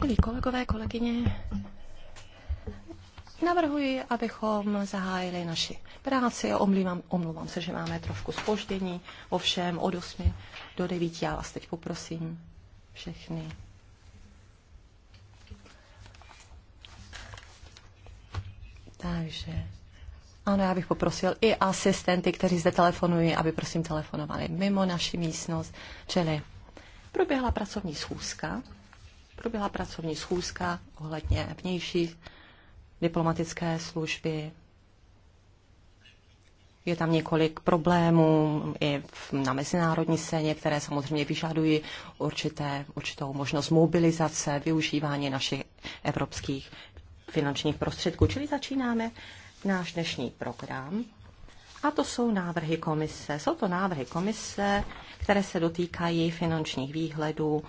Milí kolegové, kolegyně, navrhuji, abychom zahájili naši práci. Omlívám, omlouvám se, že máme trošku spoždění, ovšem od 8 do 9. Já vás teď poprosím všechny. Takže ano, já bych poprosil i asistenty, kteří zde telefonují, aby prosím telefonovali mimo naši místnost, čili proběhla pracovní schůzka, proběhla pracovní schůzka ohledně vnější diplomatické služby. Je tam několik problémů i na mezinárodní scéně, které samozřejmě vyžadují určité, určitou možnost mobilizace, využívání našich evropských finančních prostředků. Čili začínáme náš dnešní program. A to jsou návrhy komise. Jsou to návrhy komise, které se dotýkají finančních výhledů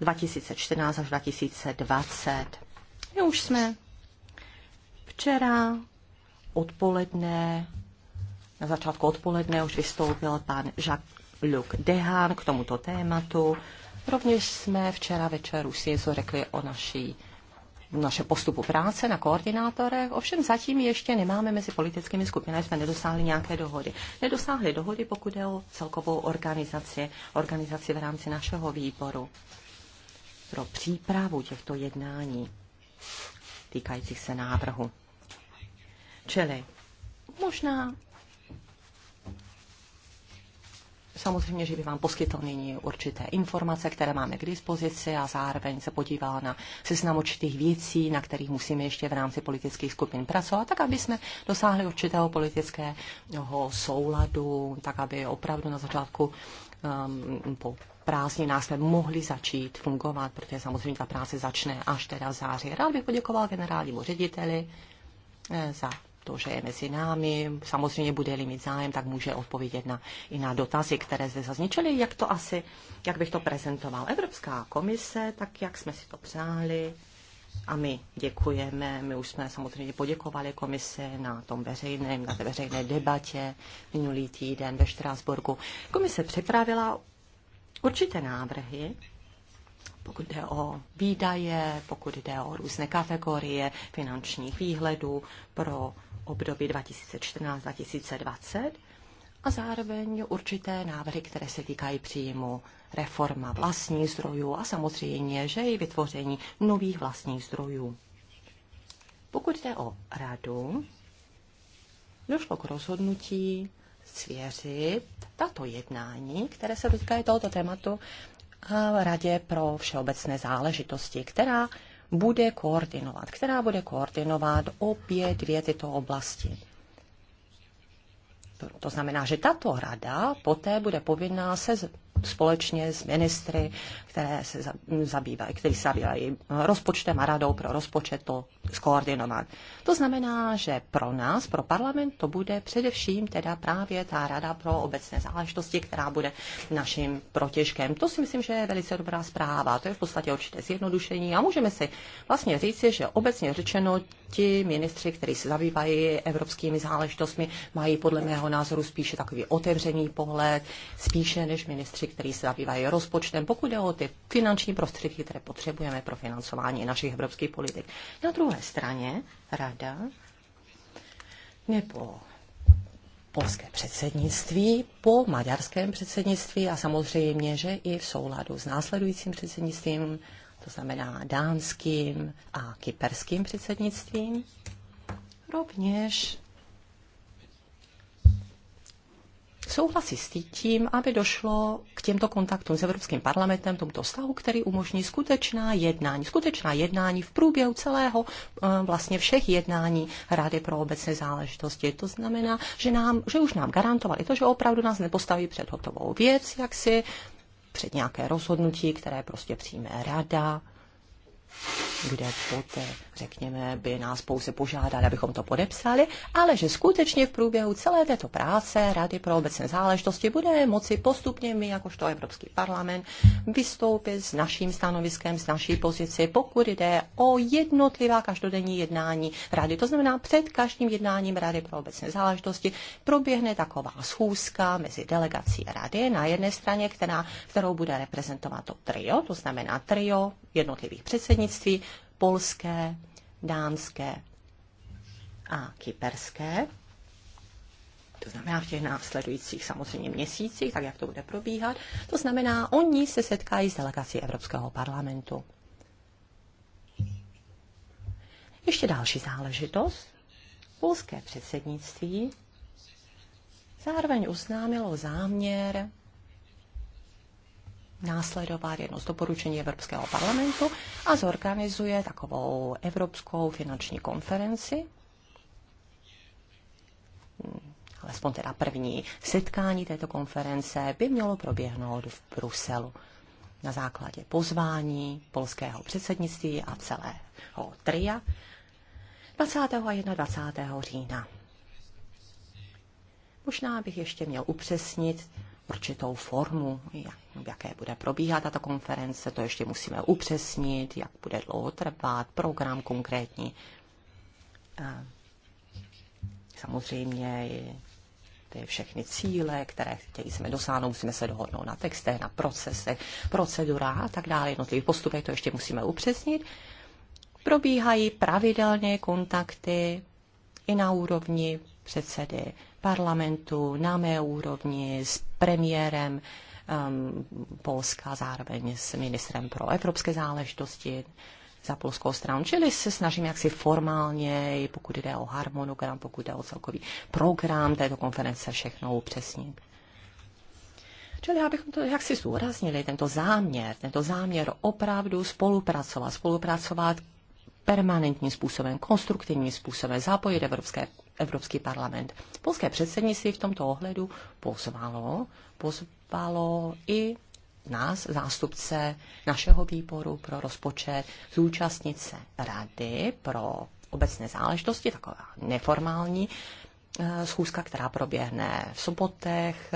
2014 až 2020. My už jsme včera odpoledne, na začátku odpoledne už vystoupil pan Jacques-Luc Dehan k tomuto tématu. Rovněž jsme včera večer už si něco řekli o naší naše postupu práce na koordinátorech, ovšem zatím ještě nemáme mezi politickými skupinami, jsme nedosáhli nějaké dohody. Nedosáhli dohody, pokud je o celkovou organizaci, organizaci v rámci našeho výboru pro přípravu těchto jednání týkajících se návrhu. Čili možná samozřejmě, že by vám poskytl nyní určité informace, které máme k dispozici a zároveň se podívala na seznam určitých věcí, na kterých musíme ještě v rámci politických skupin pracovat, tak aby jsme dosáhli určitého politického souladu, tak aby opravdu na začátku um, po nás jsme mohli začít fungovat, protože samozřejmě ta práce začne až teda v září. Rád bych poděkoval generálnímu řediteli eh, za to, že je mezi námi. Samozřejmě bude-li mít zájem, tak může odpovědět na, i na dotazy, které zde zazničily. Jak to asi, jak bych to prezentoval? Evropská komise, tak jak jsme si to přáli, a my děkujeme, my už jsme samozřejmě poděkovali komise na tom veřejném, na té veřejné debatě minulý týden ve Štrásburgu. Komise připravila určité návrhy, pokud jde o výdaje, pokud jde o různé kategorie finančních výhledů pro období 2014-2020 a zároveň určité návrhy, které se týkají příjmu, reforma vlastních zdrojů a samozřejmě, že i vytvoření nových vlastních zdrojů. Pokud jde o radu, došlo k rozhodnutí svěřit tato jednání, které se týkají tohoto tématu, Radě pro všeobecné záležitosti, která bude koordinovat, která bude koordinovat obě dvě tyto oblasti. To znamená, že tato rada poté bude povinná se společně s ministry, které se zabývají, který se zabývají rozpočtem a radou pro rozpočet to skoordinovat. To znamená, že pro nás, pro parlament, to bude především teda právě ta rada pro obecné záležitosti, která bude naším protěžkem. To si myslím, že je velice dobrá zpráva. To je v podstatě určité zjednodušení a můžeme si vlastně říci, že obecně řečeno ti ministři, kteří se zabývají evropskými záležitostmi, mají podle mého názoru spíše takový otevřený pohled, spíše než ministři komisaři, kteří se zabývají rozpočtem, pokud jde o ty finanční prostředky, které potřebujeme pro financování našich evropských politik. Na druhé straně rada nebo polské předsednictví, po maďarském předsednictví a samozřejmě, že i v souladu s následujícím předsednictvím, to znamená dánským a kyperským předsednictvím, rovněž souhlasí s tím, aby došlo k těmto kontaktům s Evropským parlamentem, tomuto vztahu, který umožní skutečná jednání, skutečná jednání v průběhu celého eh, vlastně všech jednání Rady pro obecné záležitosti. To znamená, že, nám, že už nám garantovali to, že opravdu nás nepostaví před hotovou věc, jak si před nějaké rozhodnutí, které prostě přijme rada, kde poté, řekněme, by nás pouze požádali, abychom to podepsali, ale že skutečně v průběhu celé této práce Rady pro obecné záležitosti bude moci postupně my, jakožto Evropský parlament, vystoupit s naším stanoviskem, s naší pozici, pokud jde o jednotlivá každodenní jednání Rady. To znamená, před každým jednáním Rady pro obecné záležitosti proběhne taková schůzka mezi delegací Rady na jedné straně, která, kterou bude reprezentovat to trio, to znamená trio jednotlivých předsednictví, polské, dánské a kyperské. To znamená v těch následujících samozřejmě měsících, tak jak to bude probíhat. To znamená, oni se setkají s delegací Evropského parlamentu. Ještě další záležitost. Polské předsednictví zároveň uznámilo záměr následovat jedno z doporučení Evropského parlamentu a zorganizuje takovou evropskou finanční konferenci, alespoň teda první setkání této konference by mělo proběhnout v Bruselu na základě pozvání polského předsednictví a celého tria 20. a 21. října. Možná bych ještě měl upřesnit určitou formu, jak, v jaké bude probíhat tato konference, to ještě musíme upřesnit, jak bude dlouho trvat, program konkrétní. A samozřejmě i ty všechny cíle, které chtějí jsme dosáhnout, musíme se dohodnout na textech, na procesech, procedurách a tak dále, jednotlivých postupech, to ještě musíme upřesnit. Probíhají pravidelně kontakty i na úrovni předsedy parlamentu na mé úrovni s premiérem um, Polska, zároveň s ministrem pro evropské záležitosti za polskou stranu. Čili se snažím jaksi formálně, pokud jde o harmonogram, pokud jde o celkový program této konference, všechno upřesnit. Čili abychom to jaksi zúraznili, tento záměr, tento záměr opravdu spolupracovat, spolupracovat permanentním způsobem, konstruktivním způsobem, zapojit Evropské Evropský parlament. Polské předsednictví v tomto ohledu pozvalo, pozvalo i nás, zástupce našeho výboru pro rozpočet, zúčastnit se rady pro obecné záležitosti, taková neformální eh, schůzka, která proběhne v sobotech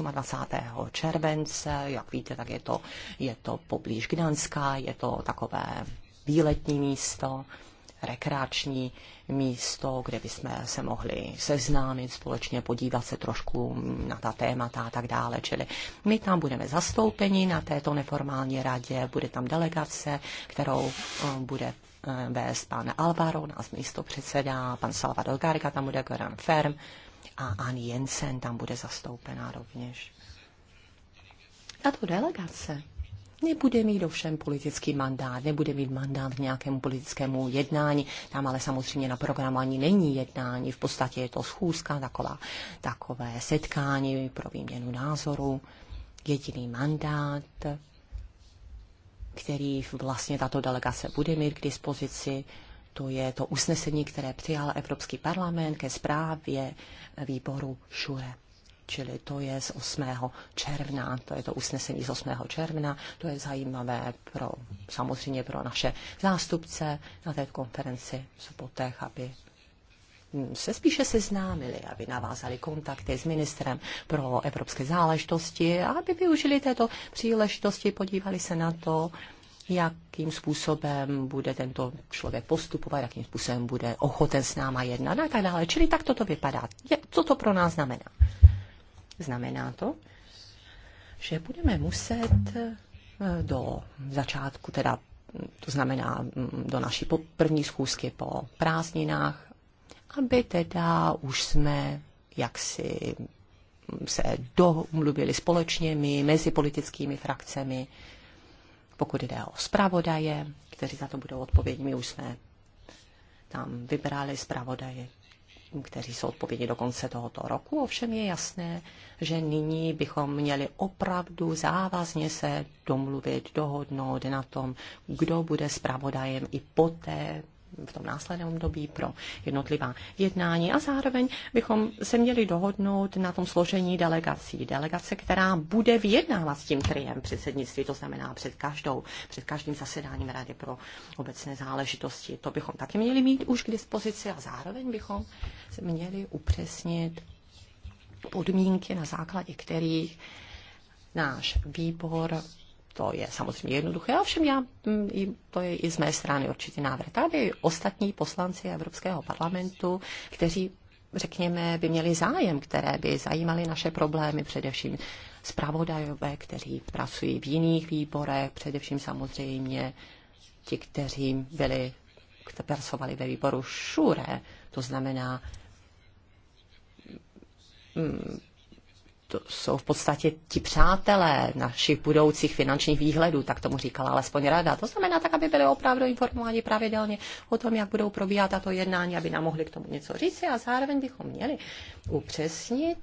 28. Eh, července, jak víte, tak je to, je to poblíž Gdanska, je to takové výletní místo rekreační místo, kde bychom se mohli seznámit společně, podívat se trošku na ta témata a tak dále. Čili my tam budeme zastoupeni na této neformální radě, bude tam delegace, kterou eh, bude eh, vést pan Alvaro, nás místo předseda, pan Salvador Garga tam bude Goran Ferm a Ani Jensen tam bude zastoupená rovněž. Tato delegace nebude mít ovšem politický mandát, nebude mít mandát k nějakému politickému jednání. Tam ale samozřejmě na programu ani není jednání, v podstatě je to schůzka, taková, takové setkání pro výměnu názoru. Jediný mandát, který vlastně tato delegace bude mít k dispozici, to je to usnesení, které přijal Evropský parlament ke zprávě výboru ŠURE čili to je z 8. června, to je to usnesení z 8. června, to je zajímavé pro, samozřejmě pro naše zástupce na té konferenci v sobotech, aby se spíše seznámili, aby navázali kontakty s ministrem pro evropské záležitosti a aby využili této příležitosti, podívali se na to, jakým způsobem bude tento člověk postupovat, jakým způsobem bude ochoten s náma jednat a tak dále. Čili tak toto vypadá. co to pro nás znamená? Znamená to, že budeme muset eh, do začátku, teda to znamená mm, do naší první schůzky po prázdninách, aby teda už jsme jaksi mm, se domluvili společně my, mezi politickými frakcemi, pokud jde o zpravodaje, kteří za to budou odpovědní, my už jsme tam vybrali zpravodaje kteří jsou odpovědní do konce tohoto roku. Ovšem je jasné, že nyní bychom měli opravdu závazně se domluvit, dohodnout na tom, kdo bude zpravodajem i poté, v tom následném období pro jednotlivá jednání a zároveň bychom se měli dohodnout na tom složení delegací. Delegace, která bude vyjednávat s tím triem předsednictví, to znamená před každou, před každým zasedáním Rady pro obecné záležitosti. To bychom taky měli mít už k dispozici a zároveň bychom se měli upřesnit podmínky, na základě kterých náš výbor to je samozřejmě jednoduché, ovšem já, mm, to je i z mé strany určitě návrh. Tady ostatní poslanci Evropského parlamentu, kteří řekněme, by měli zájem, které by zajímaly naše problémy, především zpravodajové, kteří pracují v jiných výborech, především samozřejmě ti, kteří byli, kteří pracovali ve výboru šure, to znamená mm, to jsou v podstatě ti přátelé našich budoucích finančních výhledů, tak tomu říkala alespoň rada. To znamená tak, aby byli opravdu informováni pravidelně o tom, jak budou probíhat tato jednání, aby nám mohli k tomu něco říct a zároveň bychom měli upřesnit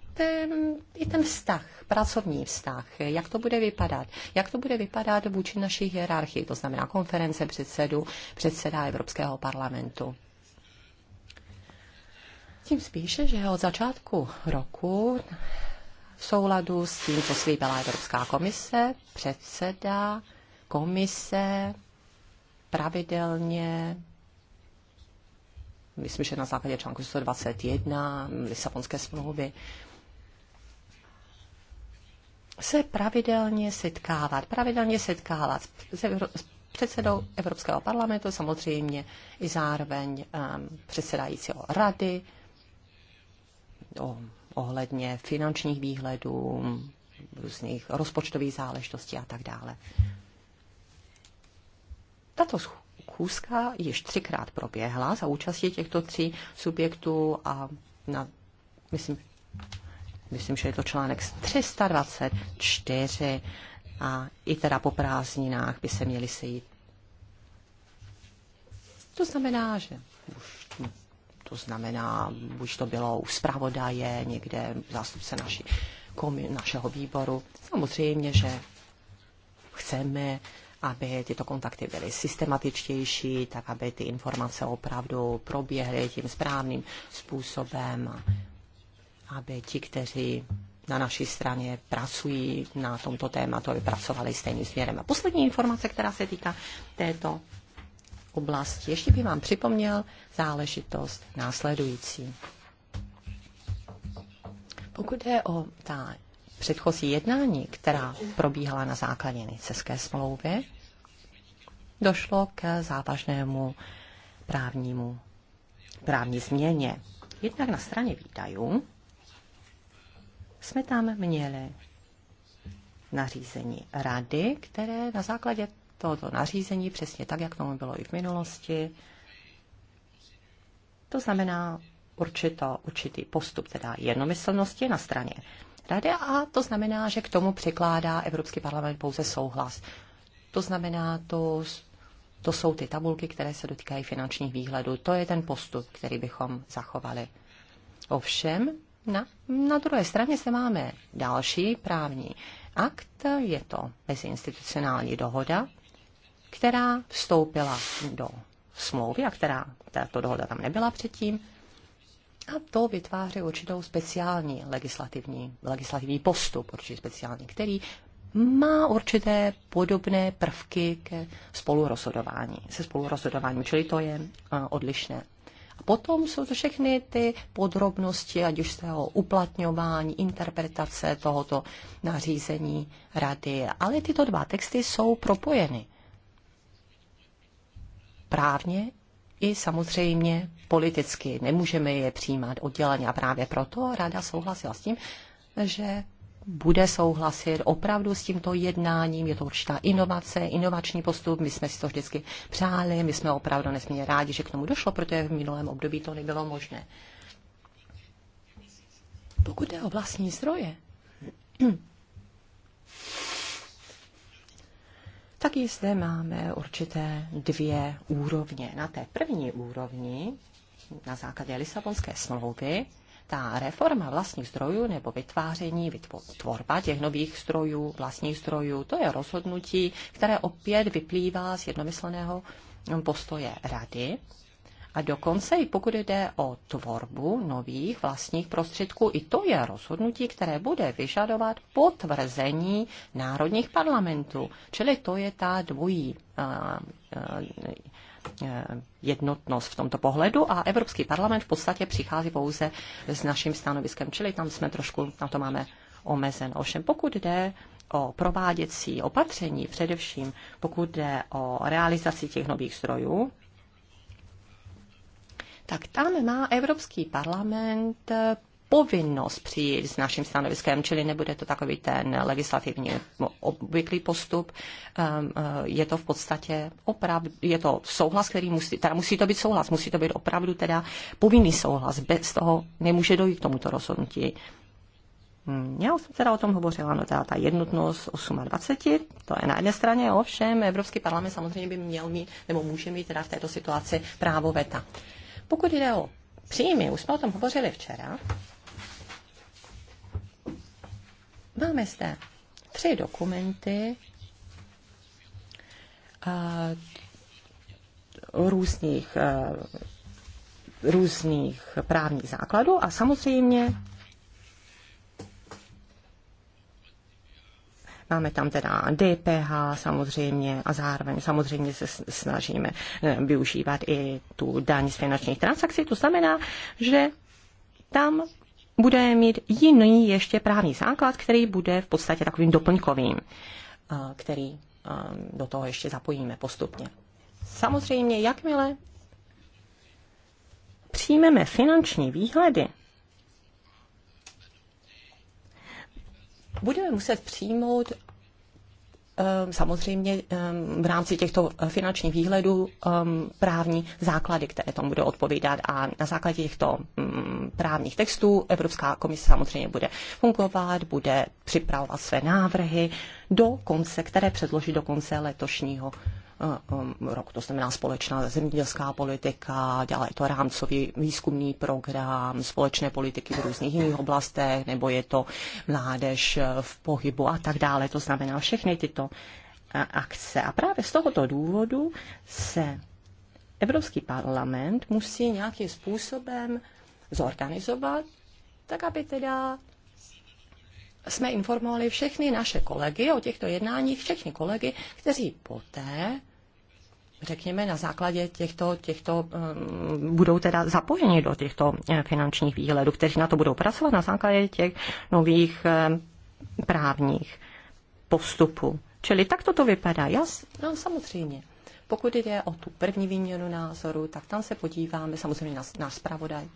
i ten vztah, pracovní vztah, jak to bude vypadat, jak to bude vypadat vůči naší hierarchii, to znamená konference předsedu, předseda Evropského parlamentu. Tím spíše, že od začátku roku v souladu s tím, co slíbila Evropská komise, předseda komise pravidelně myslím, že na základě článku 121 Lisabonské smlouvy, se pravidelně setkávat, pravidelně setkávat s, Evro- předsedou Evropského parlamentu, samozřejmě i zároveň um, předsedajícího rady, o ohledně finančních výhledů, různých rozpočtových záležitostí a tak dále. Tato schůzka již třikrát proběhla za účastí těchto tří subjektů a na, myslím, myslím, že je to článek 324 a i teda po prázdninách by se měli sejít. To znamená, že už to znamená, buď to bylo u zpravodaje, někde zástupce naši, komi, našeho výboru. Samozřejmě, že chceme, aby tyto kontakty byly systematičtější, tak aby ty informace opravdu proběhly tím správným způsobem, aby ti, kteří na naší straně pracují na tomto tématu, aby pracovali stejným směrem. A poslední informace, která se týká této oblasti. Ještě bych vám připomněl záležitost následující. Pokud je o ta předchozí jednání, která probíhala na základě niceské smlouvy, došlo k závažnému právnímu, právní změně. Jednak na straně výdajů jsme tam měli nařízení rady, které na základě tohoto nařízení, přesně tak, jak tomu bylo i v minulosti. To znamená určito, určitý postup, teda jednomyslnosti na straně rady a to znamená, že k tomu překládá Evropský parlament pouze souhlas. To znamená, to, to jsou ty tabulky, které se dotýkají finančních výhledů. To je ten postup, který bychom zachovali. Ovšem, na, na druhé straně se máme další právní akt, je to meziinstitucionální dohoda která vstoupila do smlouvy a která, tato dohoda tam nebyla předtím, a to vytváří určitou speciální legislativní, legislativní postup, určitě speciální, který má určité podobné prvky ke spolurozhodování, se spolurozhodováním, čili to je odlišné. A potom jsou to všechny ty podrobnosti, ať už z toho uplatňování, interpretace tohoto nařízení rady. Ale tyto dva texty jsou propojeny právně i samozřejmě politicky. Nemůžeme je přijímat odděleně a právě proto rada souhlasila s tím, že bude souhlasit opravdu s tímto jednáním. Je to určitá inovace, inovační postup. My jsme si to vždycky přáli, my jsme opravdu nesmírně rádi, že k tomu došlo, protože v minulém období to nebylo možné. Pokud jde o vlastní zdroje, tak zde máme určité dvě úrovně. Na té první úrovni, na základě Lisabonské smlouvy, ta reforma vlastních zdrojů nebo vytváření, tvorba těch nových zdrojů, vlastních zdrojů, to je rozhodnutí, které opět vyplývá z jednomyslného postoje rady a dokonce i pokud jde o tvorbu nových vlastních prostředků, i to je rozhodnutí, které bude vyžadovat potvrzení národních parlamentů. Čili to je ta dvojí jednotnost v tomto pohledu a Evropský parlament v podstatě přichází pouze s naším stanoviskem, čili tam jsme trošku, na to máme omezen. Ovšem pokud jde o prováděcí opatření, především pokud jde o realizaci těch nových strojů, tak tam má Evropský parlament povinnost přijít s naším stanoviskem, čili nebude to takový ten legislativní obvyklý postup. Ehm, eh, je to v podstatě opravdu, je to souhlas, který musí, teda musí to být souhlas, musí to být opravdu teda povinný souhlas, bez toho nemůže dojít k tomuto rozhodnutí. Hm, já už jsem teda o tom hovořila, no teda ta jednotnost 28, to je na jedné straně, ovšem Evropský parlament samozřejmě by měl mít, nebo může mít teda v této situaci právo veta. Pokud jde o příjmy, už jsme o tom hovořili včera, máme zde tři dokumenty a různých různých právních základů a samozřejmě Máme tam teda DPH samozřejmě a zároveň samozřejmě se snažíme eh, využívat i tu daň z finančních transakcí. To znamená, že tam bude mít jiný ještě právní základ, který bude v podstatě takovým doplňkovým, eh, který eh, do toho ještě zapojíme postupně. Samozřejmě, jakmile přijmeme finanční výhledy budeme muset přijmout ehm, samozřejmě ehm, v rámci těchto eh, finančních výhledů ehm, právní základy, které tomu budou odpovídat. A na základě těchto mm, právních textů Evropská komise samozřejmě bude fungovat, bude připravovat své návrhy, do konce, které předloží do konce letošního Eh, roku, to znamená společná zemědělská politika, dále je to rámcový výzkumný program, společné politiky v různých jiných oblastech, nebo je to mládež eh, v pohybu a tak dále. To znamená všechny tyto eh, akce. A právě z tohoto důvodu se Evropský parlament musí nějakým způsobem zorganizovat, tak aby teda jsme informovali všechny naše kolegy o těchto jednáních, všechny kolegy, kteří poté řekněme, na základě těchto, těchto eh, budou teda zapojeni do těchto eh, finančních výhledů, kteří na to budou pracovat na základě těch nových eh, právních postupů. Čili tak toto vypadá. Já, no, samozřejmě. Pokud jde o tu první výměnu názoru, tak tam se podíváme, samozřejmě na náš zpravodaj um,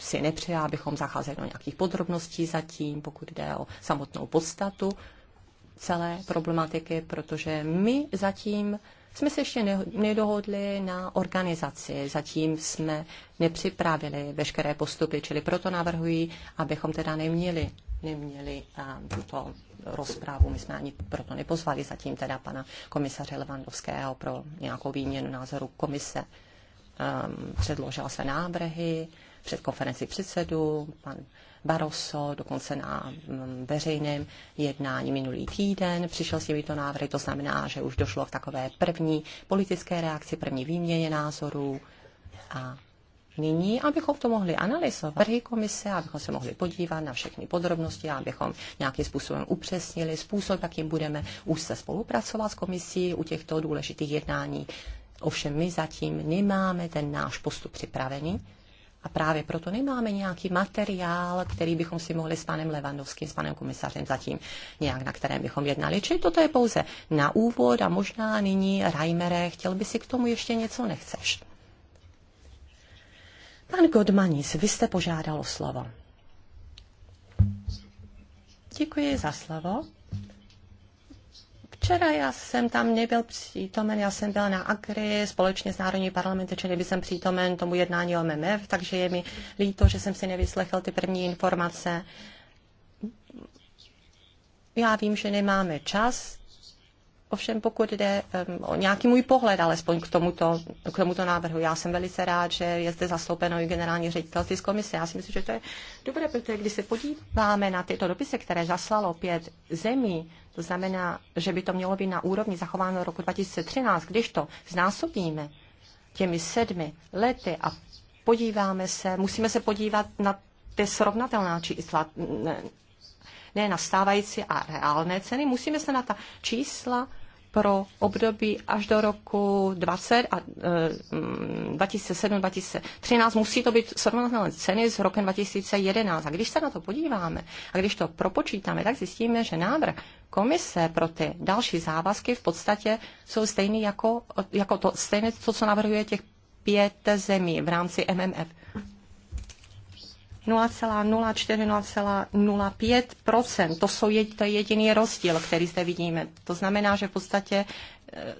si nepřeje, abychom zacházeli do nějakých podrobností zatím, pokud jde o samotnou podstatu celé problematiky, protože my zatím jsme se ještě nedohodli na organizaci, zatím jsme nepřipravili veškeré postupy, čili proto navrhuji, abychom teda neměli, neměli tuto rozprávu. My jsme ani proto nepozvali zatím teda pana komisaře Levandovského pro nějakou výměnu názoru komise. Um, předložil se návrhy před konferenci předsedu, pan Barroso, dokonce na mm, veřejném jednání minulý týden. Přišel s těmito návrhy, to znamená, že už došlo k takové první politické reakci, první výměně názorů a Nyní, abychom to mohli analyzovat, prvý komise, abychom se mohli podívat na všechny podrobnosti, abychom nějakým způsobem upřesnili způsob, jakým budeme už se spolupracovat s komisí u těchto důležitých jednání. Ovšem my zatím nemáme ten náš postup připravený, a právě proto nemáme nějaký materiál, který bychom si mohli s panem Levandovským, s panem komisařem zatím nějak, na kterém bychom jednali. Čili toto je pouze na úvod a možná nyní, Reimere, chtěl by si k tomu ještě něco nechceš. Pan Godmanis, vy jste požádal o slovo. Děkuji za slovo. Včera já jsem tam nebyl přítomen, já jsem byl na Agri společně s Národní parlamenty, čili by jsem přítomen tomu jednání o MMF, takže je mi líto, že jsem si nevyslechl ty první informace. Já vím, že nemáme čas, ovšem pokud jde um, o nějaký můj pohled, alespoň k tomuto, k tomuto návrhu. Já jsem velice rád, že je zde zastoupeno i generální ředitelství z komise. Já si myslím, že to je dobré, protože když se podíváme na tyto dopisy, které zaslalo pět zemí, to znamená, že by to mělo být na úrovni zachováno roku 2013, když to znásobíme těmi sedmi lety a podíváme se, musíme se podívat na ty srovnatelná čísla, ne na stávající a reálné ceny, musíme se na ta čísla pro období až do roku 20 a 2007-2013 eh, musí to být srovnatelné ceny s rokem 2011. A když se na to podíváme a když to propočítáme, tak zjistíme, že návrh komise pro ty další závazky v podstatě jsou stejný jako, jako to, stejné to, co navrhuje těch pět zemí v rámci MMF. 0,04-0,05 To, jsou, je, to je jediný rozdíl, který zde vidíme. To znamená, že v podstatě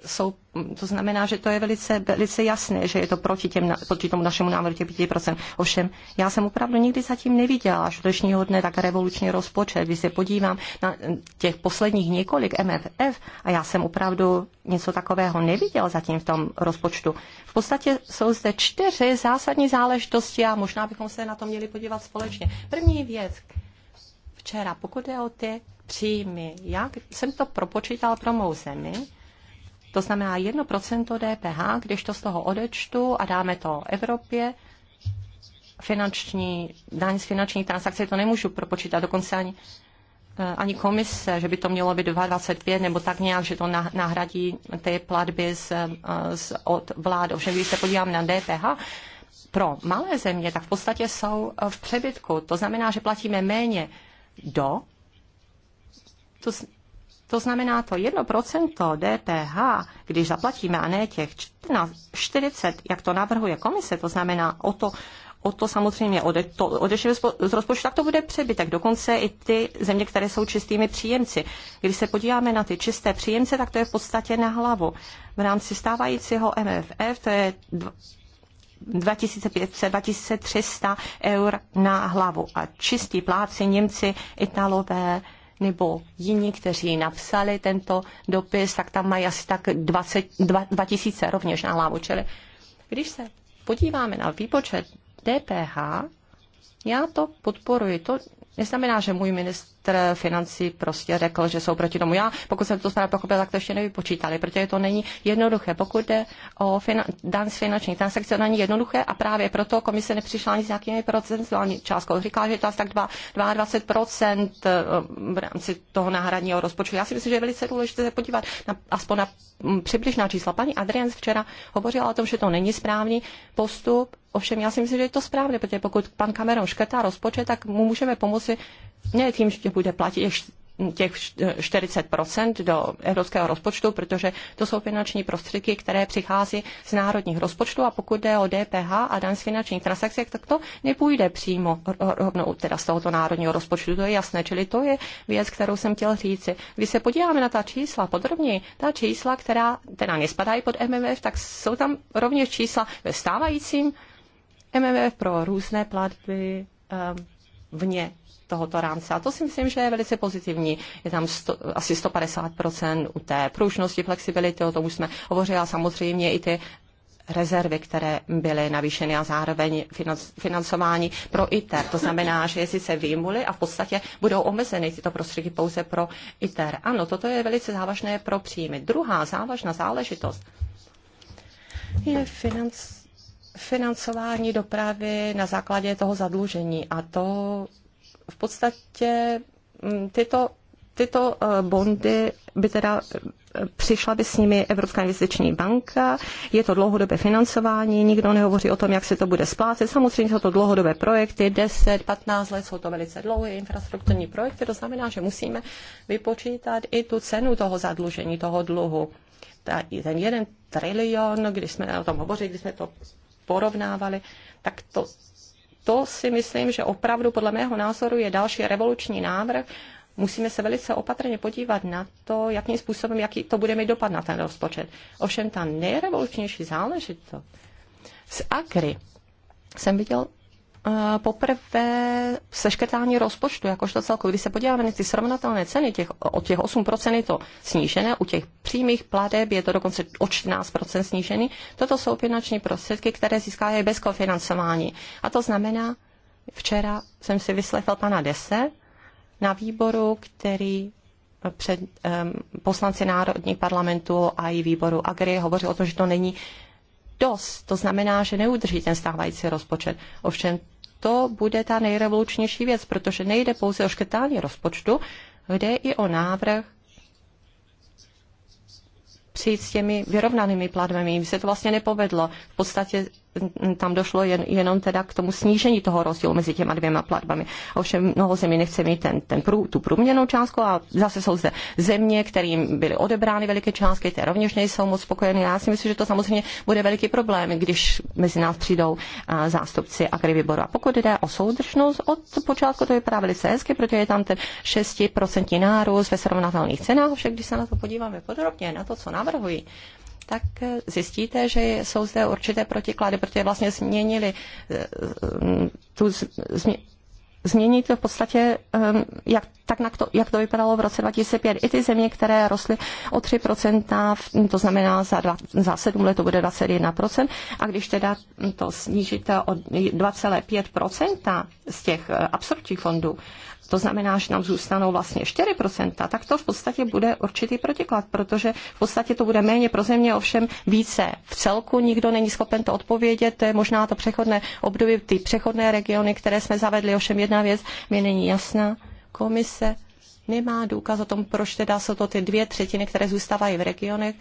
jsou, to znamená, že to je velice, velice jasné, že je to proti, těm, proti tomu našemu návrhu těch 5%. Ovšem, já jsem opravdu nikdy zatím neviděla až dnešního dne tak revoluční rozpočet. Když se podívám na těch posledních několik MFF a já jsem opravdu něco takového neviděla zatím v tom rozpočtu. V podstatě jsou zde čtyři zásadní záležitosti a možná bychom se na to měli podívat společně. První věc, včera, pokud je o ty příjmy, já jsem to propočítal pro mou zemi, to znamená 1% DPH, když to z toho odečtu a dáme to Evropě, finanční, daň z finanční transakce, to nemůžu propočítat, dokonce ani, eh, ani komise, že by to mělo být 2,25 nebo tak nějak, že to nahradí ty platby z, eh, z, od vlád. Ovšem, když se podívám na DPH, pro malé země, tak v podstatě jsou eh, v přebytku. To znamená, že platíme méně do, to, to znamená, to 1% DPH, když zaplatíme a ne těch 40, jak to navrhuje komise, to znamená o to, o to samozřejmě ode, to odešli z rozpočtu, tak to bude přebytek. Dokonce i ty země, které jsou čistými příjemci. Když se podíváme na ty čisté příjemce, tak to je v podstatě na hlavu. V rámci stávajícího MFF to je 2500-2300 eur na hlavu. A čistí pláci Němci, Italové, nebo jiní, kteří napsali tento dopis, tak tam mají asi tak 20, 2000 rovněž na hlavu. Čili když se podíváme na výpočet DPH, já to podporuji. To neznamená, že můj ministr ministr financí prostě řekl, že jsou proti tomu. Já, pokud jsem to správně pochopil, tak to ještě nevypočítali, protože to není jednoduché. Pokud jde o finan- dan z finančních transakcí, to není jednoduché a právě proto komise nepřišla ani s nějakými procentuální částkou. Říká, že je to asi tak 22% eh, v rámci toho náhradního rozpočtu. Já si myslím, že je velice důležité se podívat na, aspoň na mm, přibližná čísla. Paní Adrians včera hovořila o tom, že to není správný postup, Ovšem, já si myslím, že je to správné, protože pokud pan Cameron škrtá rozpočet, tak mu můžeme pomoci ne tím, že bude platit těch 40 do evropského rozpočtu, protože to jsou finanční prostředky, které přichází z národních rozpočtů a pokud jde o DPH a dan z finančních transakcí, tak to nepůjde přímo rovnou teda z tohoto národního rozpočtu, to je jasné, čili to je věc, kterou jsem chtěl říci. Když se podíváme na ta čísla podrobněji, ta čísla, která teda nespadají pod MMF, tak jsou tam rovněž čísla ve stávajícím MMF pro různé platby, um, vně tohoto rámce. A to si myslím, že je velice pozitivní. Je tam sto, asi 150 u té pružnosti, flexibility, o tom už jsme hovořili, a samozřejmě i ty rezervy, které byly navýšeny a zároveň financování pro ITER. To znamená, že jestli se výmuly a v podstatě budou omezeny tyto prostředky pouze pro ITER. Ano, toto je velice závažné pro příjmy. Druhá závažná záležitost je financ- financování dopravy na základě toho zadlužení a to v podstatě mm, tyto, tyto eh, bondy by teda eh, přišla by s nimi Evropská investiční banka, je to dlouhodobé financování, nikdo nehovoří o tom, jak se to bude splácet. Samozřejmě jsou to dlouhodobé projekty, 10, 15 let, jsou to velice dlouhé infrastrukturní projekty, to znamená, že musíme vypočítat i tu cenu toho zadlužení, toho dluhu. Ta, ten jeden trilion, když jsme o tom hovořili, když jsme to porovnávali, tak to to si myslím, že opravdu podle mého názoru je další revoluční návrh. Musíme se velice opatrně podívat na to, jakým způsobem, jaký to bude mít dopad na ten rozpočet. Ovšem ta nejrevolučnější záležitost z Agry jsem viděl Eh, poprvé seškrtání rozpočtu, jakožto celku. Když se podíváme na ty srovnatelné ceny, těch, o těch 8% je to snížené, u těch přímých pladeb je to dokonce o 14% snížený. Toto jsou finanční prostředky, které získávají bez kofinancování. A to znamená, včera jsem si vyslechl pana Dese na výboru, který eh, před um, poslanci Národní parlamentu a i výboru Agri hovoří o tom, že to není dost. To znamená, že neudrží ten stávající rozpočet. Ovšem to bude ta nejrevolučnější věc, protože nejde pouze o škrtání rozpočtu, jde i o návrh přijít s těmi vyrovnanými platbami. Jim se to vlastně nepovedlo. V podstatě tam došlo jen, jenom teda k tomu snížení toho rozdílu mezi těma dvěma platbami. Ovšem mnoho zemí nechce mít ten, ten prů, tu průměrnou částku a zase jsou zde země, kterým byly odebrány veliké částky, které rovněž nejsou moc spokojené. Já si myslím, že to samozřejmě bude veliký problém, když mezi nás přijdou a, zástupci A pokud jde o soudržnost, od počátku to vypadá velice hezky, protože je tam ten 6% nárůst ve srovnatelných cenách, ovšem když se na to podíváme podrobně, na to, co navrhují, tak eh, zjistíte, že jsou zde určité protiklady, protože vlastně změnili eh, eh, tu změ, změní to v podstatě, jak, tak na to, jak to vypadalo v roce 2005. I ty země, které rostly o 3%, to znamená za, dva, za 7 let to bude 21%, a když teda to snížíte o 2,5% z těch absorpčních fondů to znamená, že nám zůstanou vlastně 4%, tak to v podstatě bude určitý protiklad, protože v podstatě to bude méně pro země, ovšem více v celku, nikdo není schopen to odpovědět, to je možná to přechodné období, ty přechodné regiony, které jsme zavedli, ovšem jedna věc mi není jasná, komise nemá důkaz o tom, proč teda jsou to ty dvě třetiny, které zůstávají v regionech,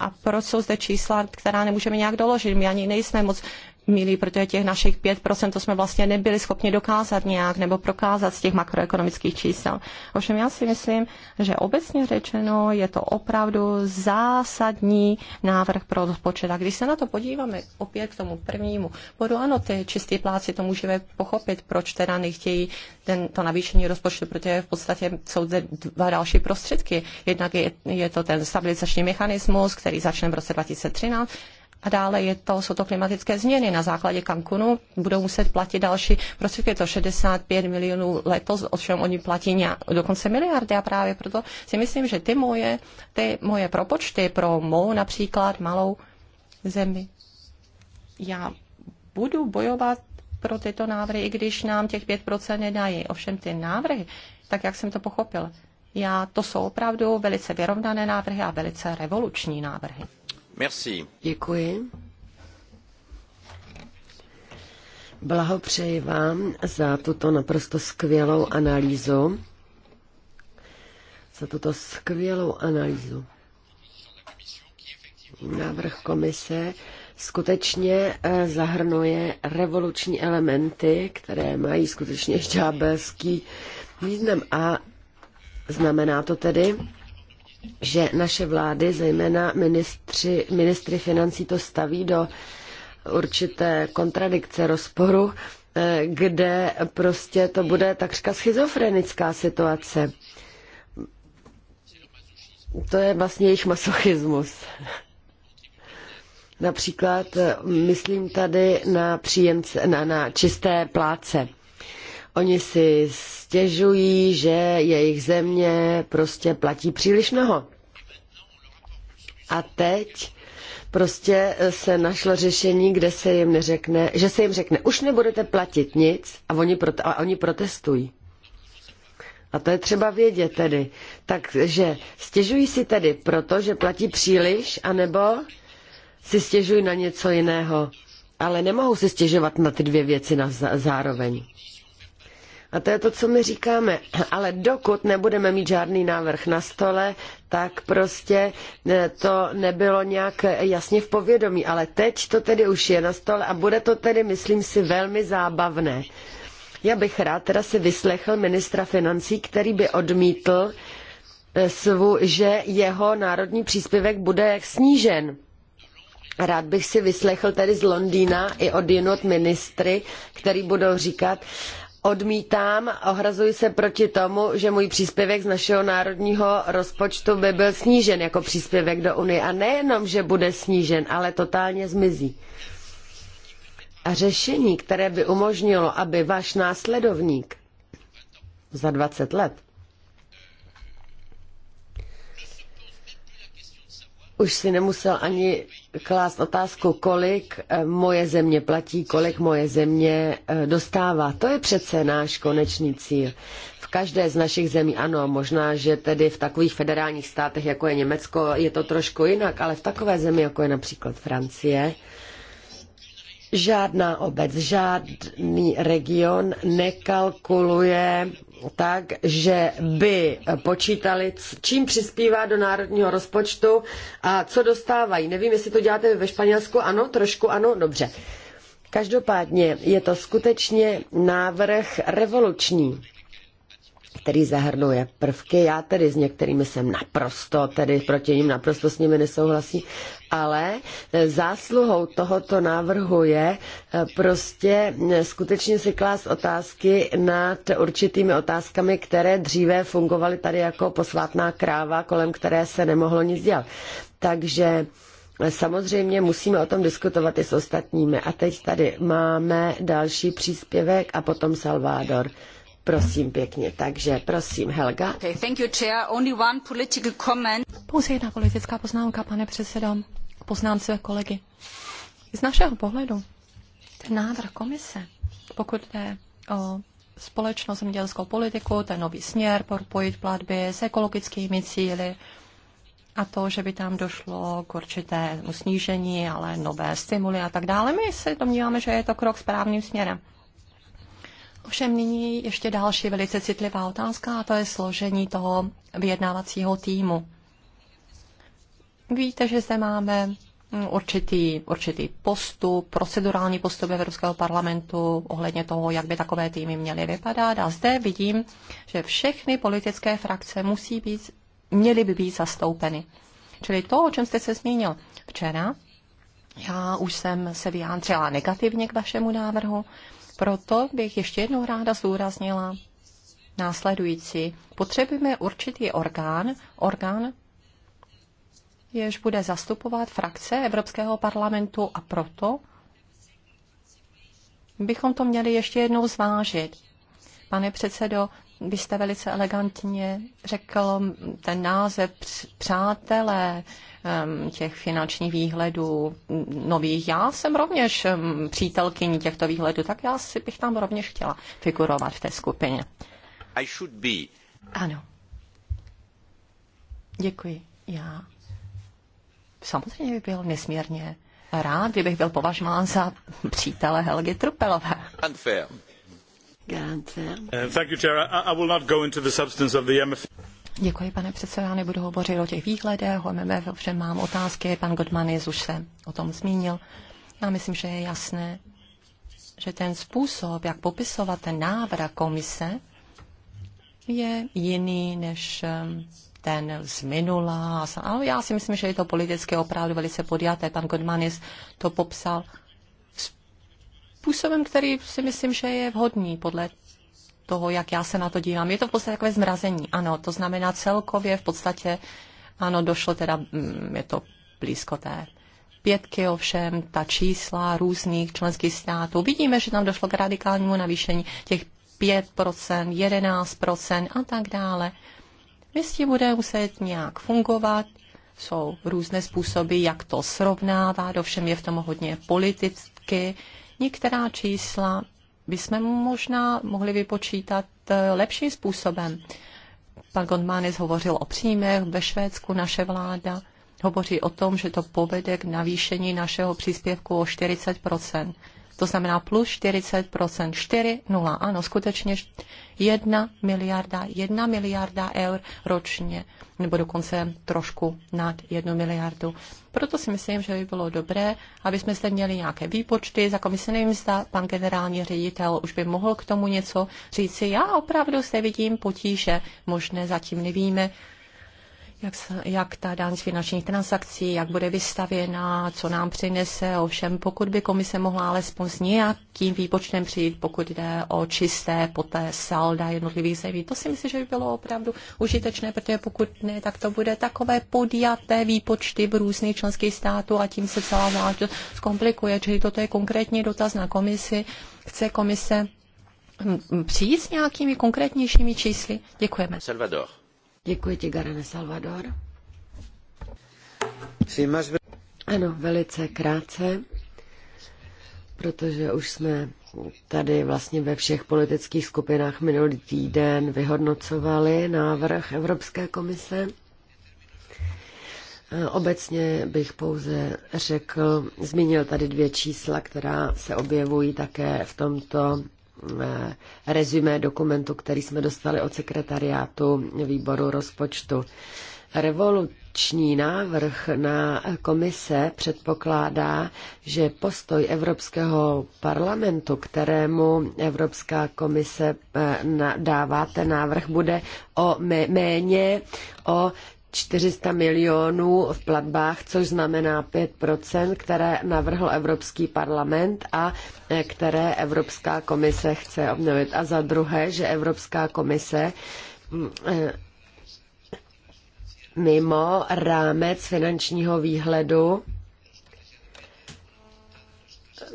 a proč jsou zde čísla, která nemůžeme nějak doložit. My ani nejsme moc milí, protože těch našich 5% to jsme vlastně nebyli schopni dokázat nějak nebo prokázat z těch makroekonomických čísel. Ovšem já si myslím, že obecně řečeno je to opravdu zásadní návrh pro rozpočet. A když se na to podíváme opět k tomu prvnímu bodu, ano, ty čistý pláci to můžeme pochopit, proč teda nechtějí ten, to navýšení rozpočtu, protože v podstatě jsou zde dva další prostředky. Jednak je, je to ten stabilizační mechanismus, který začne v roce 2013, a dále je to, jsou to klimatické změny. Na základě Cancunu budou muset platit další prostředky, je to 65 milionů letos, o čem oni platí nějak, dokonce miliardy. A právě proto si myslím, že ty moje, ty moje propočty pro mou například malou zemi, já budu bojovat pro tyto návrhy, i když nám těch 5% nedají. Ovšem ty návrhy, tak jak jsem to pochopil, já, to jsou opravdu velice vyrovnané návrhy a velice revoluční návrhy. Děkuji. Blahopřeji vám za tuto naprosto skvělou analýzu. Za tuto skvělou analýzu. Návrh komise skutečně eh, zahrnuje revoluční elementy, které mají skutečně žábelský význam. A znamená to tedy, že naše vlády, zejména ministři, ministry financí, to staví do určité kontradikce rozporu, eh, kde prostě to bude takřka schizofrenická situace. To je vlastně jejich masochismus. Například eh, myslím tady na, příjemce, na, na čisté pláce. Oni si stěžují, že jejich země prostě platí příliš mnoho. A teď prostě se našlo řešení, kde se jim neřekne, že se jim řekne, už nebudete platit nic a oni, pro, a oni protestují. A to je třeba vědět tedy. Takže stěžují si tedy proto, že platí příliš, anebo si stěžují na něco jiného. Ale nemohou si stěžovat na ty dvě věci na zároveň. A to je to, co my říkáme. Ale dokud nebudeme mít žádný návrh na stole, tak prostě eh, to nebylo nějak eh, jasně v povědomí. Ale teď to tedy už je na stole a bude to tedy, myslím si, velmi zábavné. Já bych rád teda si vyslechl ministra financí, který by odmítl, eh, svu, že jeho národní příspěvek bude snížen. Rád bych si vyslechl tedy z Londýna i od jinot ministry, který budou říkat, odmítám, ohrazuji se proti tomu, že můj příspěvek z našeho národního rozpočtu by byl snížen jako příspěvek do Unie. A nejenom, že bude snížen, ale totálně zmizí. A řešení, které by umožnilo, aby váš následovník za 20 let už si nemusel ani klást otázku, kolik eh, moje země platí, kolik moje země eh, dostává. To je přece náš konečný cíl. V každé z našich zemí ano, možná, že tedy v takových federálních státech, jako je Německo, je to trošku jinak, ale v takové zemi, jako je například Francie, žádná obec, žádný region nekalkuluje tak, že by počítali, čím přispívá do národního rozpočtu a co dostávají. Nevím, jestli to děláte ve Španělsku, ano, trošku ano, dobře. Každopádně je to skutečně návrh revoluční který zahrnuje prvky. Já tedy s některými jsem naprosto, tedy proti ním naprosto s nimi nesouhlasím, ale e, zásluhou tohoto návrhu je e, prostě e, skutečně si klást otázky nad určitými otázkami, které dříve fungovaly tady jako posvátná kráva, kolem které se nemohlo nic dělat. Takže Samozřejmě musíme o tom diskutovat i s ostatními. A teď tady máme další příspěvek a potom Salvador. Prosím pěkně, takže prosím Helga. Okay, thank you, chair. Only one political comment. Pouze jedna politická poznámka, pane předsedo. Poznám své kolegy. Z našeho pohledu ten návrh komise, pokud jde o společnou zemědělskou politiku, ten nový směr, propojit platby s ekologickými cíly a to, že by tam došlo k určitému snížení, ale nové stimuly a tak dále. My se domníváme, že je to krok správným směrem. Ovšem nyní ještě další velice citlivá otázka a to je složení toho vyjednávacího týmu. Víte, že zde máme určitý, určitý postup, procedurální postup Evropského parlamentu ohledně toho, jak by takové týmy měly vypadat. A zde vidím, že všechny politické frakce musí být, měly by být zastoupeny. Čili to, o čem jste se zmínil včera, já už jsem se vyjádřila negativně k vašemu návrhu. Proto bych ještě jednou ráda zúraznila následující. Potřebujeme určitý orgán, orgán, jež bude zastupovat frakce Evropského parlamentu a proto bychom to měli ještě jednou zvážit. Pane předsedo, vy jste velice elegantně řekl ten název přátelé těch finančních výhledů nových. Já jsem rovněž přítelkyní těchto výhledů, tak já si bych tam rovněž chtěla figurovat v té skupině. I should be. Ano. Děkuji. Já samozřejmě bych byl nesmírně rád, kdybych byl považován za přítele Helgy Trupelové. Unfair. Děkuji, pane předsedo. Já nebudu hovořit o těch výhledech, o MMF, ovšem mám otázky. Pan Godmanis už se o tom zmínil. Já myslím, že je jasné, že ten způsob, jak popisovat ten návrh komise, je jiný než um, ten z minula. Ale já si myslím, že je to politicky opravdu velice podjaté. Pan Godmanis to popsal způsobem, který si myslím, že je vhodný podle toho, jak já se na to dívám. Je to v podstatě takové zmrazení. Ano, to znamená celkově v podstatě, ano, došlo teda, mm, je to blízko té pětky ovšem, ta čísla různých členských států. Vidíme, že tam došlo k radikálnímu navýšení těch 5%, 11% a tak dále. tím bude muset nějak fungovat, jsou různé způsoby, jak to srovnávat, ovšem je v tom hodně politicky, Některá čísla bychom možná mohli vypočítat eh, lepším způsobem. Pan Gondmanes hovořil o příjmech ve Švédsku, naše vláda hovoří o tom, že to povede k navýšení našeho příspěvku o 40 to znamená plus 40 4, 0, ano, skutečně 1 miliarda, 1 miliarda eur ročně, nebo dokonce trošku nad 1 miliardu. Proto si myslím, že by bylo dobré, aby jsme zde měli nějaké výpočty. Za komisi nevím, zda pan generální ředitel už by mohl k tomu něco říci. Já opravdu zde vidím potíže, možné zatím nevíme, jak, jak ta dán z finančních transakcí, jak bude vystavěna, co nám přinese. Ovšem, pokud by komise mohla alespoň s nějakým výpočtem přijít, pokud jde o čisté poté salda jednotlivých zemí, to si myslím, že by bylo opravdu užitečné, protože pokud ne, tak to bude takové podjaté výpočty v různých členských států a tím se celá záležitost zkomplikuje. Čili toto je konkrétní dotaz na komisi. Chce komise hm, přijít s nějakými konkrétnějšími čísly? Děkujeme. Salvador. Děkuji ti, Garane Salvador. Ano, velice krátce, protože už jsme tady vlastně ve všech politických skupinách minulý týden vyhodnocovali návrh Evropské komise. Obecně bych pouze řekl, zmínil tady dvě čísla, která se objevují také v tomto rezumé dokumentu, který jsme dostali od sekretariátu výboru rozpočtu. Revoluční návrh na komise předpokládá, že postoj Evropského parlamentu, kterému Evropská komise eh, dává ten návrh, bude o méně o 400 milionů v platbách, což znamená 5%, které navrhl Evropský parlament a eh, které Evropská komise chce obnovit. A za druhé, že Evropská komise mm, eh, mimo rámec finančního výhledu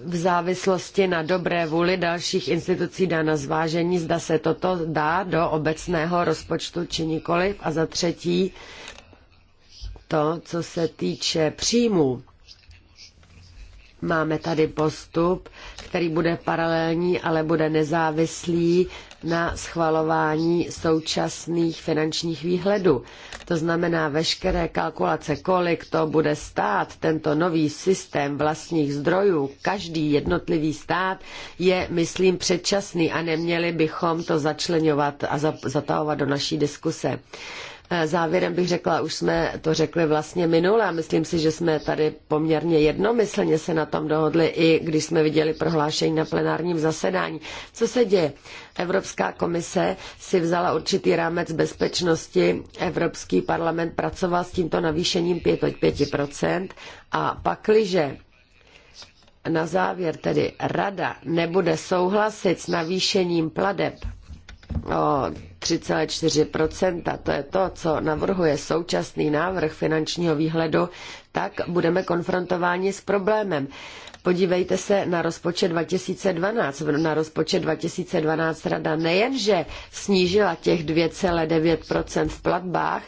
v závislosti na dobré vůli dalších institucí dá na zvážení, zda se toto dá do obecného rozpočtu či nikoliv. A za třetí, to, co se týče příjmů, máme tady postup, který bude paralelní, ale bude nezávislý na schvalování současných finančních výhledů. To znamená veškeré kalkulace, kolik to bude stát, tento nový systém vlastních zdrojů, každý jednotlivý stát je, myslím, předčasný a neměli bychom to začlenovat a zatahovat do naší diskuse. Eh, závěrem bych řekla, už jsme to řekli vlastně minule a myslím si, že jsme tady poměrně jednomyslně se na tom dohodli, i když jsme viděli prohlášení na plenárním zasedání. Co se děje? Evropská komise si vzala určitý rámec bezpečnosti, Evropský parlament pracoval s tímto navýšením 5, 5% a pakliže na závěr tedy rada nebude souhlasit s navýšením pladeb o 3,4 to je to, co navrhuje současný návrh finančního výhledu, tak budeme konfrontováni s problémem. Podívejte se na rozpočet 2012. Na rozpočet 2012 rada nejenže snížila těch 2,9 v platbách,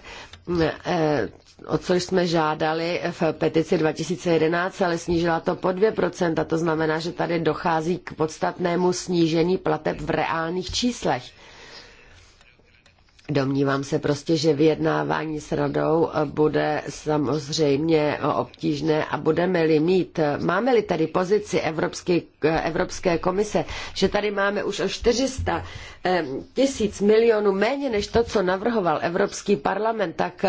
e, o což jsme žádali v petici 2011, ale snížila to po 2%, a to znamená, že tady dochází k podstatnému snížení plateb v reálných číslech. Domnívám se prostě, že vyjednávání s radou eh, bude samozřejmě eh, obtížné a budeme-li mít, eh, máme-li tady pozici Evropské, Evropské komise, že tady máme už o 400 tisíc milionů méně než to, co navrhoval Evropský parlament, tak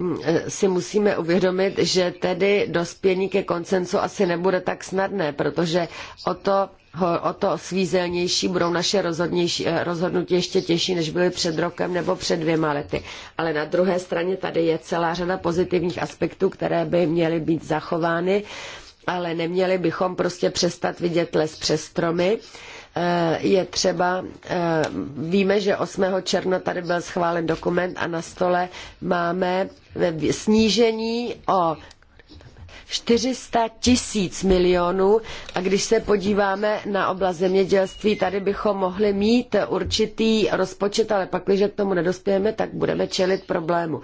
hm, si musíme uvědomit, že tedy dospění ke koncensu asi nebude tak snadné, protože o to o to svízelnější budou naše eh, rozhodnutí ještě těžší, než byly před rokem nebo před dvěma lety. Ale na druhé straně tady je celá řada pozitivních aspektů, které by měly být zachovány, ale neměli bychom prostě přestat vidět les přes stromy eh, je třeba, eh, víme, že 8. června tady byl schválen dokument a na stole máme snížení o 400 tisíc milionů a když se podíváme na oblast zemědělství, tady bychom mohli mít určitý rozpočet, ale pak, když k tomu nedospějeme, tak budeme čelit problému.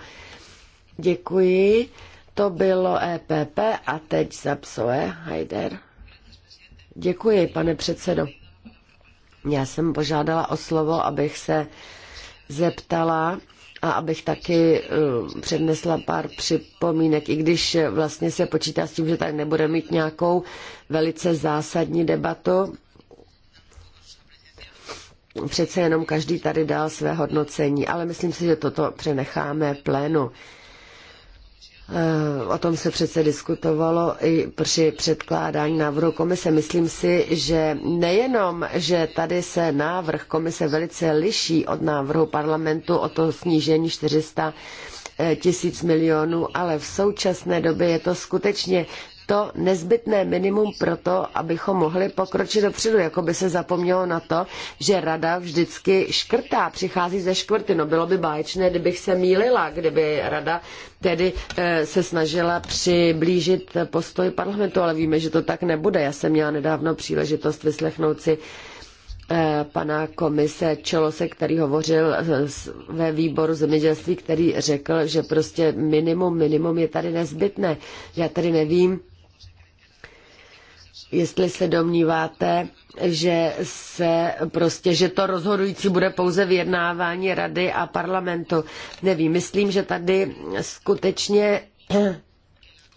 Děkuji. To bylo EPP a teď zapsoe Hajder. Děkuji, pane předsedo. Já jsem požádala o slovo, abych se zeptala a abych taky eh, přednesla pár připomínek, i když vlastně se počítá s tím, že tady nebude mít nějakou velice zásadní debatu. Přece jenom každý tady dal své hodnocení, ale myslím si, že toto přenecháme plénu. Eh, o tom se přece diskutovalo i při předkládání návrhu komise. Myslím si, že nejenom, že tady se návrh komise velice liší od návrhu parlamentu o to snížení 400 eh, tisíc milionů, ale v současné době je to skutečně to nezbytné minimum pro to, abychom mohli pokročit dopředu, jako by se zapomnělo na to, že rada vždycky škrtá, přichází ze škvrty. No bylo by báječné, kdybych se mýlila, kdyby rada tedy eh, se snažila přiblížit postoj parlamentu, ale víme, že to tak nebude. Já jsem měla nedávno příležitost vyslechnout si eh, pana komise Čelose, který hovořil eh, ve výboru zemědělství, který řekl, že prostě minimum, minimum je tady nezbytné. Já tady nevím, jestli se domníváte, že se prostě, že to rozhodující bude pouze vyjednávání rady a parlamentu. Nevím, myslím, že tady skutečně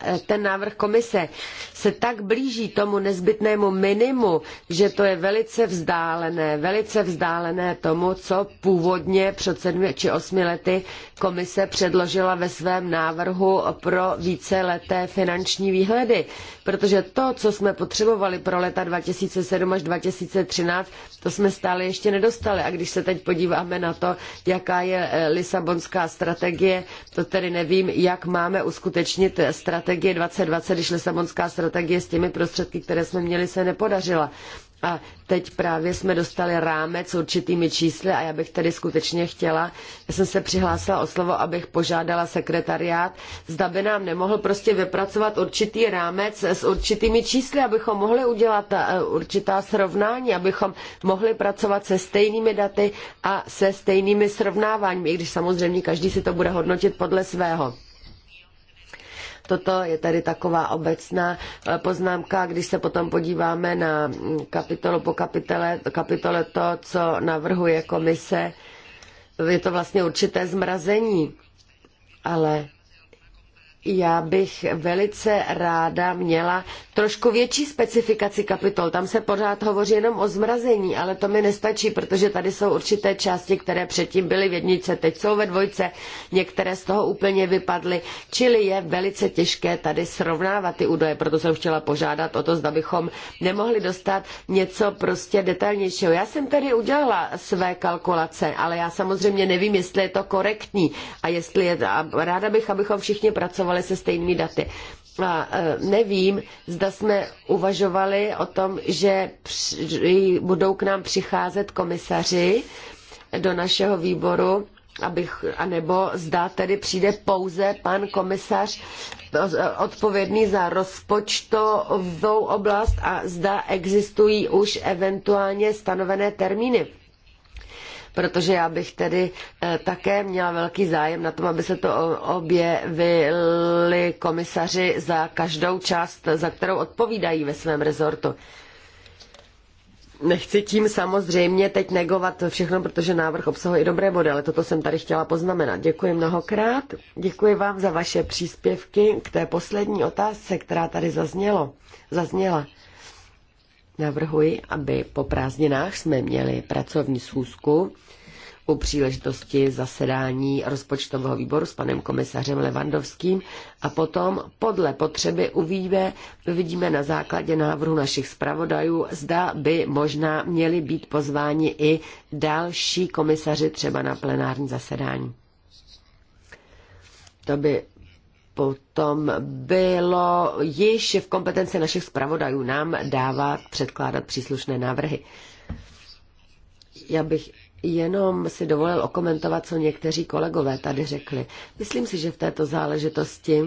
Eh, ten návrh komise se tak blíží tomu nezbytnému minimu, že to je velice vzdálené, velice vzdálené tomu, co původně před sedmi či osmi lety komise předložila ve svém návrhu pro víceleté finanční výhledy. Protože to, co jsme potřebovali pro leta 2007 až 2013, to jsme stále ještě nedostali. A když se teď podíváme na to, jaká je eh, Lisabonská strategie, to tedy nevím, jak máme uskutečnit strategii strategie 2020, když Lisabonská strategie s těmi prostředky, které jsme měli, se nepodařila. A teď právě jsme dostali rámec s určitými čísly a já bych tedy skutečně chtěla, já jsem se přihlásila o slovo, abych požádala sekretariát, zda by nám nemohl prostě vypracovat určitý rámec s určitými čísly, abychom mohli udělat eh, určitá srovnání, abychom mohli pracovat se stejnými daty a se stejnými srovnáváními, i když samozřejmě každý si to bude hodnotit podle svého. Toto je tady taková obecná eh, poznámka, když se potom podíváme na mm, kapitolu po kapitole, kapitole to, co navrhuje komise, je to vlastně určité zmrazení, ale já bych velice ráda měla trošku větší specifikaci kapitol. Tam se pořád hovoří jenom o zmrazení, ale to mi nestačí, protože tady jsou určité části, které předtím byly v jednice, teď jsou ve dvojce, některé z toho úplně vypadly, čili je velice těžké tady srovnávat ty údaje, proto jsem chtěla požádat o to, zda bychom nemohli dostat něco prostě detailnějšího. Já jsem tedy udělala své kalkulace, ale já samozřejmě nevím, jestli je to korektní a jestli je, a ráda bych, abychom všichni pracovali pohybovali se stejnými daty. A e, nevím, zda jsme uvažovali o tom, že budou k nám přicházet komisaři do našeho výboru, abych, anebo zda tedy přijde pouze pan komisař e, odpovědný za rozpočtovou oblast a zda existují už eventuálně stanovené termíny protože já bych tedy eh, také měla velký zájem na tom, aby se to objevili komisaři za každou část, za kterou odpovídají ve svém rezortu. Nechci tím samozřejmě teď negovat všechno, protože návrh obsahuje i dobré body, ale toto jsem tady chtěla poznamenat. Děkuji mnohokrát. Děkuji vám za vaše příspěvky k té poslední otázce, která tady zaznělo, zazněla. Navrhuji, aby po prázdninách jsme měli pracovní schůzku u příležitosti zasedání rozpočtového výboru s panem komisařem Levandovským a potom podle potřeby uvidíme, uvidíme na základě návrhu našich zpravodajů, zda by možná měli být pozváni i další komisaři třeba na plenární zasedání. To by potom bylo již v kompetenci našich zpravodajů nám dávat předkládat příslušné návrhy. Já bych jenom si dovolil okomentovat, co někteří kolegové tady řekli. Myslím si, že v této záležitosti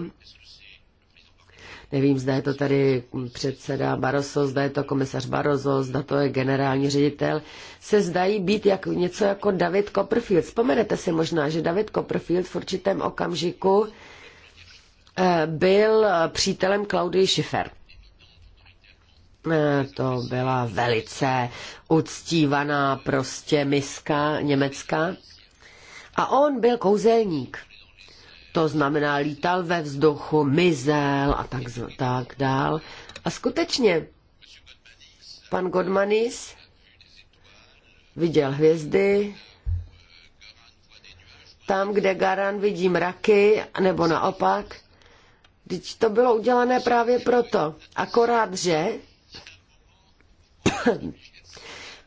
Nevím, zda je to tady předseda Barroso, zda je to komisař Barroso, zda to je generální ředitel, se zdají být jak, něco jako David Copperfield. Vzpomenete si možná, že David Copperfield v určitém okamžiku eh, byl přítelem Claudie Schiffer to byla velice uctívaná prostě miska německá. A on byl kouzelník. To znamená, lítal ve vzduchu, mizel a tak, tak dál. A skutečně, pan Godmanis viděl hvězdy, tam, kde Garan vidí mraky, nebo naopak. Teď to bylo udělané právě proto. Akorát, že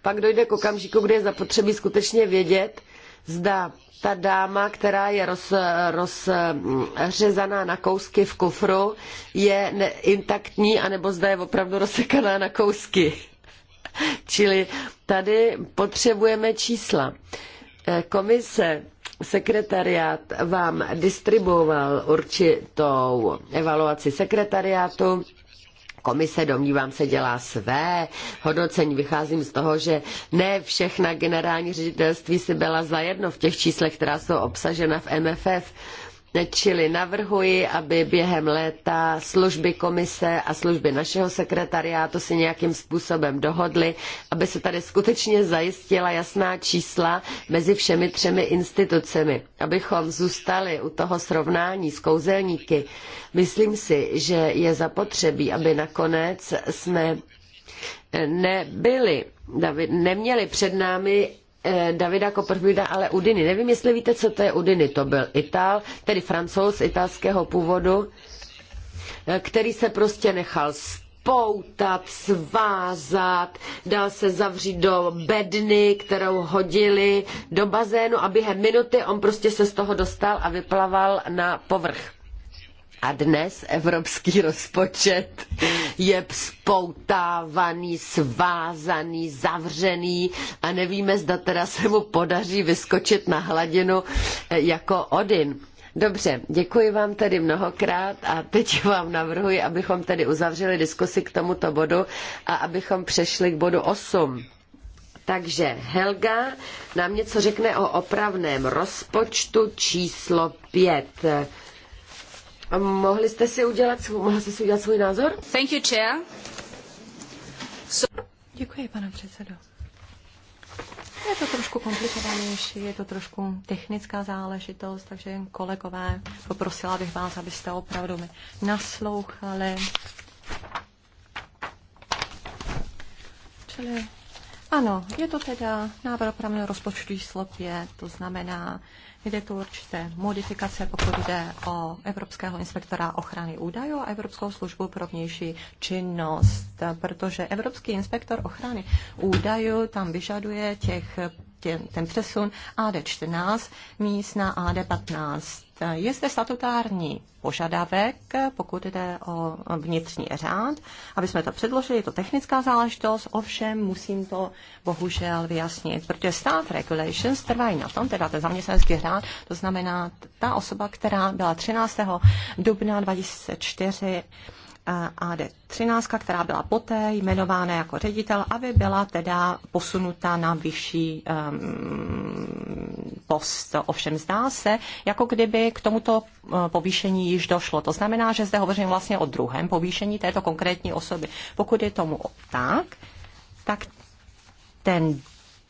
pak dojde k okamžiku, kdy je zapotřebí skutečně vědět, zda ta dáma, která je roz, rozřezaná na kousky v kufru, je ne, intaktní, anebo zda je opravdu rozsekaná na kousky. Čili tady potřebujeme čísla. Komise, sekretariát vám distribuoval určitou evaluaci sekretariátu Komise, domnívám se, dělá své hodnocení. Vycházím z toho, že ne všechna generální ředitelství si byla zajedno v těch číslech, která jsou obsažena v MFF Čili navrhuji, aby během léta služby komise a služby našeho sekretariátu si nějakým způsobem dohodly, aby se tady skutečně zajistila jasná čísla mezi všemi třemi institucemi. Abychom zůstali u toho srovnání s kouzelníky, myslím si, že je zapotřebí, aby nakonec jsme nebyli, neměli před námi Eh, Davida Copperfielda, ale Udiny. Nevím, jestli víte, co to je Udiny. To byl Ital, tedy francouz italského původu, eh, který se prostě nechal spoutat, svázat, dal se zavřít do bedny, kterou hodili do bazénu a během minuty on prostě se z toho dostal a vyplaval na povrch. A dnes evropský rozpočet je spoutávaný, svázaný, zavřený a nevíme, zda teda se mu podaří vyskočit na hladinu eh, jako Odin. Dobře, děkuji vám tedy mnohokrát a teď vám navrhuji, abychom tedy uzavřeli diskusi k tomuto bodu a abychom přešli k bodu 8. Takže Helga nám něco řekne o opravném rozpočtu číslo 5. Mohli jste si udělat, mohla jste si udělat svůj názor? Thank you, chair. So... Děkuji, pane předsedo. Je to trošku komplikovanější, je to trošku technická záležitost, takže kolegové, poprosila bych vás, abyste opravdu mi naslouchali. Čili ano, je to teda návrh opravného rozpočtu číslo 5, to znamená Jde tu určité modifikace, pokud jde o Evropského inspektora ochrany údajů a Evropskou službu pro vnější činnost, protože Evropský inspektor ochrany údajů tam vyžaduje těch, tě, ten přesun AD14 míst na AD15 je zde statutární požadavek, pokud jde o vnitřní řád, aby jsme to předložili, je to technická záležitost, ovšem musím to bohužel vyjasnit, protože staff regulations trvají na tom, teda ten zaměstnanecký řád, to znamená ta osoba, která byla 13. dubna 2004 Eh, AD13, která byla poté jmenována jako ředitel, aby byla teda posunuta na vyšší um, post. Ovšem zdá se, jako kdyby k tomuto eh, povýšení již došlo. To znamená, že zde hovořím vlastně o druhém povýšení této konkrétní osoby. Pokud je tomu tak, tak ten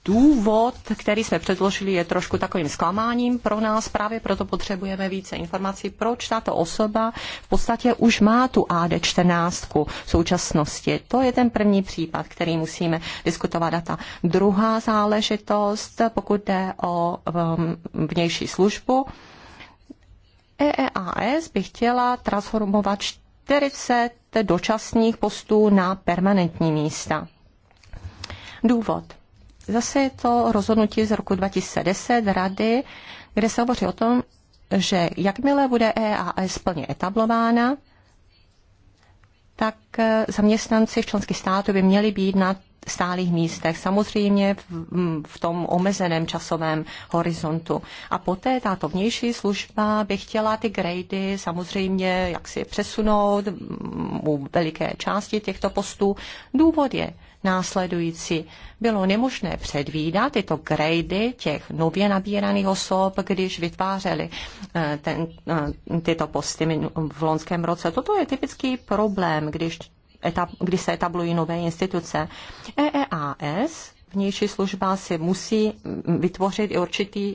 důvod, který jsme předložili, je trošku takovým zklamáním pro nás. Právě proto potřebujeme více informací, proč tato osoba v podstatě už má tu AD14 v současnosti. To je ten první případ, který musíme diskutovat. A ta druhá záležitost, pokud jde o um, vnější službu, EEAS by chtěla transformovat 40 dočasných postů na permanentní místa. Důvod. Zase je to rozhodnutí z roku 2010 Rady, kde se hovoří o tom, že jakmile bude EAS plně etablována, tak eh, zaměstnanci v členských států by měli být na stálých místech, samozřejmě v, mm, v tom omezeném časovém horizontu. A poté tato vnější služba by chtěla ty grady samozřejmě jak přesunout mm, u veliké části těchto postů. Důvod je následující. Bylo nemožné předvídat tyto grady těch nově nabíraných osob, když vytvářeli eh, ten, eh, tyto posty v loňském roce. Toto je typický problém, když, etab, když se etablují nové instituce. EEAS vnější služba si musí mm, vytvořit i určitý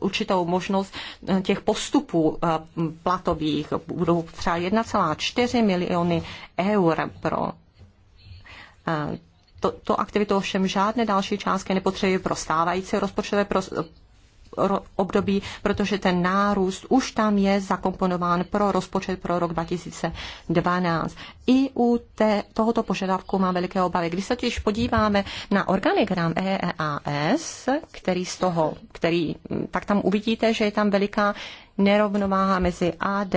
určitou možnost eh, těch postupů platových. Budou třeba 1,4 miliony eur pro to, to aktivitu ovšem žádné další částky nepotřebuje pro stávající rozpočtové pro, ro, období, protože ten nárůst už tam je zakomponován pro rozpočet pro rok 2012. I u té, tohoto požadavku mám veliké obavy. Když se totiž podíváme na organigram EEAS, který z toho, který, tak tam uvidíte, že je tam veliká nerovnováha mezi AD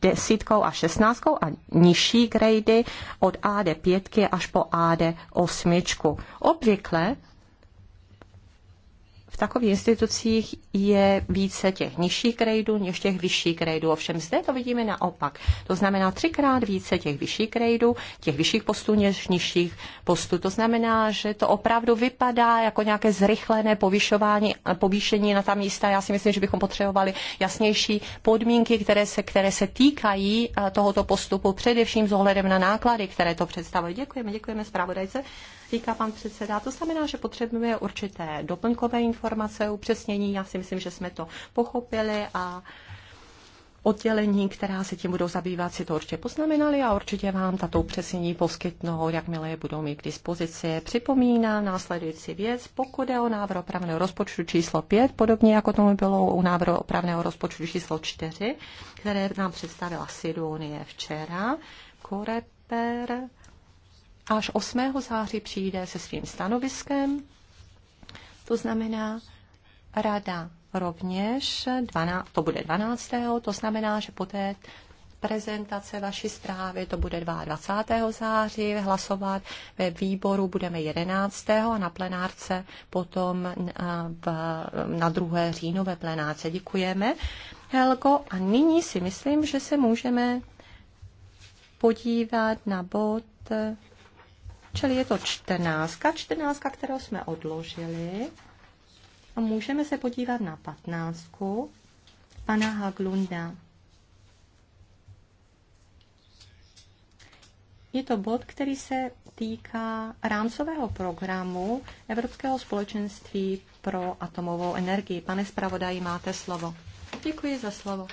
desítkou a šestnáctkou a nižší grady od AD5 až po AD8. Obvykle v takových institucích je více těch nižších gradeů než těch vyšších gradeů. Ovšem zde to vidíme naopak. To znamená třikrát více těch vyšších gradeů, těch vyšších postů než nižších postů. To znamená, že to opravdu vypadá jako nějaké zrychlené povyšování, povýšení na ta místa. Já si myslím, že bychom potřebovali jasnější podmínky, které se, které se týkají eh, tohoto postupu, především s ohledem na náklady, které to představuje. Děkujeme, děkujeme zpravodajce říká pan předseda. To znamená, že potřebujeme určité doplňkové informace, upřesnění. Já si myslím, že jsme to pochopili a oddělení, která se tím budou zabývat, si to určitě poznamenali a určitě vám tato upřesnění poskytnou, jakmile je budou mít k dispozici. Připomíná následující věc, pokud je o návrh opravného rozpočtu číslo 5, podobně jako tomu bylo u návrhu opravného rozpočtu číslo 4, které nám představila Sidonie včera, Koreper až 8. září přijde se svým stanoviskem. To znamená, rada rovněž, 12, to bude 12. To znamená, že poté prezentace vaší zprávy, to bude 22. září, hlasovat ve výboru budeme 11. a na plenárce potom na 2. říjnové plenárce. Děkujeme, Helko. A nyní si myslím, že se můžeme podívat na bod Čili je to čtrnáctka, čtrnáctka, kterou jsme odložili. A můžeme se podívat na patnáctku pana Haglunda. Je to bod, který se týká rámcového programu Evropského společenství pro atomovou energii. Pane zpravodaji, máte slovo. Děkuji za slovo.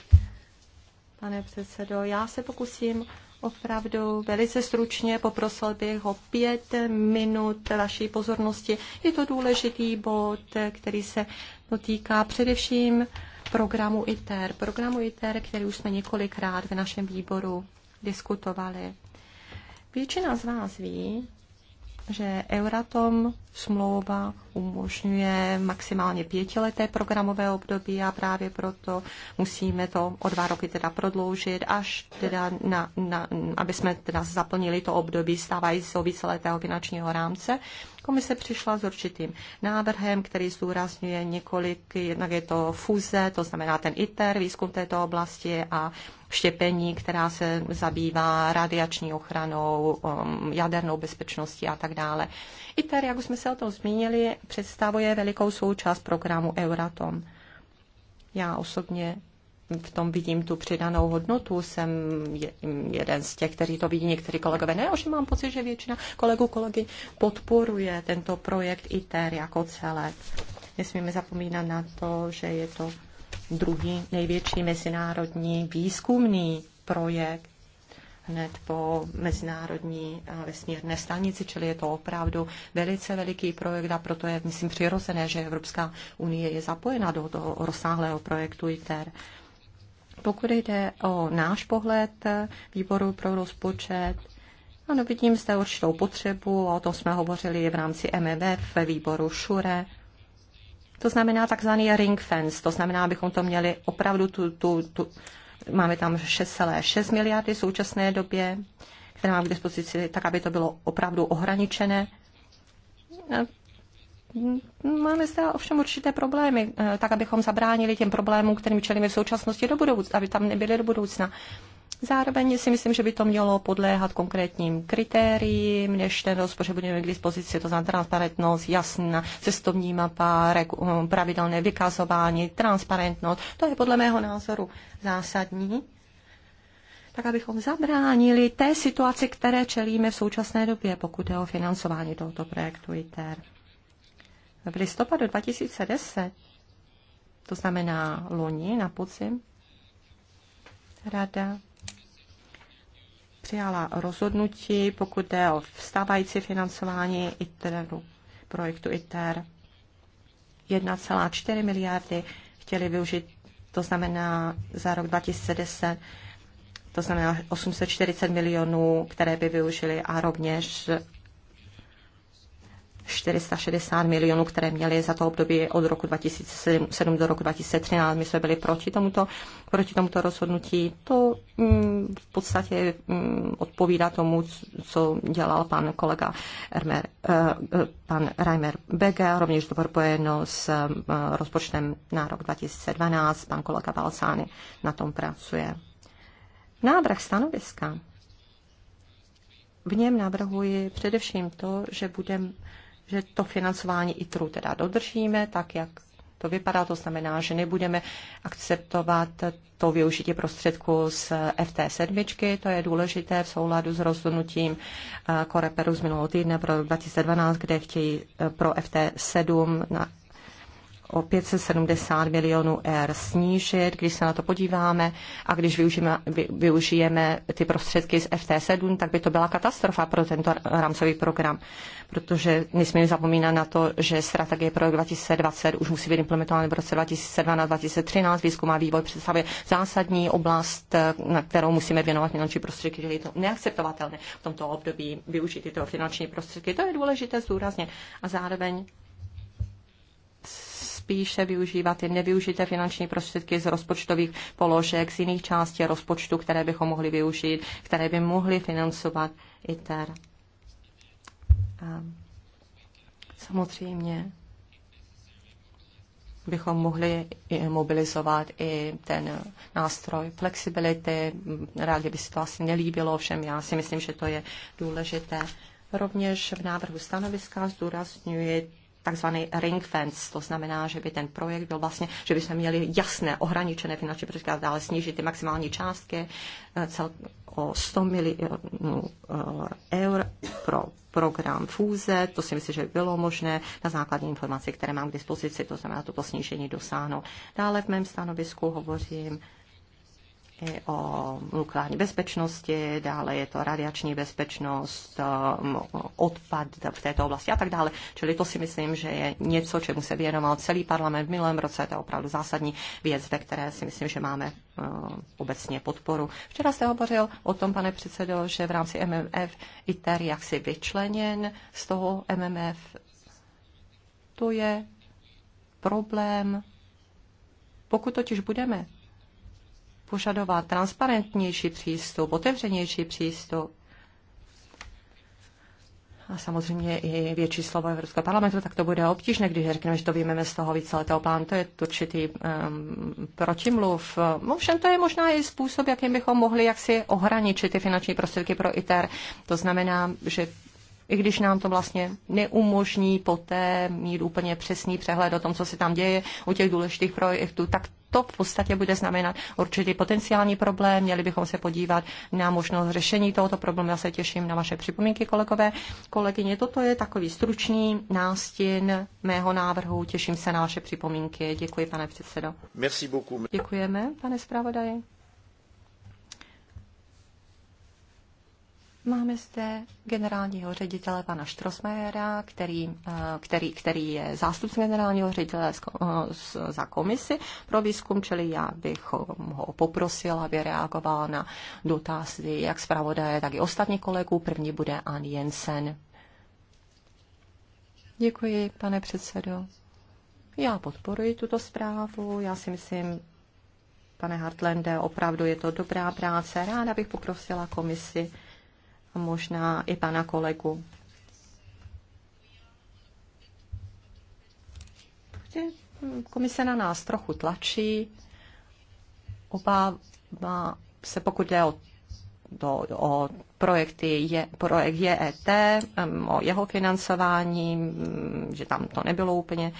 Pane předsedo, já se pokusím opravdu velice stručně poprosil bych o pět minut vaší pozornosti. Je to důležitý bod, který se dotýká především programu ITER. Programu ITER, který už jsme několikrát v našem výboru diskutovali. Většina z vás ví, že Euratom smlouva umožňuje maximálně pětileté programové období a právě proto musíme to o dva roky teda prodloužit, až teda na, na, aby jsme teda zaplnili to období stávajícího víceletého finančního rámce Komise přišla s určitým návrhem, který zdůrazňuje několik, jednak je to fuze, to znamená ten ITER, výzkum této oblasti a štěpení, která se zabývá radiační ochranou, um, jadernou bezpečností a tak dále. ITER, jak už jsme se o tom zmínili, představuje velikou součást programu Euratom. Já osobně v tom vidím tu přidanou hodnotu. Jsem jeden z těch, kteří to vidí, někteří kolegové ne, ovšem mám pocit, že většina kolegů kolegy podporuje tento projekt ITER jako celek. Nesmíme zapomínat na to, že je to druhý největší mezinárodní výzkumný projekt hned po mezinárodní eh, vesmírné stanici, čili je to opravdu velice veliký projekt a proto je, myslím, přirozené, že Evropská unie je zapojena do toho rozsáhlého projektu ITER. Pokud jde o náš pohled výboru pro rozpočet, ano, vidím zde určitou potřebu, a o tom jsme hovořili v rámci MMF ve výboru ŠURE. To znamená takzvaný ring fence, to znamená, abychom to měli opravdu tu, tu, tu máme tam 6,6 miliardy v současné době, které máme k dispozici, tak aby to bylo opravdu ohraničené. Máme zde ovšem určité problémy, eh, tak abychom zabránili těm problémům, kterým čelíme v současnosti do budoucna, aby tam nebyly do budoucna. Zároveň si myslím, že by to mělo podléhat konkrétním kritériím, než ten rozpočet budeme mít k dispozici, to znamená transparentnost, jasná cestovní mapa, eh, pravidelné vykazování, transparentnost. To je podle mého názoru zásadní tak abychom zabránili té situaci, které čelíme v současné době, pokud je o financování tohoto projektu ITER v listopadu 2010, to znamená loni na podzim, rada přijala rozhodnutí, pokud jde o vstávající financování ITERu, projektu ITER. 1,4 miliardy chtěli využít, to znamená za rok 2010, to znamená 840 milionů, které by využili a rovněž 460 milionů, které měly za to období od roku 2007 do roku 2013. My jsme byli proti tomuto, proti tomuto rozhodnutí. To mm, v podstatě mm, odpovídá tomu, co dělal pan kolega Ermer, eh, pan Reimer Bege, rovněž to propojeno s eh, rozpočtem na rok 2012. Pan kolega Balsány na tom pracuje. Návrh stanoviska v něm navrhuji především to, že budeme že to financování ITRU teda dodržíme, tak jak to vypadá, to znamená, že nebudeme akceptovat to využití prostředku z FT7, to je důležité v souladu s rozhodnutím eh, Koreperu z minulého týdne pro 2012, kde chtějí eh, pro FT7 na o 570 milionů eur snížit, když se na to podíváme a když využijeme, využijeme ty prostředky z FT7, tak by to byla katastrofa pro tento rámcový program, protože nesmíme zapomínat na to, že strategie pro 2020 už musí být implementována v roce 2012-2013, výzkum a vývoj představuje zásadní oblast, na kterou musíme věnovat finanční prostředky, že je to neakceptovatelné v tomto období využít tyto finanční prostředky. To je důležité zdůraznit a zároveň spíše využívat ty nevyužité finanční prostředky z rozpočtových položek, z jiných částí rozpočtu, které bychom mohli využít, které by mohly financovat ITER. A samozřejmě bychom mohli mobilizovat i ten nástroj flexibility. Rádi by se to asi nelíbilo, všem já si myslím, že to je důležité. Rovněž v návrhu stanoviska zdůrazňuji takzvaný ring fence. To znamená, že by ten projekt byl vlastně, že by jsme měli jasné ohraničené finanční prostředky a dále snížit ty maximální částky eh, cel, o 100 milionů eh, eur pro program fúze. To si myslím, že by bylo možné na základě informací, které mám k dispozici, to znamená toto snížení dosáhnout. Dále v mém stanovisku hovořím o nukleární bezpečnosti, dále je to radiační bezpečnost, um, odpad v této oblasti a tak dále. Čili to si myslím, že je něco, čemu se věnoval celý parlament v minulém roce. To je opravdu zásadní věc, ve které si myslím, že máme uh, obecně podporu. Včera jste hovořil o tom, pane předsedo, že v rámci MMF ITER jaksi vyčleněn z toho MMF. To je problém. Pokud totiž budeme požadovat transparentnější přístup, otevřenější přístup a samozřejmě i větší slovo Evropského parlamentu, tak to bude obtížné, když řekneme, že to víme z toho víceletého plánu. To je určitý um, protimluv. Ovšem no to je možná i způsob, jakým bychom mohli jaksi ohraničit ty finanční prostředky pro ITER. To znamená, že i když nám to vlastně neumožní poté mít úplně přesný přehled o tom, co se tam děje u těch důležitých projektů, tak to v podstatě bude znamenat určitý potenciální problém. Měli bychom se podívat na možnost řešení tohoto problému. Já se těším na vaše připomínky, kolegové, kolegyně. Toto je takový stručný nástin mého návrhu. Těším se na vaše připomínky. Děkuji, pane předsedo. Merci beaucoup. Děkujeme, pane zpravodaji. Máme zde generálního ředitele pana Štrosmajera, který, eh, který, který je zástupcem generálního ředitele eh, za komisi pro výzkum, čili já bych ho poprosil, aby reagoval na dotazy jak zpravodaje, tak i ostatní kolegů. První bude Ann Jensen. Děkuji, pane předsedo. Já podporuji tuto zprávu. Já si myslím, pane Hartlende, opravdu je to dobrá práce. Ráda bych poprosila komisi, a možná i pana kolegu. Prostě, hm, komise na nás trochu tlačí, obává se, pokud jde o, do, o projekty je, projekt JET, e hm, o jeho financování, hm, že tam to nebylo úplně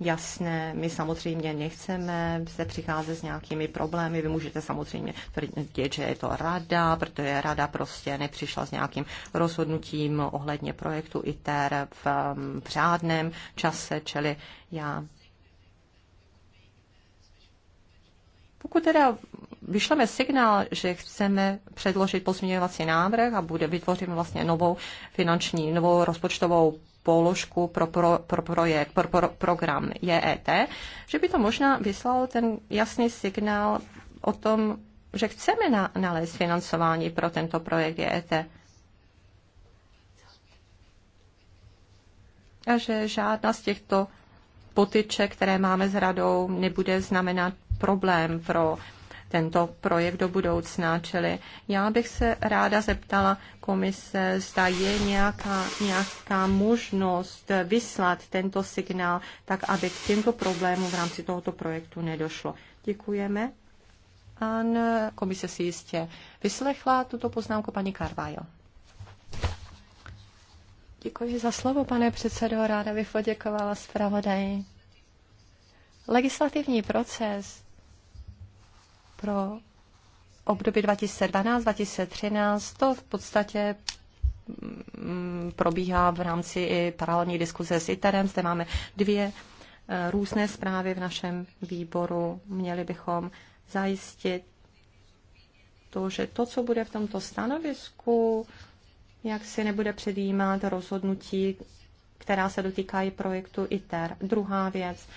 jasné. My samozřejmě nechceme se přicházet s nějakými problémy. Vy můžete samozřejmě tvrdit, že je to rada, protože rada prostě nepřišla s nějakým rozhodnutím ohledně projektu ITER v, um, v řádném čase, čili já Pokud teda vyšleme signál, že chceme předložit pozměňovací návrh a bude vytvořit vlastně novou finanční, novou rozpočtovou položku pro, pro, pro projekt, pro, pro program JET, že by to možná vyslalo ten jasný signál o tom, že chceme na, nalézt financování pro tento projekt JET. A že žádná z těchto potyček, které máme s radou, nebude znamenat problém pro tento projekt do budoucna. Čili já bych se ráda zeptala komise, zda je nějaká, nějaká možnost vyslat tento signál, tak aby k těmto problémům v rámci tohoto projektu nedošlo. Děkujeme. An, komise si jistě vyslechla tuto poznámku paní Carvajo. Děkuji za slovo, pane předsedo. Ráda bych poděkovala zpravodaji. Legislativní proces pro období 2012-2013 to v podstatě mm, probíhá v rámci i paralelní diskuze s ITERem. Zde máme dvě eh, různé zprávy v našem výboru. Měli bychom zajistit to, že to, co bude v tomto stanovisku, jak si nebude předjímat rozhodnutí, která se dotýkají projektu ITER. Druhá věc,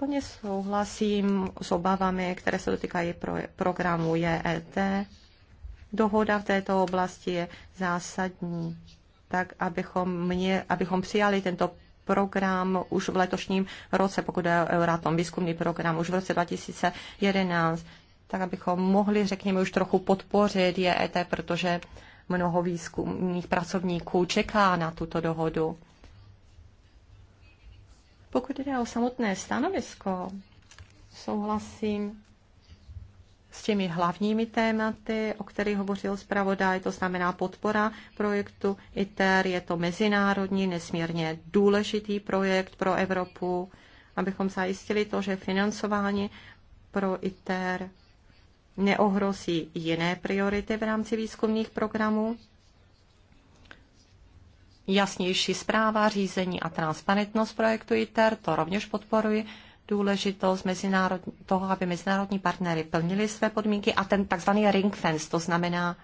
Plně souhlasím s obavami, které se dotýkají pro, programu JET. Dohoda v této oblasti je zásadní, tak abychom, mě, abychom přijali tento program už v letošním roce, pokud je Euratom výzkumný program, už v roce 2011, tak abychom mohli, řekněme, už trochu podpořit JET, protože mnoho výzkumných pracovníků čeká na tuto dohodu. Pokud jde o samotné stanovisko, souhlasím s těmi hlavními tématy, o kterých hovořil zpravodaj, to znamená podpora projektu ITER. Je to mezinárodní, nesmírně důležitý projekt pro Evropu, abychom zajistili to, že financování pro ITER neohrozí jiné priority v rámci výzkumných programů jasnější zpráva, řízení a transparentnost projektu ITER, to rovněž podporuji důležitost toho, aby mezinárodní partnery plnili své podmínky a ten takzvaný ring fence, to znamená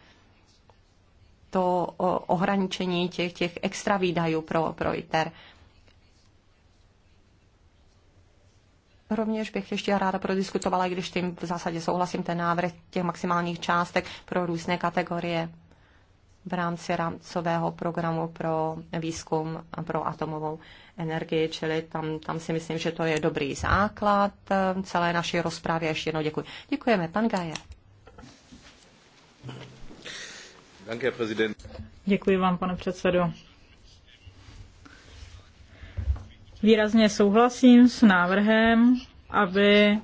to ohraničení těch, těch extra výdajů pro, pro ITER. Rovněž bych ještě ráda prodiskutovala, i když tím v zásadě souhlasím, ten návrh těch maximálních částek pro různé kategorie v rámci rámcového programu pro výzkum pro atomovou energii, čili tam, tam si myslím, že to je dobrý základ eh, celé naší rozprávy. Ještě jednou děkuji. Děkujeme, pan Gajer. Děkuji vám, pane předsedo. Výrazně souhlasím s návrhem, aby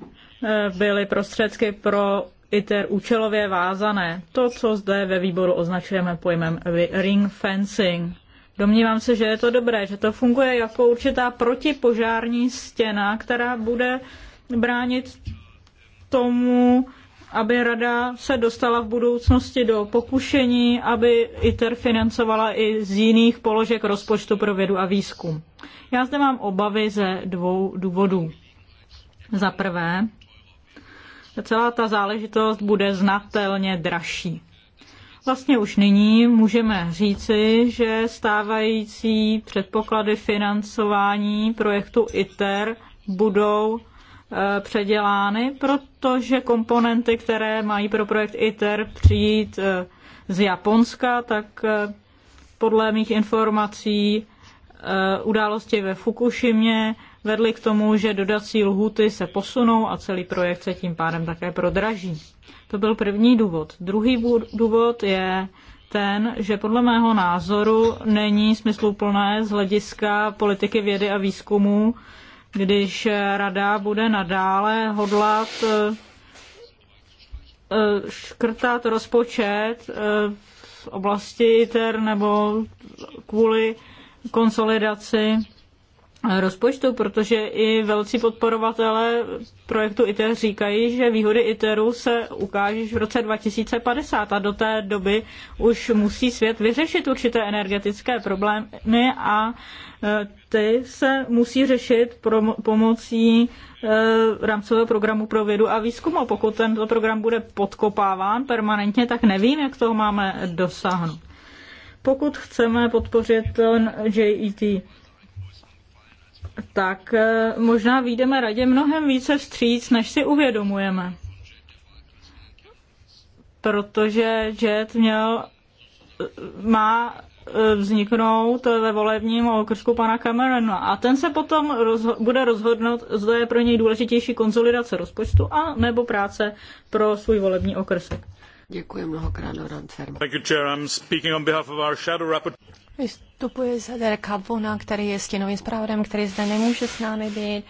eh, byly prostředky pro ITER účelově vázané. To, co zde ve výboru označujeme pojmem ring fencing. Domnívám se, že je to dobré, že to funguje jako určitá protipožární stěna, která bude bránit tomu, aby rada se dostala v budoucnosti do pokušení, aby ITER financovala i z jiných položek rozpočtu pro vědu a výzkum. Já zde mám obavy ze dvou důvodů. Za prvé, celá ta záležitost bude znatelně dražší. Vlastně už nyní můžeme říci, že stávající předpoklady financování projektu ITER budou e, předělány, protože komponenty, které mají pro projekt ITER přijít e, z Japonska, tak e, podle mých informací události ve Fukushimě vedly k tomu, že dodací lhuty se posunou a celý projekt se tím pádem také prodraží. To byl první důvod. Druhý důvod je ten, že podle mého názoru není smysluplné z hlediska politiky vědy a výzkumu, když rada bude nadále hodlat eh, eh, škrtat rozpočet eh, v oblasti ITER nebo kvůli konsolidaci rozpočtu, protože i velcí podporovatelé projektu ITER říkají, že výhody ITERu se ukáží v roce 2050 a do té doby už musí svět vyřešit určité energetické problémy a e, ty se musí řešit pomocí e, rámcového programu pro vědu a výzkum. A pokud tento program bude podkopáván permanentně, tak nevím, jak toho máme dosáhnout. Pokud chceme podpořit ten JET tak eh, možná výjdeme radě mnohem více vstříc, než si uvědomujeme. Protože JET měl, eh, má eh, vzniknout ve volebním okrsku pana Camerona. A ten se potom rozho- bude rozhodnout, zda je pro něj důležitější konsolidace rozpočtu a nebo práce pro svůj volební okrsek. Děkuji mnohokrát, Doran Ferm. Vystupuje zde Kavona, který je stěnovým zpravodem, který zde nemůže s námi být.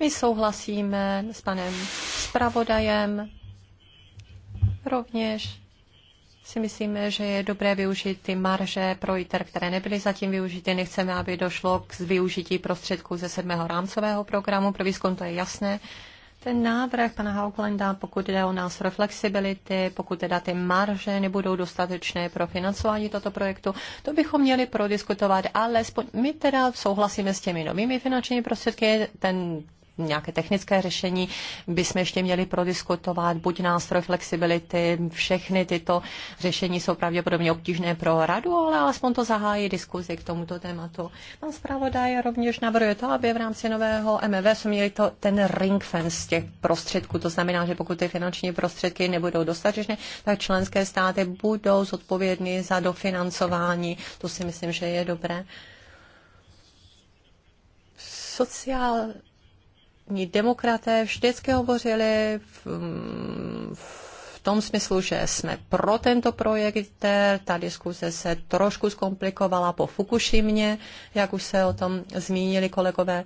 My souhlasíme s panem zpravodajem. Rovněž si myslíme, že je dobré využít ty marže pro ITER, které nebyly zatím využity. Nechceme, aby došlo k využití prostředků ze sedmého rámcového programu. Pro výzkum to je jasné. Ten návrh pana Hauglenda, pokud jde o nástroj flexibility, pokud teda ty marže nebudou dostatečné pro financování tohoto projektu, to bychom měli prodiskutovat, ale my teda souhlasíme s těmi novými finančními prostředky, ten nějaké technické řešení bychom ještě měli prodiskutovat, buď nástroj flexibility, všechny tyto řešení jsou pravděpodobně obtížné pro radu, ale alespoň to zahájí diskuzi k tomuto tématu. Pan zpravodaj rovněž navrhuje to, aby v rámci nového MEV jsme měli to, ten ring fence těch prostředků. To znamená, že pokud ty finanční prostředky nebudou dostatečné, tak členské státy budou zodpovědní za dofinancování. To si myslím, že je dobré. Sociál, demokraté vždycky hovořili v, v tom smyslu, že jsme pro tento projekt. Ta diskuse se trošku zkomplikovala po Fukushimě, jak už se o tom zmínili kolegové.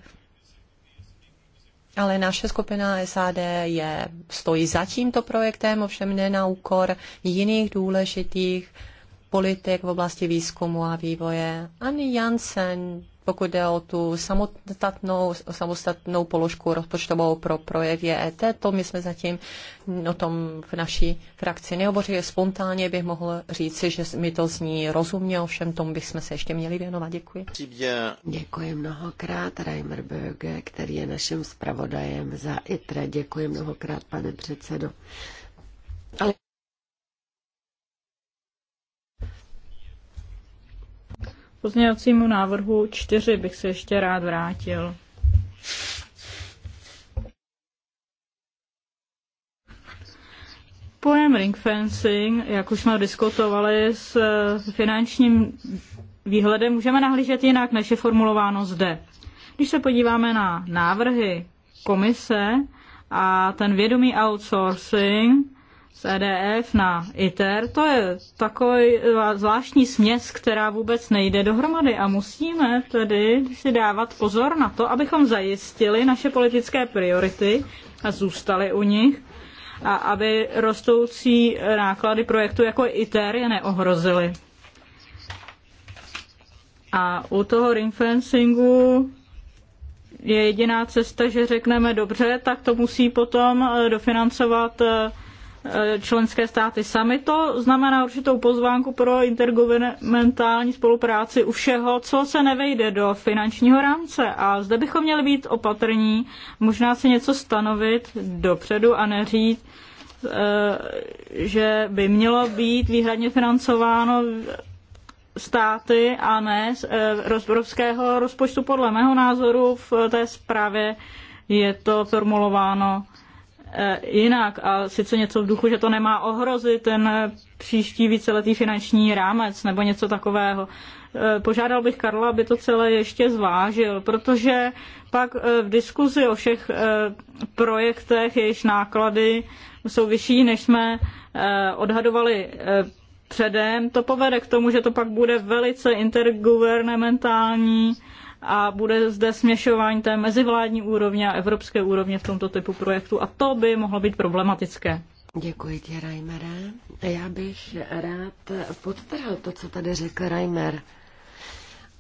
Ale naše skupina SAD je, stojí za tímto projektem, ovšem ne na úkor jiných důležitých politik v oblasti výzkumu a vývoje. Ani Jansen pokud jde o tu samostatnou, samostatnou položku rozpočtovou pro projev JET, e to my jsme zatím o tom v naší frakci nehovořili. Spontánně bych mohl říci, že mi to zní rozumně, ovšem tomu bychom se ještě měli věnovat. Děkuji. Děkuji mnohokrát Reimer Böge, který je naším zpravodajem za ITRE. Děkuji mnohokrát, pane předsedo. Ale pozměňovacímu návrhu 4 bych se ještě rád vrátil. Pojem ring fencing, jak už jsme diskutovali s finančním výhledem, můžeme nahlížet jinak, než je formulováno zde. Když se podíváme na návrhy komise a ten vědomý outsourcing, z EDF na ITER, to je takový eh, zvláštní směs, která vůbec nejde dohromady a musíme tedy si dávat pozor na to, abychom zajistili naše politické priority a zůstali u nich a aby rostoucí náklady projektu jako ITER je neohrozily. A u toho ringfencingu je jediná cesta, že řekneme dobře, tak to musí potom eh, dofinancovat eh, Eh, členské státy sami. To znamená určitou pozvánku pro intergovernmentální spolupráci u všeho, co se nevejde do finančního rámce. A zde bychom měli být opatrní, možná si něco stanovit dopředu a neříct, eh, že by mělo být výhradně financováno státy a ne z eh, evropského rozpočtu. Podle mého názoru v té zprávě je to formulováno Eh, jinak a sice něco v duchu, že to nemá ohrozit ten příští víceletý finanční rámec nebo něco takového. Eh, požádal bych Karla, aby to celé ještě zvážil, protože pak eh, v diskuzi o všech projektech, jejich náklady jsou vyšší, než jsme odhadovali předem, to povede k tomu, že to pak bude velice intergovernmentální a bude zde směšování té mezivládní úrovně a evropské úrovně v tomto typu projektu a to by mohlo být problematické. Děkuji ti, Reimere. Já bych rád podtrhl to, co tady řekl Reimer.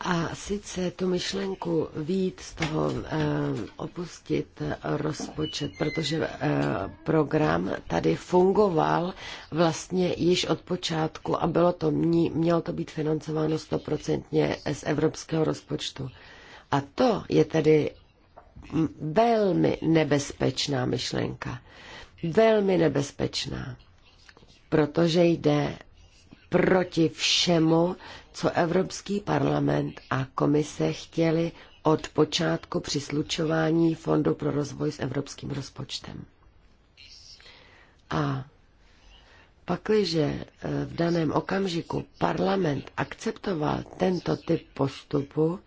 A sice tu myšlenku víc z toho eh, opustit rozpočet, protože eh, program tady fungoval vlastně již od počátku a bylo to, mělo to být financováno stoprocentně z evropského rozpočtu. A to je tedy velmi nebezpečná myšlenka. Velmi nebezpečná, protože jde proti všemu, co Evropský parlament a komise chtěli od počátku při slučování Fondu pro rozvoj s evropským rozpočtem. A pakliže eh, v daném okamžiku parlament akceptoval tento typ postupu,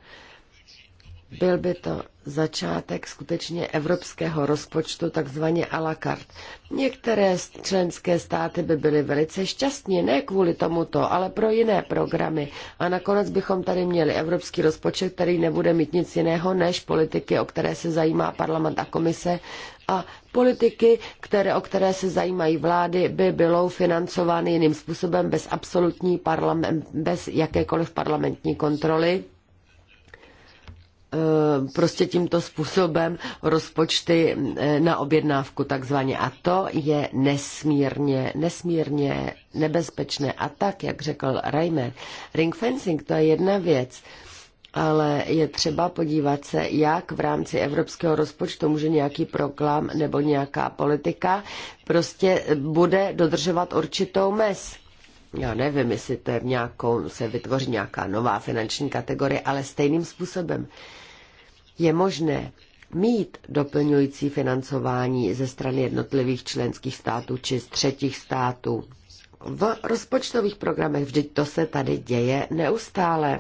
byl by to začátek skutečně evropského rozpočtu, takzvaně à la carte. Některé členské státy by byly velice šťastní, ne kvůli tomuto, ale pro jiné programy. A nakonec bychom tady měli evropský rozpočet, který nebude mít nic jiného než politiky, o které se zajímá parlament a komise. A politiky, které, o které se zajímají vlády, by bylo financovány jiným způsobem bez absolutní parlament, bez jakékoliv parlamentní kontroly Eh, prostě tímto způsobem rozpočty eh, na objednávku takzvaně. A to je nesmírně, nesmírně nebezpečné. A tak, jak řekl Reimer, ring fencing to je jedna věc, ale je třeba podívat se, jak v rámci evropského rozpočtu může nějaký proklam nebo nějaká politika prostě bude dodržovat určitou mez já nevím, jestli to je v nějakou, se vytvoří nějaká nová finanční kategorie, ale stejným způsobem je možné mít doplňující financování ze strany jednotlivých členských států či z třetích států. V rozpočtových programech vždyť to se tady děje neustále.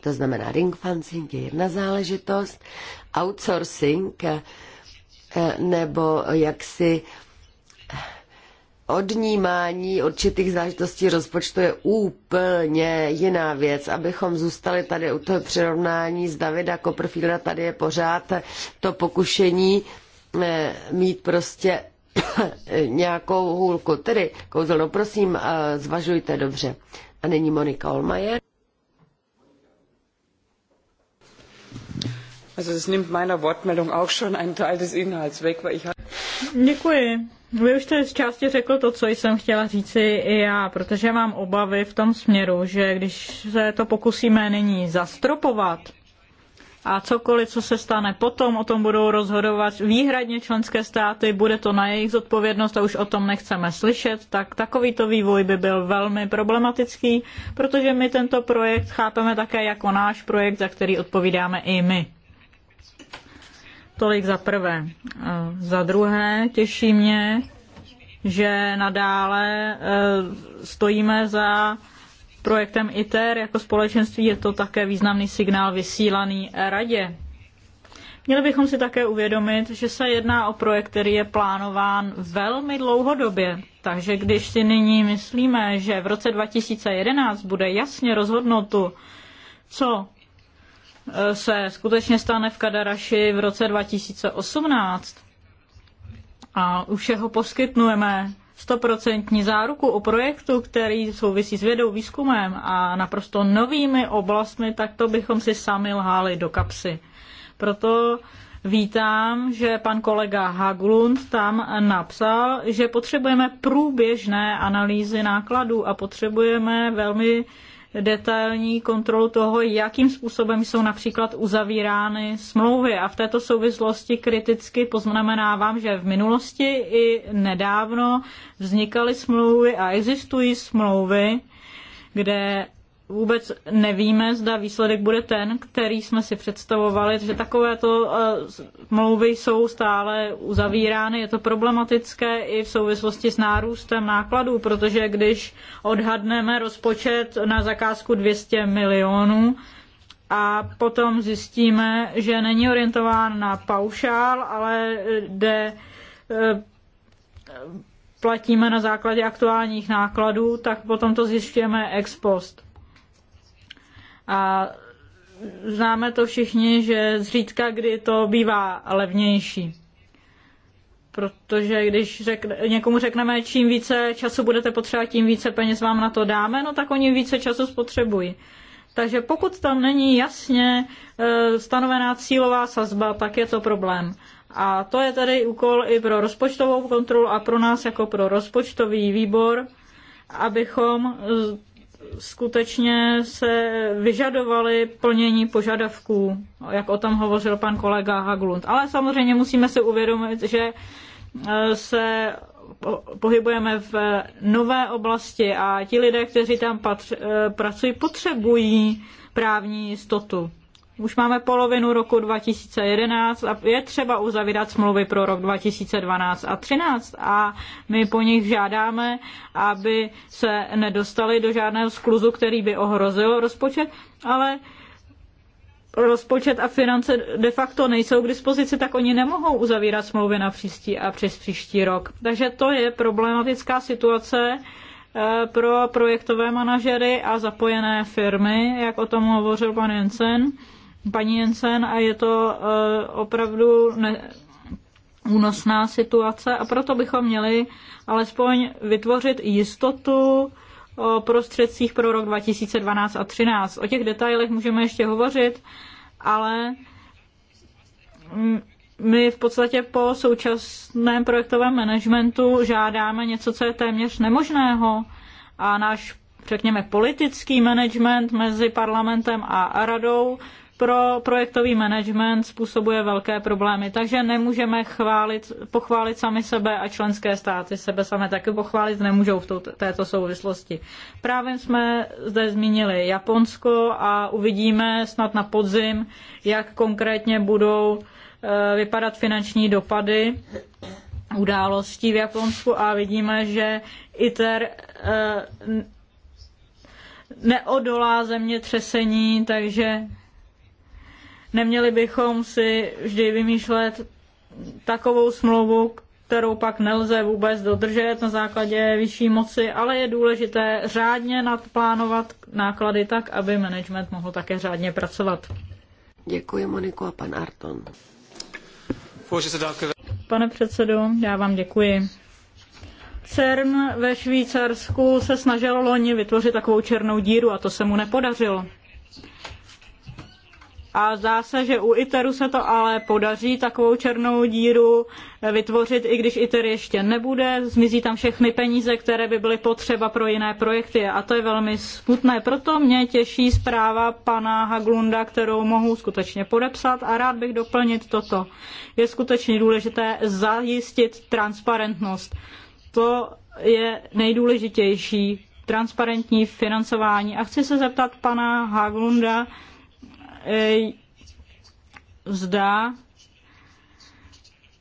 To znamená, ring fencing je jedna záležitost, outsourcing eh, nebo jaksi odnímání určitých zážitostí rozpočtu je úplně jiná věc. Abychom zůstali tady u toho přirovnání z Davida Copperfielda, tady je pořád to pokušení eh, mít prostě nějakou hůlku. Tedy, kouzelno, prosím, eh, zvažujte dobře. A nyní Monika Olmajer. Also das nimmt meiner Wortmeldung auch schon einen Teil des Inhalts weg, weil ich Děkuji. Vy už jste z části řekl to, co jsem chtěla říci i já, protože mám obavy v tom směru, že když se to pokusíme nyní zastropovat a cokoliv, co se stane potom, o tom budou rozhodovat výhradně členské státy, bude to na jejich zodpovědnost a už o tom nechceme slyšet, tak takovýto vývoj by byl velmi problematický, protože my tento projekt chápeme také jako náš projekt, za který odpovídáme i my. Tolik za prvé. E, za druhé těší mě, že nadále e, stojíme za projektem ITER jako společenství. Je to také významný signál vysílaný radě. Měli bychom si také uvědomit, že se jedná o projekt, který je plánován velmi dlouhodobě. Takže když si nyní myslíme, že v roce 2011 bude jasně rozhodnuto, co Eh, se skutečně stane v Kadaraši v roce 2018 a už jeho poskytnujeme stoprocentní záruku o projektu, který souvisí s vědou, výzkumem a naprosto novými oblastmi, tak to bychom si sami lhali do kapsy. Proto vítám, že pan kolega Haglund tam napsal, že potřebujeme průběžné analýzy nákladů a potřebujeme velmi detailní kontrolu toho, jakým způsobem jsou například uzavírány smlouvy. A v této souvislosti kriticky poznamenávám, že v minulosti i nedávno vznikaly smlouvy a existují smlouvy, kde vůbec nevíme, zda výsledek bude ten, který jsme si představovali, že takovéto eh, smlouvy jsou stále uzavírány. Je to problematické i v souvislosti s nárůstem nákladů, protože když odhadneme rozpočet na zakázku 200 milionů, a potom zjistíme, že není orientován na paušál, ale jde eh, platíme na základě aktuálních nákladů, tak potom to zjišťujeme ex post. A známe to všichni, že zřídka kdy to bývá levnější. Protože když řekne, někomu řekneme, čím více času budete potřebovat, tím více peněz vám na to dáme, no tak oni více času spotřebují. Takže pokud tam není jasně e, stanovená cílová sazba, tak je to problém. A to je tedy úkol i pro rozpočtovou kontrolu a pro nás jako pro rozpočtový výbor, abychom skutečně se vyžadovali plnění požadavků, jak o tom hovořil pan kolega Haglund. Ale samozřejmě musíme se uvědomit, že e, se pohybujeme v nové oblasti a ti lidé, kteří tam patř, e, pracují, potřebují právní jistotu. Už máme polovinu roku 2011 a je třeba uzavírat smlouvy pro rok 2012 a 13 a my po nich žádáme, aby se nedostali do žádného skluzu, který by ohrozil rozpočet, ale rozpočet a finance de facto nejsou k dispozici, tak oni nemohou uzavírat smlouvy na příští a přes příští rok. Takže to je problematická situace eh, pro projektové manažery a zapojené firmy, jak o tom hovořil pan Jensen paní Jensen a je to eh, opravdu ne, únosná situace a proto bychom měli alespoň vytvořit jistotu o prostředcích pro rok 2012 a 2013. O těch detailech můžeme ještě hovořit, ale my v podstatě po současném projektovém managementu žádáme něco, co je téměř nemožného a náš řekněme, politický management mezi parlamentem a radou pro projektový management způsobuje velké problémy. Takže nemůžeme chválit, pochválit sami sebe a členské státy sebe samé taky pochválit nemůžou v této souvislosti. Právě jsme zde zmínili Japonsko a uvidíme snad na podzim, jak konkrétně budou eh, vypadat finanční dopady událostí v Japonsku a vidíme, že ITER eh, neodolá země třesení, takže Neměli bychom si vždy vymýšlet takovou smlouvu, kterou pak nelze vůbec dodržet na základě vyšší moci, ale je důležité řádně nadplánovat náklady tak, aby management mohl také řádně pracovat. Děkuji Moniku a pan Arton. Pane předsedo, já vám děkuji. CERN ve Švýcarsku se snažil loni vytvořit takovou černou díru a to se mu nepodařilo. A zdá se, že u ITERu se to ale podaří takovou černou díru vytvořit, i když ITER ještě nebude. Zmizí tam všechny peníze, které by byly potřeba pro jiné projekty. A to je velmi smutné. Proto mě těší zpráva pana Haglunda, kterou mohu skutečně podepsat a rád bych doplnit toto. Je skutečně důležité zajistit transparentnost. To je nejdůležitější transparentní financování. A chci se zeptat pana Haglunda, zda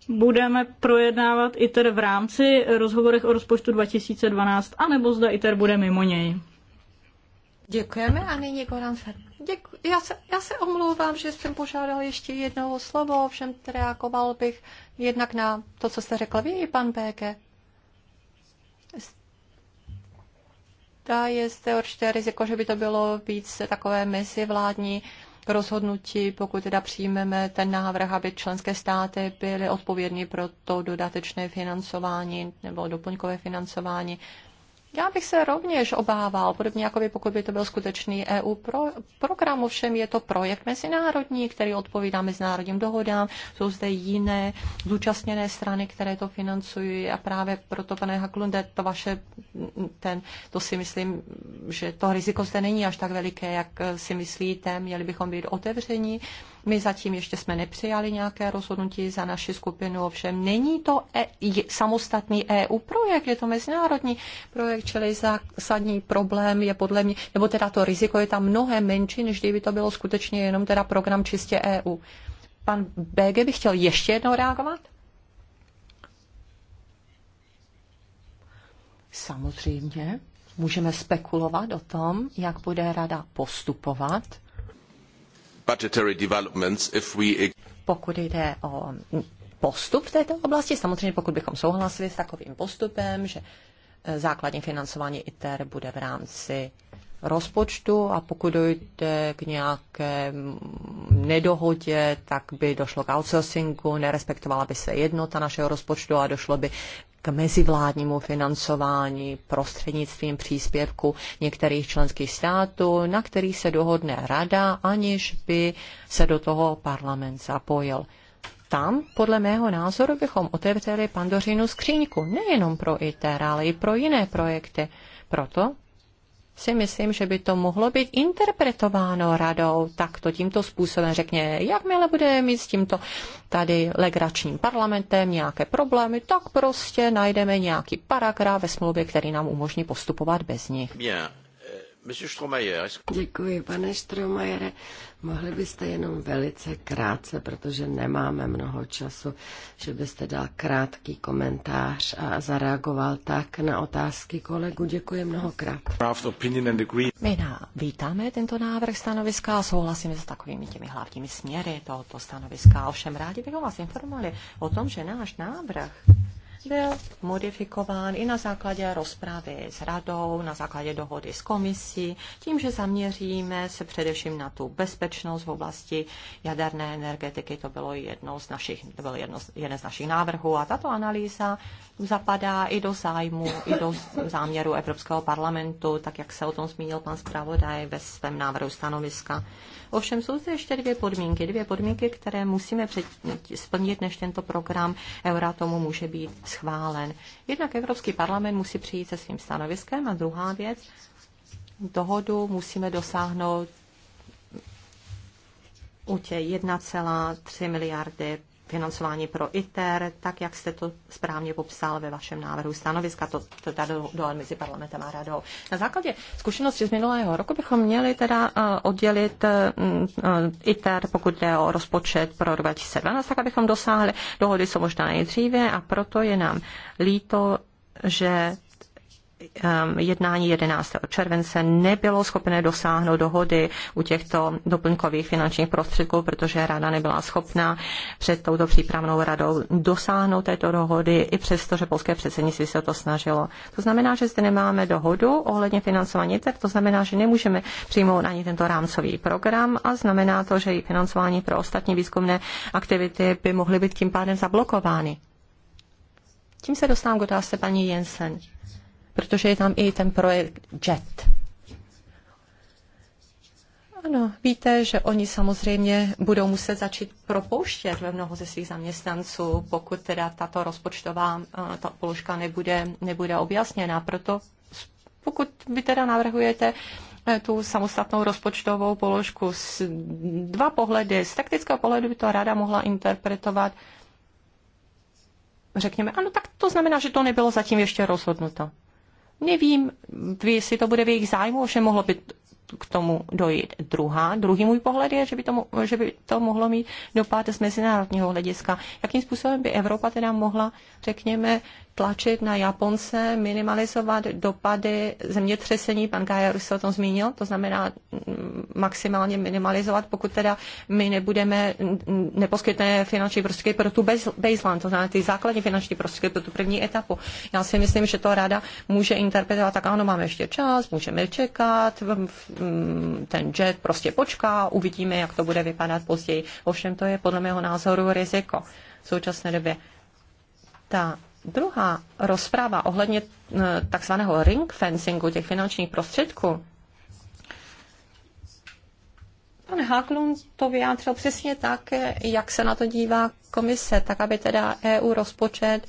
budeme projednávat ITER v rámci rozhovorech o rozpočtu 2012, anebo zda ITER bude mimo něj. Děkujeme a nyní Goran Děku, já, se, já se omlouvám, že jsem požádal ještě jednou slovo, slovo, ovšem reagoval bych jednak na to, co jste řekl vy pan PK. Ta je zde určité riziko, že by to bylo víc takové mezivládní rozhodnutí, pokud teda přijmeme ten návrh, aby členské státy byly odpovědní pro to dodatečné financování nebo doplňkové financování já bych se rovněž obával, podobně jako by, pokud by to byl skutečný EU pro, program, ovšem je to projekt mezinárodní, který odpovídá mezinárodním dohodám, jsou zde jiné zúčastněné strany, které to financují a právě proto, pane Haklunde, to vaše, ten, to si myslím, že to riziko zde není až tak veliké, jak si myslíte, měli bychom být otevření my zatím ještě jsme nepřijali nějaké rozhodnutí za naši skupinu, ovšem není to e- samostatný EU projekt, je to mezinárodní projekt, čili zásadní problém je podle mě, nebo teda to riziko je tam mnohem menší, než kdyby to bylo skutečně jenom teda program čistě EU. Pan BG by chtěl ještě jednou reagovat? Samozřejmě můžeme spekulovat o tom, jak bude rada postupovat budgetary developments if we... Pokud jde o postup v této oblasti, samozřejmě pokud bychom souhlasili s takovým postupem, že eh, základní financování ITER bude v rámci rozpočtu a pokud dojde k nějaké nedohodě, tak by došlo k outsourcingu, nerespektovala by se jednota našeho rozpočtu a došlo by k mezivládnímu financování prostřednictvím příspěvku některých členských států, na který se dohodne rada, aniž by se do toho parlament zapojil. Tam, podle mého názoru, bychom otevřeli pandořinu skříňku, nejenom pro ITER, ale i pro jiné projekty. Proto si myslím, že by to mohlo být interpretováno radou takto, tímto způsobem. Řekně, jakmile bude mít s tímto tady legračním parlamentem nějaké problémy, tak prostě najdeme nějaký paragraf ve smlouvě, který nám umožní postupovat bez nich. Euh, Děkuji, pane Stromajere. Mohli byste jenom velice krátce, protože nemáme mnoho času, že byste dal krátký komentář a zareagoval tak na otázky kolegu. Děkuji mnohokrát. My na, vítáme tento návrh stanoviska a souhlasíme s takovými těmi hlavními směry tohoto stanoviska. Ovšem rádi bychom vás informovali o tom, že náš návrh byl modifikován i na základě rozpravy s radou, na základě dohody s komisí, tím, že zaměříme se především na tu bezpečnost v oblasti jaderné energetiky. To bylo jedno z našich, to bylo jedno, z jeden z našich návrhů a tato analýza zapadá i do zájmu, i do záměru Evropského parlamentu, tak jak se o tom zmínil pan zpravodaj ve svém návrhu stanoviska. Ovšem jsou zde ještě dvě podmínky, dvě podmínky, které musíme před, splnit, než tento program Euratomu může být schválen. Jednak Evropský parlament musí přijít se svým stanoviskem a druhá věc, dohodu musíme dosáhnout u těch 1,3 miliardy financování pro ITER, tak jak jste to správně popsal ve vašem návrhu stanoviska, to, to teda do, do mezi parlamentem a radou. Na základě zkušenosti z minulého roku bychom měli teda eh, oddělit eh, eh, ITER, pokud jde o rozpočet pro 2012, tak abychom dosáhli dohody co možná nejdříve a proto je nám líto, že Um, jednání 11. července nebylo schopné dosáhnout dohody u těchto doplňkových finančních prostředků, protože rada nebyla schopná před touto přípravnou radou dosáhnout této dohody, i přesto, že polské předsednictví se to snažilo. To znamená, že zde nemáme dohodu ohledně financování ITER, to znamená, že nemůžeme přijmout ani tento rámcový program a znamená to, že i financování pro ostatní výzkumné aktivity by mohly být tím pádem zablokovány. Tím se dostávám k otázce paní Jensen protože je tam i ten projekt JET. Ano, víte, že oni samozřejmě budou muset začít propouštět ve mnoho ze svých zaměstnanců, pokud teda tato rozpočtová eh, ta položka nebude, nebude objasněna. Proto pokud vy teda navrhujete eh, tu samostatnou rozpočtovou položku s dva pohledy, z taktického pohledu by to rada mohla interpretovat, řekněme, ano, tak to znamená, že to nebylo zatím ještě rozhodnuto. Nevím, jestli to bude v jejich zájmu, že mohlo by k tomu dojít. Druhá, druhý můj pohled je, že by, to, že by to mohlo mít dopad z mezinárodního hlediska. Jakým způsobem by Evropa teda mohla, řekněme, tlačit na Japonce, minimalizovat dopady zemětřesení, pan Gaja se o tom zmínil, to znamená mm, maximálně minimalizovat, pokud teda my nebudeme, neposkytné finanční prostředky pro tu baseline, to znamená ty základní finanční prostředky pro tu první etapu. Já si myslím, že to rada může interpretovat tak, ano, máme ještě čas, můžeme čekat, mm, ten jet prostě počká, uvidíme, jak to bude vypadat později. Ovšem to je podle mého názoru riziko v současné době. Ta Druhá rozpráva ohledně eh, takzvaného ring fencingu těch finančních prostředků. Pan Haklund to vyjádřil přesně tak, jak se na to dívá komise, tak aby teda EU rozpočet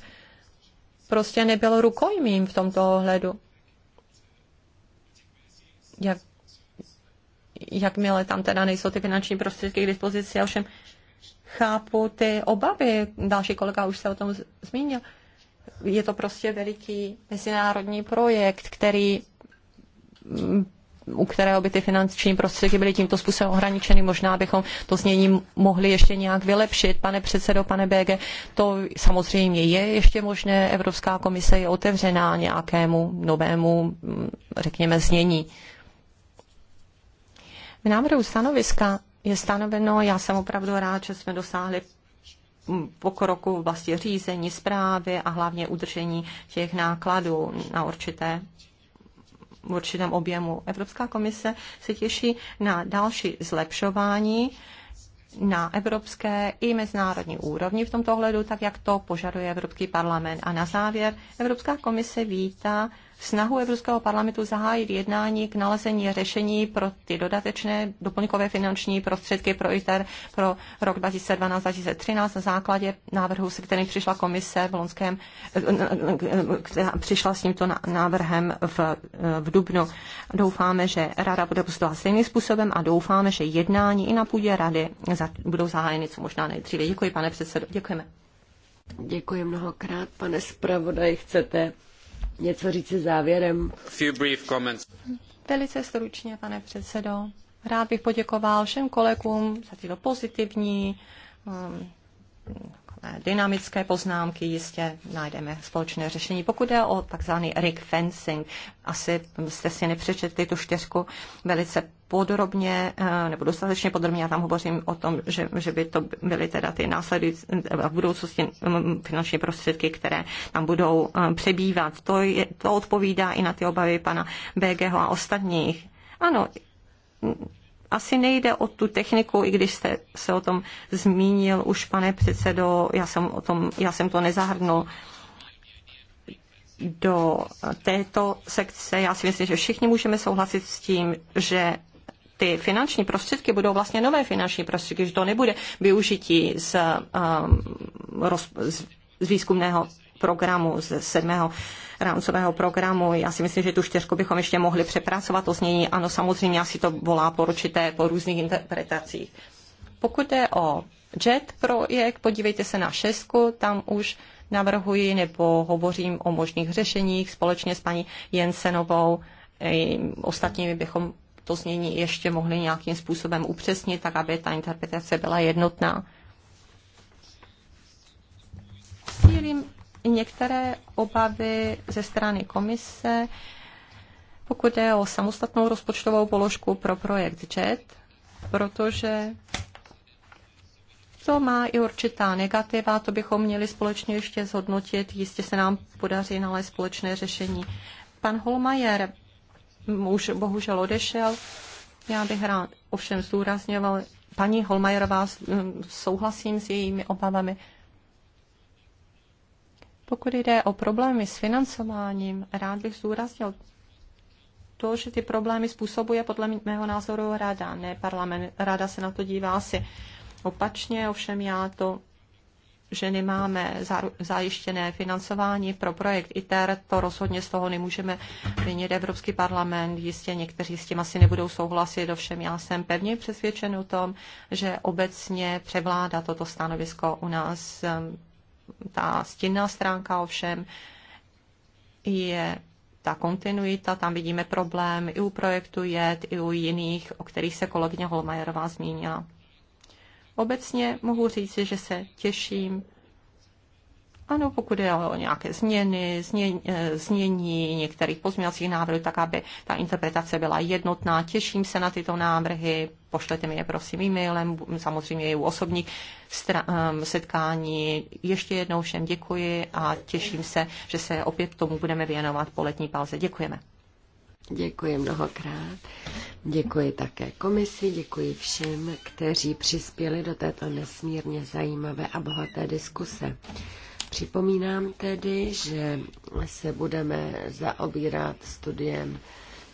prostě nebyl rukojmím v tomto ohledu. Jak, jakmile tam teda nejsou ty finanční prostředky k dispozici, já všem chápu ty obavy, další kolega už se o tom zmínil, je to prostě veliký mezinárodní projekt, který mm, u kterého by ty finanční prostředky byly tímto způsobem ohraničeny. Možná bychom to znění mohli ještě nějak vylepšit, pane předsedo, pane BG. To samozřejmě je ještě možné. Evropská komise je otevřená nějakému novému, mm, řekněme, znění. V návrhu stanoviska je stanoveno, já jsem opravdu rád, že jsme dosáhli pokroku v oblasti řízení, zprávy a hlavně udržení těch nákladů na určité v určitém objemu. Evropská komise se těší na další zlepšování na evropské i mezinárodní úrovni v tomto ohledu, tak jak to požaduje Evropský parlament. A na závěr Evropská komise vítá snahu Evropského parlamentu zahájit jednání k nalezení řešení pro ty dodatečné doplňkové finanční prostředky pro ITER pro rok 2012-2013 na základě návrhu, se kterým přišla komise v Lonském, která eh, eh, eh, přišla s tímto návrhem v, v Dubnu. Doufáme, že rada bude postupovat stejným způsobem a doufáme, že jednání i na půdě rady budou zahájeny co možná nejdříve. Děkuji, pane předsedo. Děkujeme. Děkuji mnohokrát, pane zpravodaj. Chcete něco říci závěrem? Velice stručně, pane předsedo. Rád bych poděkoval všem kolegům za tyto pozitivní, um, dynamické poznámky. Jistě najdeme společné řešení. Pokud jde o takzvaný rig fencing, asi jste si nepřečetli tu čtyřku velice podrobně, eh, nebo dostatečně podrobně, já tam hovořím o tom, že, že by to byly teda ty následy eh, v budoucnosti mm, mm, finanční prostředky, které tam budou eh, přebývat. To, je, to odpovídá i na ty obavy pana BGH a ostatních. Ano, mm, asi nejde o tu techniku, i když jste se o tom zmínil už, pane předsedo, já jsem, o tom, já jsem to nezahrnul do této sekce. Já si myslím, že všichni můžeme souhlasit s tím, že ty finanční prostředky budou vlastně nové finanční prostředky, že to nebude využití z, um, roz, z, z výzkumného programu, z sedmého rámcového programu. Já si myslím, že tu čtyřku bychom ještě mohli přepracovat to znění. Ano, samozřejmě asi to volá poručité po různých interpretacích. Pokud je o JET projekt, podívejte se na šestku, tam už navrhuji nebo hovořím o možných řešeních společně s paní Jensenovou ostatními bychom to znění ještě mohli nějakým způsobem upřesnit, tak aby ta interpretace byla jednotná. Sílím některé obavy ze strany komise, pokud je o samostatnou rozpočtovou položku pro projekt JET, protože to má i určitá negativa, to bychom měli společně ještě zhodnotit, jistě se nám podaří nalézt společné řešení. Pan Holmajer muž bohužel odešel. Já bych rád ovšem zdůrazňoval, paní Holmajerová, souhlasím s jejími obavami. Pokud jde o problémy s financováním, rád bych zdůraznil to, že ty problémy způsobuje podle mého názoru rada, ne parlament. Rada se na to dívá asi opačně, ovšem já to že nemáme zajištěné financování pro projekt ITER, to rozhodně z toho nemůžeme vinit Evropský parlament. Jistě někteří s tím asi nebudou souhlasit, ovšem já jsem pevně přesvědčen o tom, že obecně převládá toto stanovisko u nás. Ehm, ta stinná stránka ovšem je ta kontinuita, tam vidíme problém i u projektu JET, i u jiných, o kterých se kolegyně Holmajerová zmínila obecně mohu říct, že se těším. Ano, pokud je o nějaké změny, změn, eh, změní některých pozměňovacích návrhů, tak aby ta interpretace byla jednotná. Těším se na tyto návrhy, pošlete mi je prosím e-mailem, samozřejmě i u osobních ehm, setkání. Ještě jednou všem děkuji a těším se, že se opět tomu budeme věnovat po letní pauze. Děkujeme. Děkuji mnohokrát. Děkuji také komisi, děkuji všem, kteří přispěli do této nesmírně zajímavé a bohaté diskuse. Připomínám tedy, že se budeme zaobírat studiem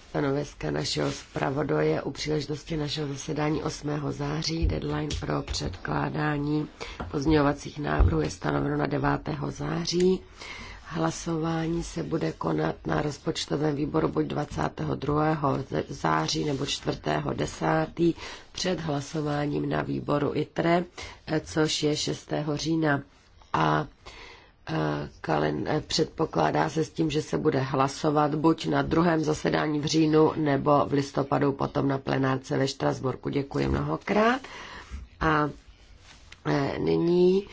stanoviska našeho zpravodoje u příležitosti našeho zasedání 8. září. Deadline pro předkládání pozměňovacích návrhů je stanoveno na 9. září. Hlasování se bude konat na rozpočtovém výboru buď 22. září nebo 4. 10. před hlasováním na výboru ITRE, eh, což je 6. října. A eh, kalen, eh, předpokládá se s tím, že se bude hlasovat buď na druhém zasedání v říjnu nebo v listopadu potom na plenárce ve Štrasburku. Děkuji mnohokrát. A nyní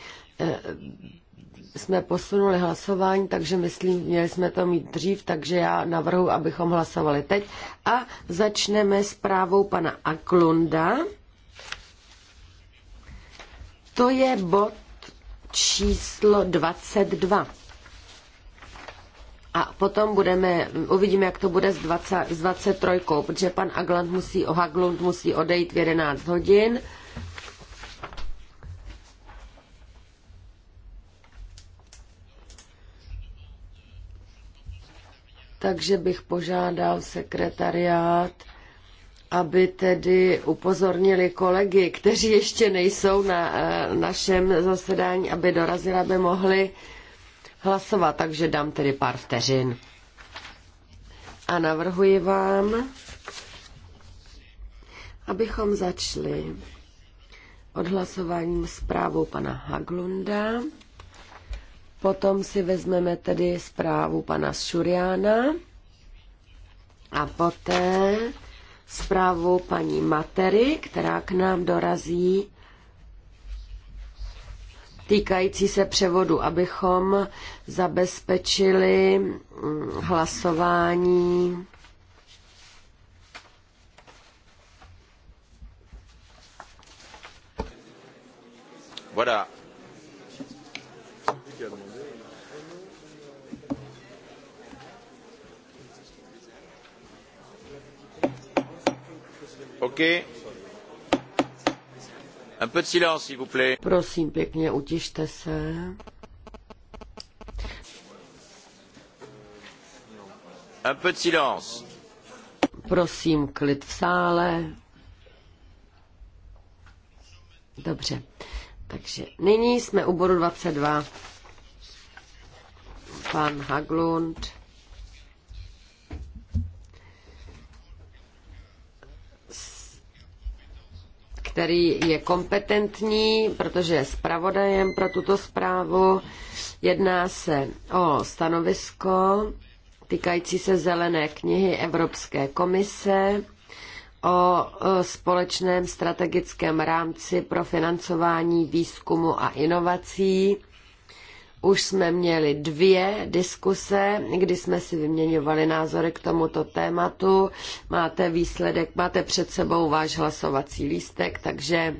jsme posunuli hlasování, takže myslím, měli jsme to mít dřív, takže já navrhu, abychom hlasovali teď. A začneme s právou pana Aklunda. To je bod číslo 22. A potom budeme, uvidíme, jak to bude s, 20, s 23, protože pan Aglund musí, Aglund musí odejít v 11 hodin takže bych požádal sekretariát, aby tedy upozornili kolegy, kteří ještě nejsou na eh, našem zasedání, aby dorazili, aby mohli hlasovat. Takže dám tedy pár vteřin. A navrhuji vám, abychom začali odhlasováním zprávou pana Haglunda. Potom si vezmeme tedy zprávu pana Šuriána a poté zprávu paní Matery, která k nám dorazí týkající se převodu, abychom zabezpečili mm, hlasování Voilà. Prosím pěkně, utište se. Un peu de silence. Prosím, klid v sále. Dobře. Takže nyní jsme u bodu 22. Pan Haglund který je kompetentní, protože je zpravodajem pro tuto zprávu. Jedná se o stanovisko týkající se zelené knihy Evropské komise o e, společném strategickém rámci pro financování výzkumu a inovací už jsme měli dvě diskuse, kdy jsme si vyměňovali názory k tomuto tématu. Máte výsledek, máte před sebou váš hlasovací lístek, takže e,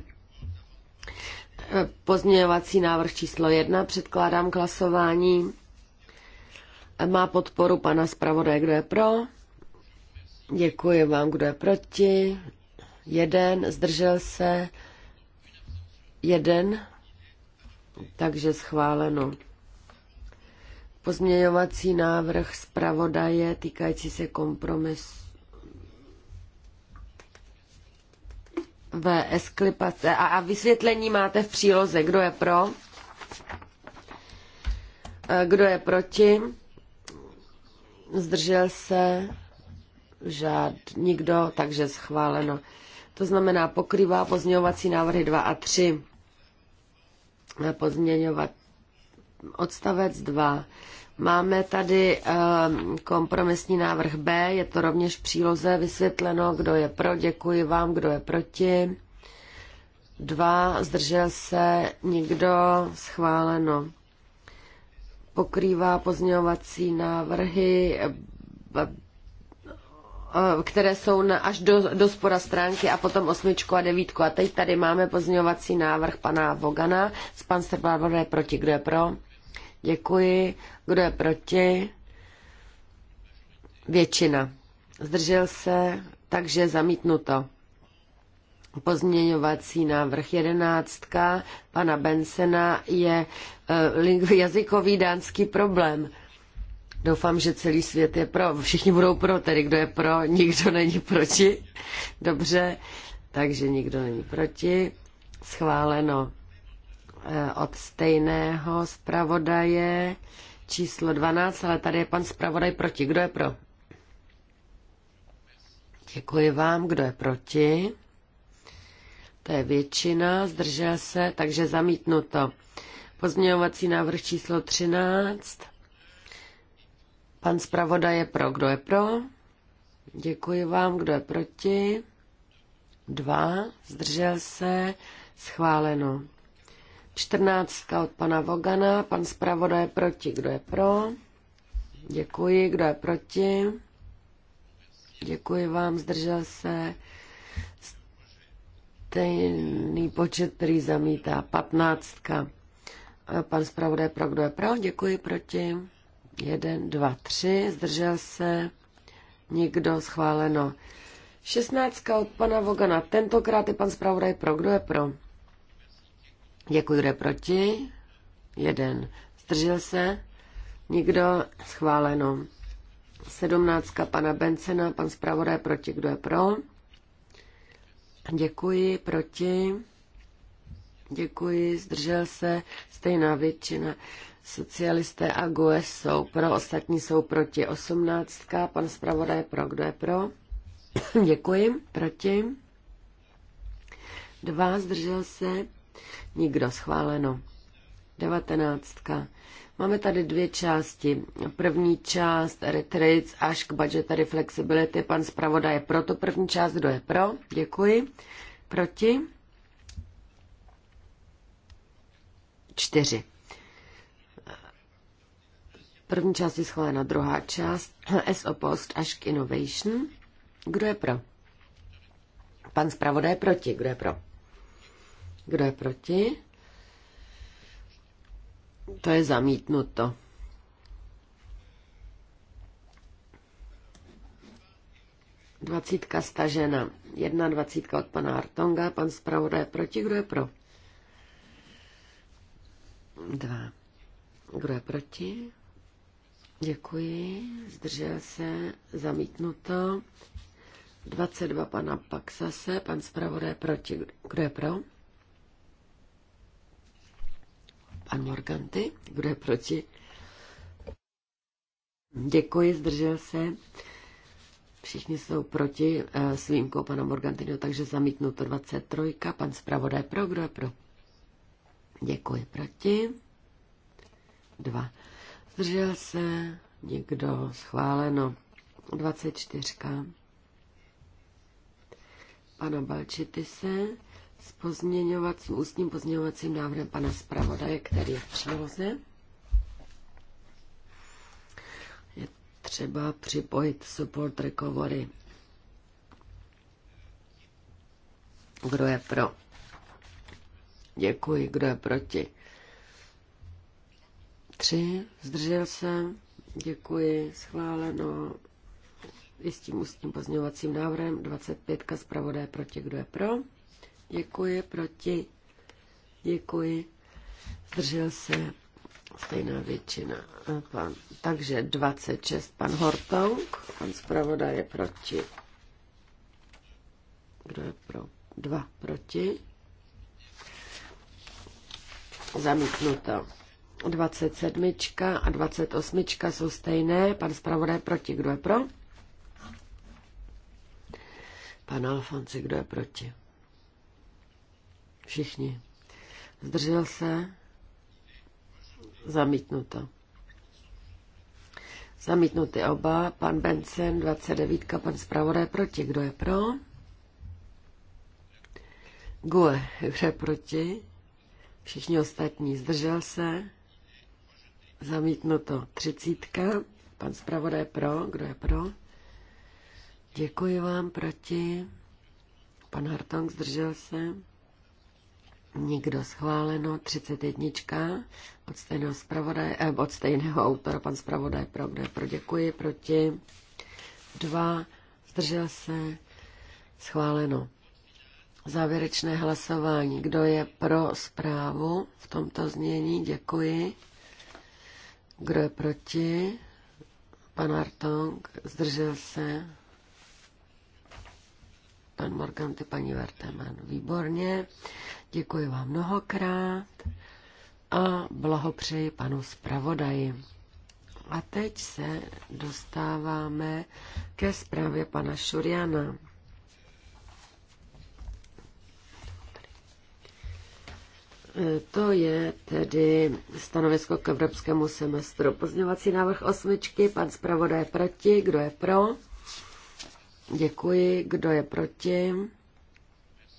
pozměňovací návrh číslo jedna předkládám k hlasování. E, má podporu pana zpravodaje, kdo je pro. Děkuji vám, kdo je proti. Jeden, zdržel se. Jeden. Takže schváleno. Pozměňovací návrh zpravodaje týkající se kompromis v esklipace. a, a vysvětlení máte v příloze. Kdo je pro? E, kdo je proti? Zdržel se? Žád nikdo, takže schváleno. To znamená, pokrývá pozměňovací návrhy 2 a 3 pozměňovat odstavec 2. Máme tady ehm, kompromisní návrh B, je to rovněž v příloze vysvětleno, kdo je pro, děkuji vám, kdo je proti. Dva, zdržel se nikdo schváleno. Pokrývá pozměňovací návrhy Eh, které jsou na, až do, do spora stránky a potom osmičku a devítku. A teď tady máme pozměňovací návrh pana Vogana. Z pan Strbávor je proti. Kdo je pro? Děkuji. Kdo je proti? Většina. Zdržel se, takže zamítnuto. Pozměňovací návrh jedenáctka pana Bensena je e, jazykový dánský problém. Doufám, že celý svět je pro. Všichni budou pro, tedy kdo je pro, nikdo není proti. Dobře, takže nikdo není proti. Schváleno eh, od stejného zpravodaje číslo 12, ale tady je pan zpravodaj proti. Kdo je pro? Děkuji vám. Kdo je proti? To je většina. Zdržel se, takže zamítnuto. Pozměňovací návrh číslo 13. Pan zpravodaj je pro. Kdo je pro? Děkuji vám. Kdo je proti? Dva. Zdržel se. Schváleno. Čtrnáctka od pana Vogana. Pan zpravodaj je proti. Kdo je pro? Děkuji. Kdo je proti? Děkuji vám. Zdržel se. Stejný počet, který zamítá. Patnáctka. Pan zpravodaj pro. Kdo je pro? Děkuji. Proti? Jeden, dva, tři, zdržel se, Nikdo schváleno. Šestnáctka od pana Vogana, tentokrát je pan zpravodaj pro, kdo je pro? Děkuji, jako kdo je proti? Jeden, zdržel se, Nikdo schváleno. Sedmnáctka pana Bencena, pan zpravodaj proti, kdo je pro? Děkuji, proti. Děkuji, zdržel se, stejná většina. Socialisté a GUE jsou pro, ostatní jsou proti. Osmnáctka, pan zpravodaj pro, kdo je pro? Děkuji, proti. Dva, zdržel se, nikdo, schváleno. Devatenáctka. Máme tady dvě části. První část retreats až k budgetary flexibility. Pan zpravodaj je pro tu první část. Kdo je pro? Děkuji. Proti? Čtyři. První část je schválena, druhá část S opost až k innovation. Kdo je pro? Pan zpravodaj je proti. Kdo je pro? Kdo je proti? To je zamítnuto. Dvacítka stažena. Jedna dvacítka od pana Artonga. Pan zpravodaj je proti. Kdo je pro? Dva. Kdo je proti? Děkuji, zdržel se, zamítnuto. 22 pana Paxase, pan zpravodaj proti. Kdo je pro? Pan Morganty, kdo je proti? Děkuji, zdržel se. Všichni jsou proti eh, s výjimkou pana Morgantino, takže zamítnuto 23. Pan zpravodaj pro, kdo je pro? Děkuji, proti. Dva. Zdržel se někdo schváleno. 24. Pana se s pozměňovacím, ústním pozměňovacím návrhem pana zpravodaje, který je v příloze. Je třeba připojit support recovery. Kdo je pro? Děkuji. Kdo je proti? 3, zdržel se, děkuji, schváleno i s tím ústním pozměňovacím návrhem 25, zpravodaj proti, kdo je pro, děkuji, proti, děkuji, zdržel se, stejná většina. Pan, takže 26, pan Hortong, pan zpravodaj je proti. Kdo je pro? Dva proti. Zamítnuto. 27 a 28 jsou stejné. Pan zpravodaj proti. Kdo je pro? Pan Alfonsi, kdo je proti? Všichni. Zdržel se? Zamítnuto. Zamítnuty oba. Pan Benson 29, pan zpravodaj proti. Kdo je pro? Gue, kdo je proti? Všichni ostatní. Zdržel se? Zamítnuto třicítka. Pan zpravodaj pro. Kdo je pro? Děkuji vám proti. Pan Hartong zdržel se. Nikdo schváleno. 31. Od stejného, zpravodaj, eh, od stejného autora. Pan zpravodaj pro. Kdo je pro? Děkuji. Proti. 2. Zdržel se. Schváleno. Závěrečné hlasování. Kdo je pro zprávu v tomto znění? Děkuji. Kdo je proti? Pan Artong zdržel se. Pan Morganty, paní Verteman. Výborně. Děkuji vám mnohokrát a blahopřeji panu zpravodaji. A teď se dostáváme ke zprávě pana Šuriana. To je tedy stanovisko k evropskému semestru. Pozměňovací návrh osmičky, pan zpravodaj proti, kdo je pro? Děkuji, kdo je proti?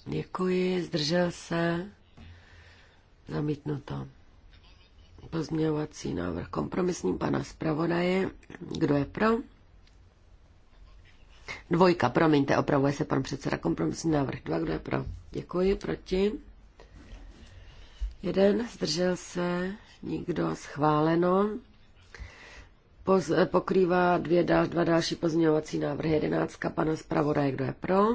Děkuji, zdržel se? Zamítnuto. Pozměňovací návrh kompromisní pana zpravodaje, kdo je pro? Dvojka, promiňte, opravuje se pan předseda kompromisní návrh. Dva, kdo je pro? Děkuji, proti? Jeden zdržel se, nikdo schváleno. Poz, eh, pokrývá dvě, dva další pozměňovací návrhy. Jedenáctka pana zpravodaje, kdo je pro?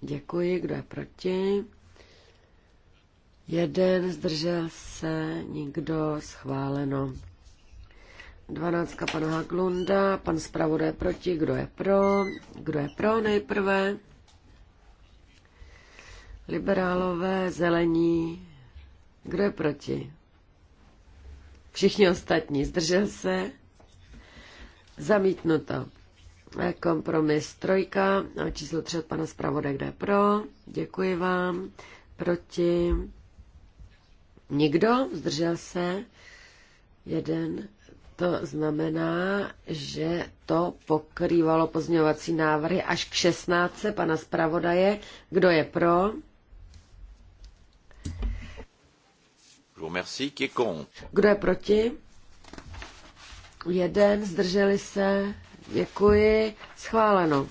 Děkuji, kdo je proti? Jeden zdržel se, nikdo schváleno. Dvanáctka pana Haglunda, pan zpravodaj proti, kdo je pro? Kdo je pro nejprve? Liberálové, zelení, kdo je proti? Všichni ostatní. Zdržel se? Zamítnuto. E, kompromis trojka, číslo tři od pana zpravodaje, kde je pro. Děkuji vám. Proti? Nikdo? Zdržel se? Jeden. To znamená, že to pokrývalo pozměňovací návrhy až k 16. pana zpravodaje. Kdo je pro? Kdo je proti? Jeden, zdrželi se, děkuji, schváleno.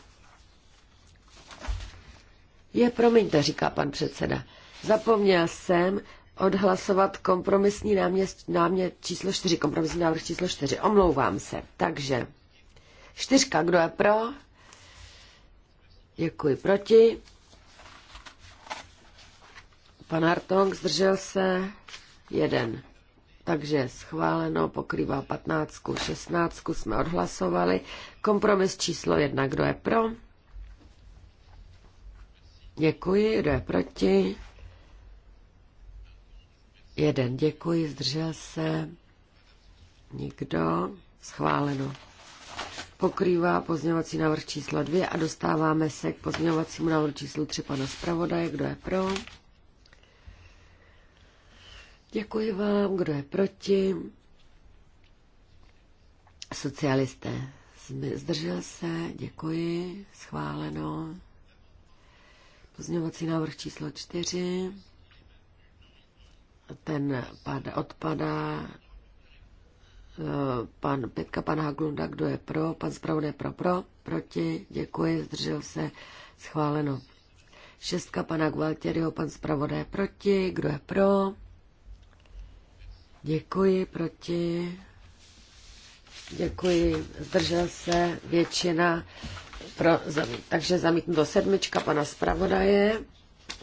Je, promiňte, říká pan předseda. Zapomněl jsem odhlasovat kompromisní náměst, námět číslo 4, kompromisní návrh číslo 4. Omlouvám se. Takže čtyřka, kdo je pro? Děkuji, proti? Pan Hartong zdržel se jeden. Takže schváleno, pokrývá 15, 16 jsme odhlasovali. Kompromis číslo jedna, kdo je pro? Děkuji, kdo je proti? Jeden, děkuji, zdržel se. Nikdo, schváleno. Pokrývá pozměňovací návrh číslo 2 a dostáváme se k pozměňovacímu návrhu číslo 3 pana zpravodaje. Kdo je pro? Děkuji vám. Kdo je proti? Socialisté. Zdržel se. Děkuji. Schváleno. Pozměňovací návrh číslo čtyři. Ten pad, odpadá. Eh, pan Pětka, pan Haglunda, kdo je pro? Pan zpravodaj pro, pro, proti, děkuji, zdržel se, schváleno. Šestka pana Gualtieriho, pan zpravodaj proti, kdo je pro? Děkuji proti. Děkuji. Zdržel se většina. Pro, Takže zamítnu do sedmička pana zpravodaje.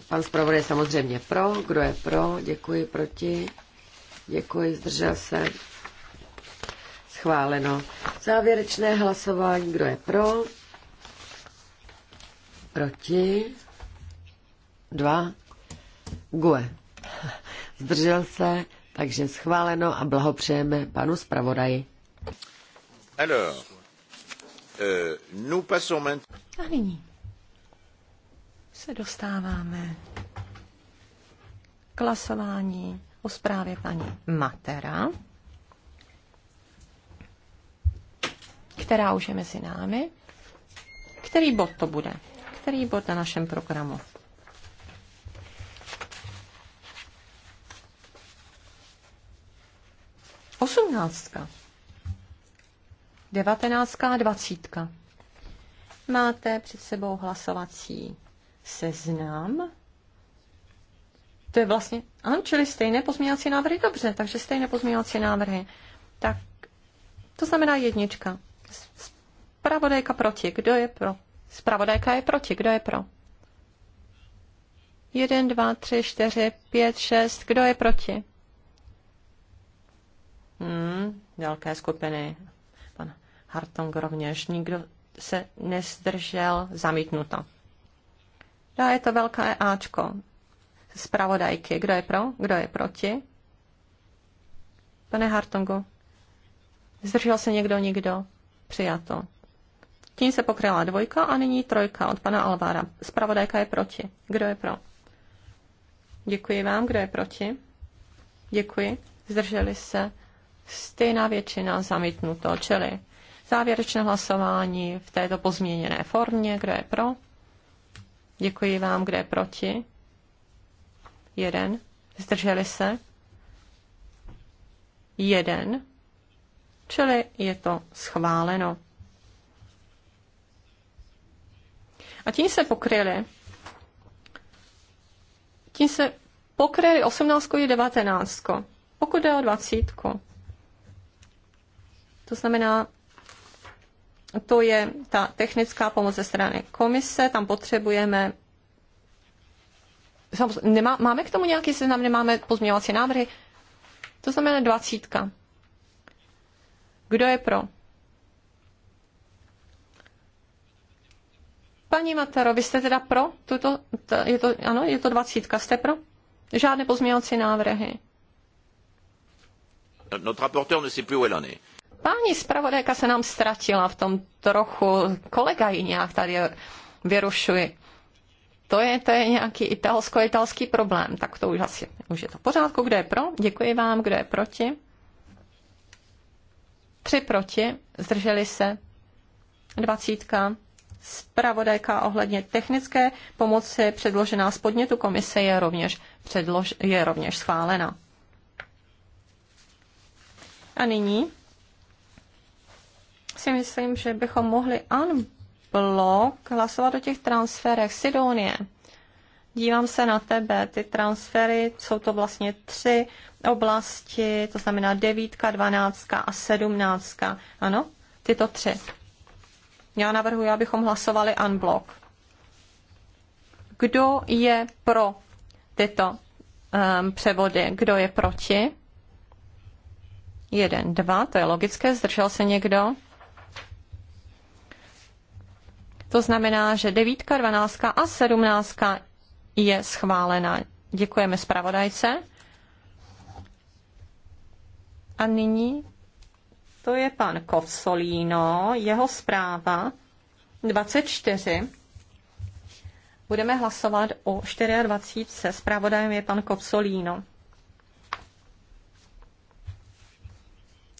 Pan zpravodaj je samozřejmě pro. Kdo je pro? Děkuji proti. Děkuji. Zdržel se. Schváleno. Závěrečné hlasování. Kdo je pro? Proti. Dva. Gue. Zdržel se. Takže schváleno a blahopřejeme panu zpravodaji. Euh, a nyní se dostáváme k hlasování o zprávě paní Matera, která už je mezi námi. Který bod to bude? Který bod na našem programu? Osmnáctka. Devatenáctka a dvacítka. Máte před sebou hlasovací seznam. To je vlastně, ano, čili stejné pozměňovací návrhy, dobře, takže stejné pozměňovací návrhy. Tak to znamená jednička. Spravodajka proti, kdo je pro? Spravodajka je proti, kdo je pro? 1, 2, 3, 4, 5, 6. Kdo je proti? velké skupiny, pan Hartong rovněž, nikdo se nezdržel zamítnuto. Já no, je to velké Ačko. Spravodajky, kdo je pro, kdo je proti? Pane Hartongu, zdržel se někdo, nikdo? Přijato. Tím se pokryla dvojka a nyní trojka od pana Alvára. Spravodajka je proti. Kdo je pro? Děkuji vám. Kdo je proti? Děkuji. Zdrželi se. Stejná většina zamítnuto, čili závěrečné hlasování v této pozměněné formě. Kdo je pro? Děkuji vám. Kdo je proti? Jeden. Zdrželi se? Jeden. Čili je to schváleno. A tím se pokryli. Tím se pokryli 18 i 19. Pokud jde o 20. To znamená, to je ta technická pomoc ze strany komise, tam potřebujeme nemá, máme k tomu nějaký seznam, nemáme pozměňovací návrhy. To znamená dvacítka. Kdo je pro? Paní Mataro, vy jste teda pro? Tuto, t, je to, ano, je to dvacítka. Jste pro? Žádné pozměňovací návrhy. Notre rapporteur ne sait plus où elle en est. Páni zpravodajka se nám ztratila v tom trochu, kolega ji nějak tady vyrušuje. To je, to je nějaký italsko-italský problém, tak to už asi už je to v pořádku. Kdo je pro? Děkuji vám. Kdo je proti? Tři proti, zdrželi se. Dvacítka. Spravodajka ohledně technické pomoci předložená z podnětu komise je rovněž, předlož, je rovněž schválena. A nyní si myslím, že bychom mohli unblock hlasovat o těch transferech. Sidonie, dívám se na tebe, ty transfery, jsou to vlastně tři oblasti, to znamená devítka, dvanáctka a sedmnáctka. Ano, tyto tři. Já navrhuji, abychom hlasovali unblock. Kdo je pro tyto um, převody? Kdo je proti? Jeden, dva, to je logické. Zdržel se někdo? To znamená, že devítka, dvanáctka a sedmnáctka je schválena. Děkujeme zpravodajce. A nyní to je pan Kovsolíno, jeho zpráva 24. Budeme hlasovat o 24. Zpravodajem je pan Kopsolíno.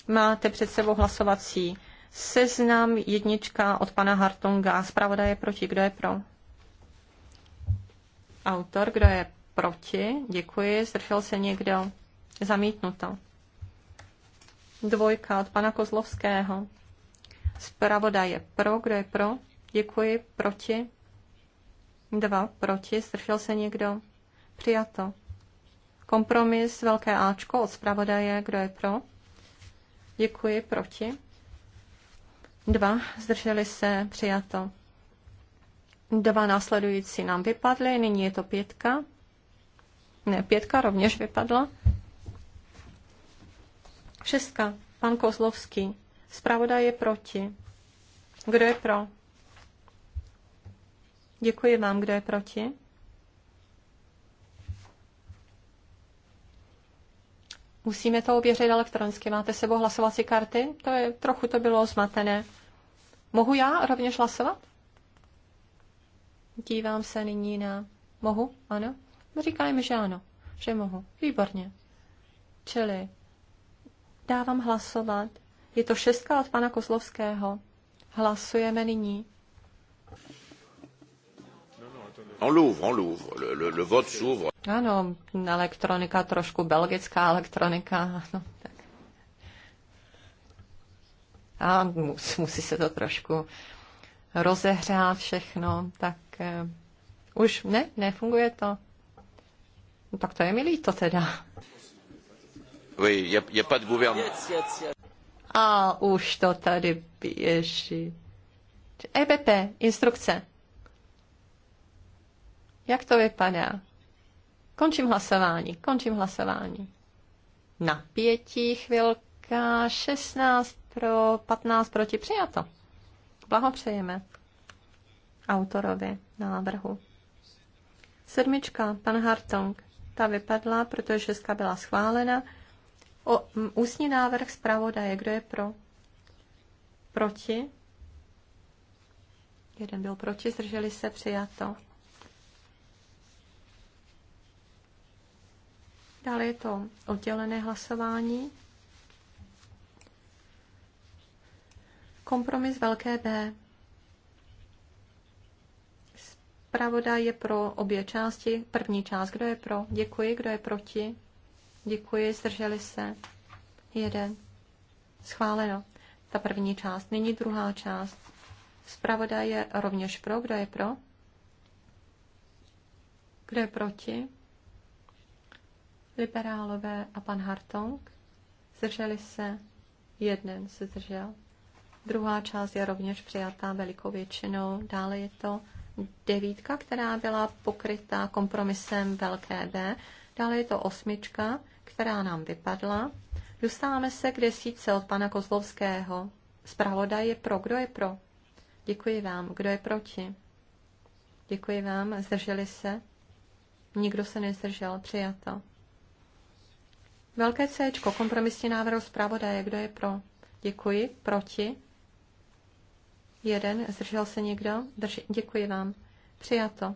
Máte před sebou hlasovací Seznam jednička od pana Hartonga. Zpravoda je proti. Kdo je pro? Autor. Kdo je proti? Děkuji. Zdržel se někdo? Zamítnuto. Dvojka od pana Kozlovského. Zpravoda je pro. Kdo je pro? Děkuji. Proti? Dva. Proti. Zdržel se někdo? Přijato. Kompromis velké Ačko od zpravodaje. Kdo je pro? Děkuji. Proti? Dva zdrželi se, přijato. Dva následující nám vypadly, nyní je to pětka. Ne, pětka rovněž vypadla. Šestka, pan Kozlovský. Zpravodaj je proti. Kdo je pro? Děkuji vám, kdo je proti. Musíme to ověřit elektronicky. Máte sebou hlasovací karty? To je, trochu to bylo zmatené. Mohu já rovněž hlasovat? Dívám se nyní na... Mohu? Ano? No, Říkáme že ano. Že mohu. Výborně. Čili dávám hlasovat. Je to šestka od pana Kozlovského. Hlasujeme nyní. On l'ouvre, on l'ouvre. Le, le, le vote s'ouvre. Ano, elektronika, trošku belgická elektronika. No, A musí, musí se to trošku rozehrát všechno, tak eh, už ne, nefunguje to. No, tak to je mi líto teda. Oui, je, je pas de gouvernement. A už to tady běží. EBP, instrukce. Jak to vypadá? Končím hlasování, končím hlasování. Napětí chvilka, 16 pro, 15 proti, přijato. Blahopřejeme autorovi návrhu. Sedmička, pan Hartong. Ta vypadla, protože šestka byla schválena. O, ústní návrh zpravodaje, kdo je pro? Proti? Jeden byl proti, zdrželi se, přijato. Dále je to oddělené hlasování. Kompromis velké B. Pravoda je pro obě části. První část, kdo je pro? Děkuji, kdo je proti? Děkuji, zdrželi se. Jeden. Schváleno. Ta první část. Nyní druhá část. Zpravoda je rovněž pro. Kdo je pro? Kdo je proti? liberálové a pan Hartong. Zdrželi se, jeden se zdržel. Druhá část je rovněž přijatá velikou většinou. Dále je to devítka, která byla pokrytá kompromisem velké B. Dále je to osmička, která nám vypadla. Dostáváme se k desítce od pana Kozlovského. Zpravoda je pro. Kdo je pro? Děkuji vám. Kdo je proti? Děkuji vám. Zdrželi se? Nikdo se nezdržel. Přijato. Velké C, kompromisní návrh zpravodaje, kdo je pro? Děkuji. Proti? Jeden. Zdržel se někdo? Drž- děkuji vám. Přijato.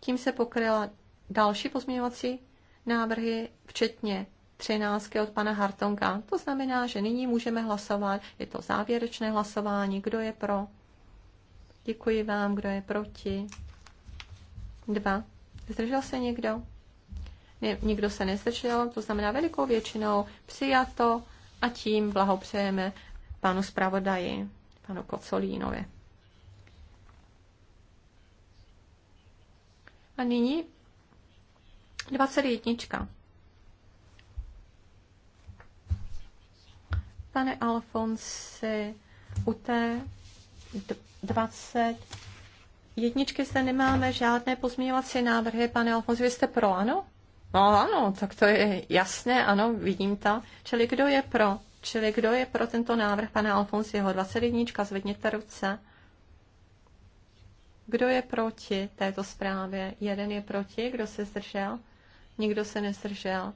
Tím se pokryla další pozměňovací návrhy, včetně 13 od pana Hartonka. To znamená, že nyní můžeme hlasovat. Je to závěrečné hlasování. Kdo je pro? Děkuji vám. Kdo je proti? Dva. Zdržel se někdo? nikdo se nezdržel, to znamená velikou většinou přijato a tím blahopřejeme panu zpravodaji, panu Kocolínovi. A nyní 21. Pane Alfonsi, u té 20 jedničky zde nemáme žádné pozměňovací návrhy. Pane Alfonsi, vy jste pro, ano? No ano, tak to je jasné, ano, vidím to. Čili kdo je pro? Čili kdo je pro tento návrh Alfons, jeho 21? Zvedněte ruce. Kdo je proti této zprávě? Jeden je proti, kdo se zdržel? Nikdo se nezdržel.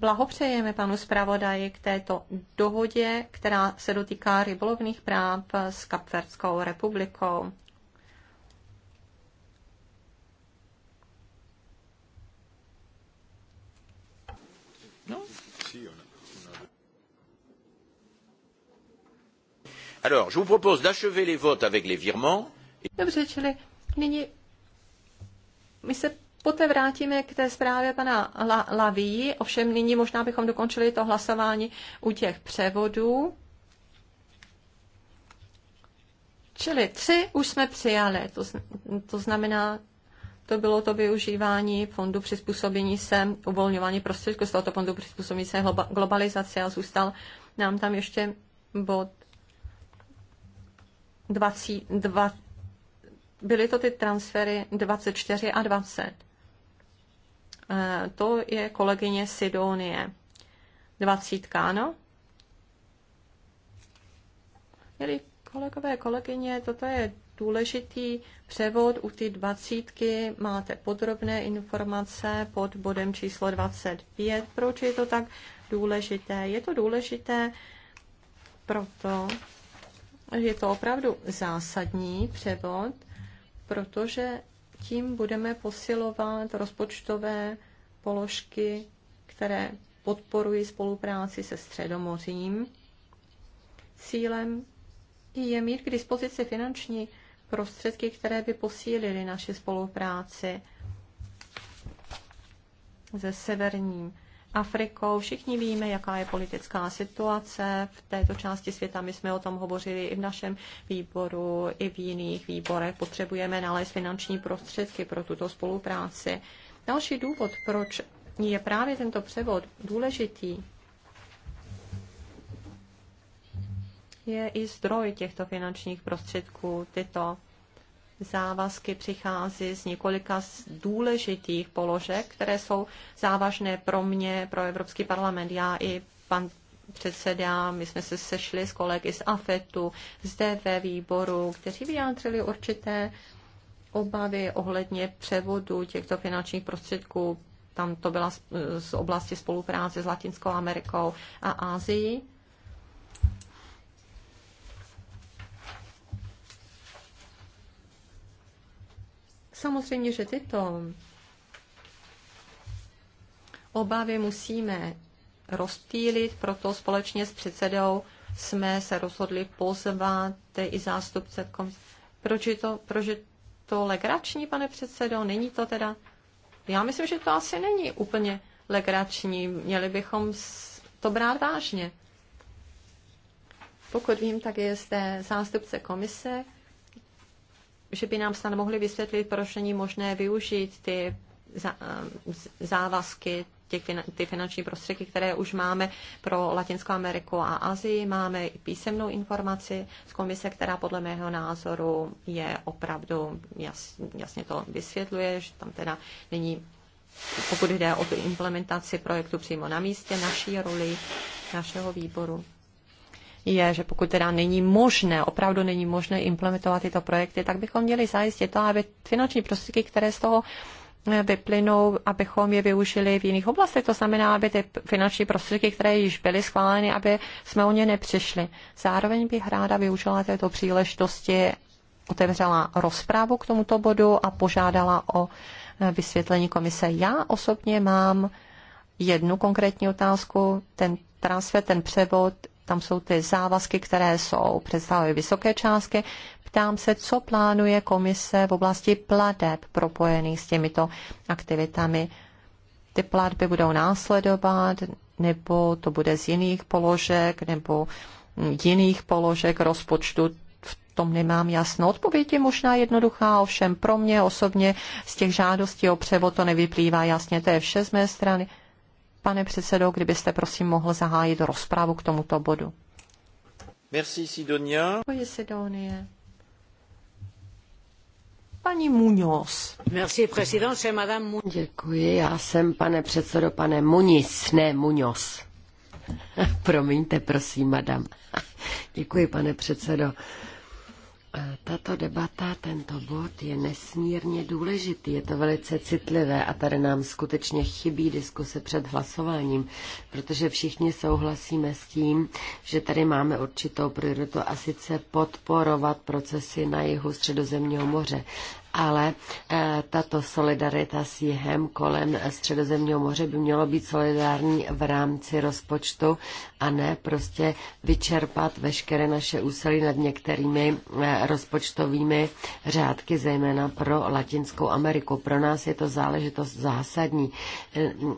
Blahopřejeme panu zpravodaji k této dohodě, která se dotýká rybolovných práv s Kapverskou republikou. Alors, je vous propose d'achever les votes avec les virements. Dobře, čili nyní my se poté vrátíme k té zprávě pana La- Laví, ovšem nyní možná bychom dokončili to hlasování u těch převodů. Čili tři už jsme přijali, to, to znamená, to bylo to využívání fondu přizpůsobení se, uvolňování prostředků z tohoto fondu přizpůsobení se globalizace a zůstal nám tam ještě bod 20, byly to ty transfery 24 a 20. Eh, to je kolegyně Sidonie. 20, ano? Měli kolegové, kolegyně, toto je důležitý převod. U ty dvacítky máte podrobné informace pod bodem číslo 25. Proč je to tak důležité? Je to důležité proto, je to opravdu zásadní převod, protože tím budeme posilovat rozpočtové položky, které podporují spolupráci se Středomořím. Cílem je mít k dispozici finanční prostředky, které by posílily naši spolupráci se severním Afrikou. Všichni víme, jaká je politická situace v této části světa. My jsme o tom hovořili i v našem výboru, i v jiných výborech. Potřebujeme nalézt finanční prostředky pro tuto spolupráci. Další důvod, proč je právě tento převod důležitý, je i zdroj těchto finančních prostředků. Tyto závazky přichází z několika z důležitých položek, které jsou závažné pro mě, pro Evropský parlament. Já i pan předseda, my jsme se sešli s kolegy z AFETu, zde ve výboru, kteří vyjádřili určité obavy ohledně převodu těchto finančních prostředků. Tam to byla z oblasti spolupráce s Latinskou Amerikou a Ázií. Samozřejmě, že tyto obavy musíme rozptýlit, proto společně s předsedou jsme se rozhodli pozvat i zástupce komise. Proč je to, proč je to legrační, pane předsedo? Není to teda? Já myslím, že to asi není úplně legrační. Měli bychom to brát vážně. Pokud vím, tak je zde zástupce komise, že by nám snad mohli vysvětlit, proč není možné využít ty eh, závazky, těch, ty finanční prostředky, které už máme pro Latinskou Ameriku a Asii. Máme i písemnou informaci z komise, která podle mého názoru je opravdu, jas, jasně to vysvětluje, že tam teda není, pokud jde o tu implementaci projektu přímo na místě, naší roli, našeho výboru je, že pokud teda není možné, opravdu není možné implementovat tyto projekty, tak bychom měli zajistit to, aby finanční prostředky, které z toho eh, vyplynou, abychom je využili v jiných oblastech. To znamená, aby ty finanční prostředky, které již byly schváleny, aby jsme o ně nepřišli. Zároveň bych ráda využila této příležitosti, otevřela rozprávu k tomuto bodu a požádala o eh, vysvětlení komise. Já osobně mám jednu konkrétní otázku. Ten transfer, ten převod tam jsou ty závazky, které jsou, představují vysoké částky. Ptám se, co plánuje komise v oblasti plateb propojených s těmito aktivitami. Ty platby budou následovat, nebo to bude z jiných položek, nebo jiných položek rozpočtu tom nemám jasno. Odpověď je možná jednoduchá, ovšem pro mě osobně z těch žádostí o převod to nevyplývá jasně. To je vše z mé strany pane předsedo, kdybyste prosím mohl zahájit rozprávu k tomuto bodu. Merci Sidonia. Děkuji Sidonie. Paní Muñoz. Merci, président, c'est madame Muñoz. Děkuji, já jsem, pane předsedo, pane Muñiz, ne Muñoz. Promiňte, prosím, madam. Děkuji, pane předsedo. Eh, tato debata, tento bod je nesmírně důležitý, je to velice citlivé a tady nám skutečně chybí diskuse před hlasováním, protože všichni souhlasíme s tím, že tady máme určitou prioritu a sice podporovat procesy na jihu středozemního moře ale eh, tato solidarita s jihem kolem Středozemního moře by mělo být solidární v rámci rozpočtu a ne prostě vyčerpat veškeré naše úsilí nad některými eh, rozpočtovými řádky, zejména pro Latinskou Ameriku. Pro nás je to záležitost zásadní, eh, mm,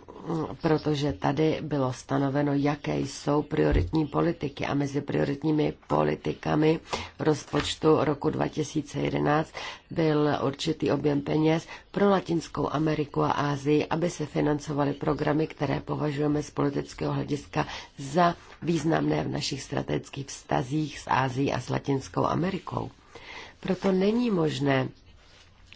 protože tady bylo stanoveno, jaké jsou prioritní politiky a mezi prioritními politikami rozpočtu roku 2011 byl určitý objem peněz pro Latinskou Ameriku a Asii, aby se financovaly programy, které považujeme z politického hlediska za významné v našich strategických vztazích s Ázií a s Latinskou Amerikou. Proto není možné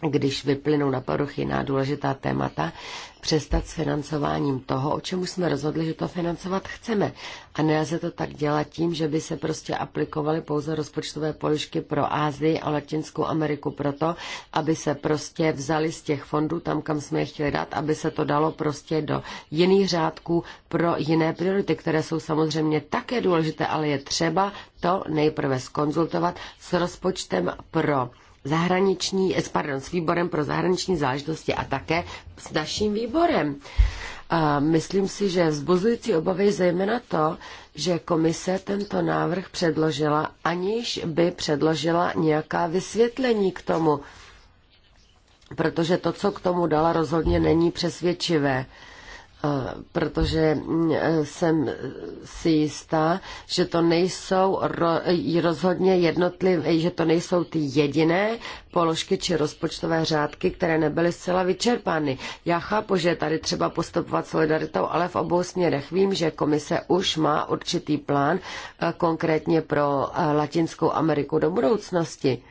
když vyplynou na poruchy na důležitá témata, přestat s financováním toho, o čemu jsme rozhodli, že to financovat chceme. A nelze to tak dělat tím, že by se prostě aplikovaly pouze rozpočtové položky pro Ázii a Latinskou Ameriku proto, aby se prostě vzali z těch fondů tam, kam jsme je chtěli dát, aby se to dalo prostě do jiných řádků pro jiné priority, které jsou samozřejmě také důležité, ale je třeba to nejprve skonzultovat s rozpočtem pro zahraniční, eh, pardon, s výborem pro zahraniční záležitosti a také s naším výborem. A myslím si, že vzbuzující obavy zejména to, že komise tento návrh předložila, aniž by předložila nějaká vysvětlení k tomu, protože to, co k tomu dala, rozhodně není přesvědčivé protože mm, e, jsem si jistá, že to nejsou e, rozhodně jednotlivé, že to nejsou ty jediné položky či rozpočtové řádky, které nebyly zcela vyčerpány. Já chápu, že je tady třeba postupovat solidaritou, ale v obou směrech vím, že komise už má určitý plán e, konkrétně pro Latinskou Ameriku do budoucnosti.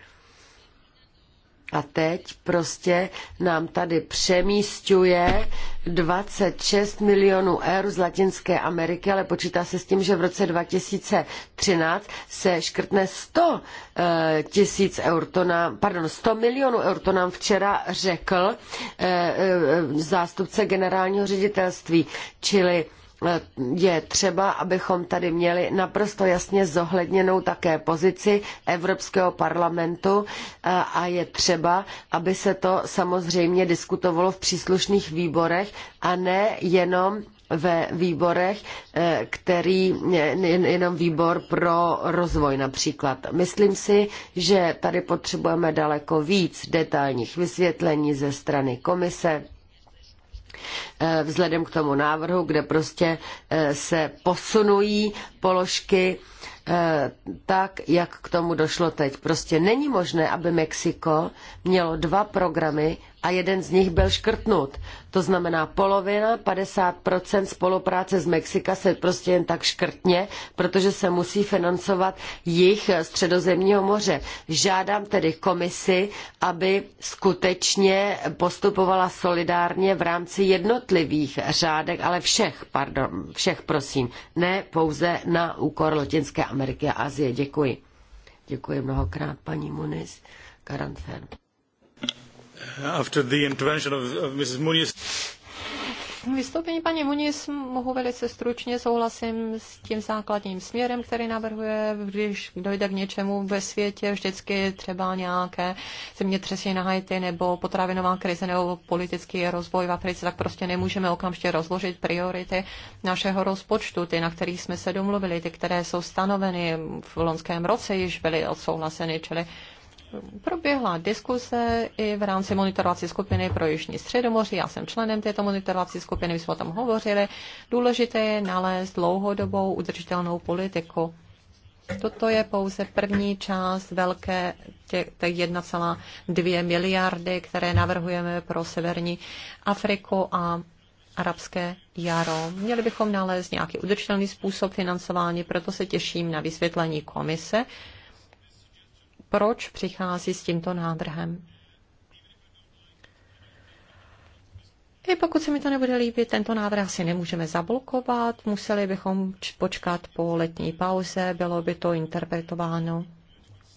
A teď prostě nám tady přemístuje 26 milionů eur z Latinské Ameriky, ale počítá se s tím, že v roce 2013 se škrtne 100 eh, tisíc eur, to nám, pardon, 100 milionů eur, to nám včera řekl eh, eh, zástupce generálního ředitelství, čili je třeba, abychom tady měli naprosto jasně zohledněnou také pozici Evropského parlamentu a je třeba, aby se to samozřejmě diskutovalo v příslušných výborech a ne jenom ve výborech, e, který e, jenom výbor pro rozvoj například. Myslím si, že tady potřebujeme daleko víc detailních vysvětlení ze strany komise, Eh, vzhledem k tomu návrhu, kde prostě eh, se posunují položky eh, tak, jak k tomu došlo teď. Prostě není možné, aby Mexiko mělo dva programy a jeden z nich byl škrtnut. To znamená polovina, 50% spolupráce z Mexika se prostě jen tak škrtně, protože se musí financovat jich středozemního moře. Žádám tedy komisi, aby skutečně postupovala solidárně v rámci jednotlivých řádek, ale všech, pardon, všech prosím, ne pouze na úkor Latinské Ameriky a Asie. Děkuji. Děkuji mnohokrát, paní Muniz. Garant After the intervention of, of Mrs. Muniz. Vystoupení paní Muniz mohu velice stručně souhlasím s tím základním směrem, který navrhuje, když dojde k něčemu ve světě, vždycky třeba nějaké zemětřesení na Haiti nebo potravinová krize nebo politický rozvoj v Africe, tak prostě nemůžeme okamžitě rozložit priority našeho rozpočtu, ty, na kterých jsme se domluvili, ty, které jsou stanoveny v loňském roce, již byly odsouhlaseny, čili proběhla diskuse i v rámci monitorovací skupiny pro Jižní středomoří. Já jsem členem této monitorovací skupiny, my jsme o tom hovořili. Důležité je nalézt dlouhodobou udržitelnou politiku. Toto je pouze první část velké těch 1,2 miliardy, které navrhujeme pro severní Afriku a arabské jaro. Měli bychom nalézt nějaký udržitelný způsob financování, proto se těším na vysvětlení komise proč přichází s tímto návrhem. I pokud se mi to nebude líbit, tento návrh asi nemůžeme zablokovat, museli bychom počkat po letní pauze, bylo by to interpretováno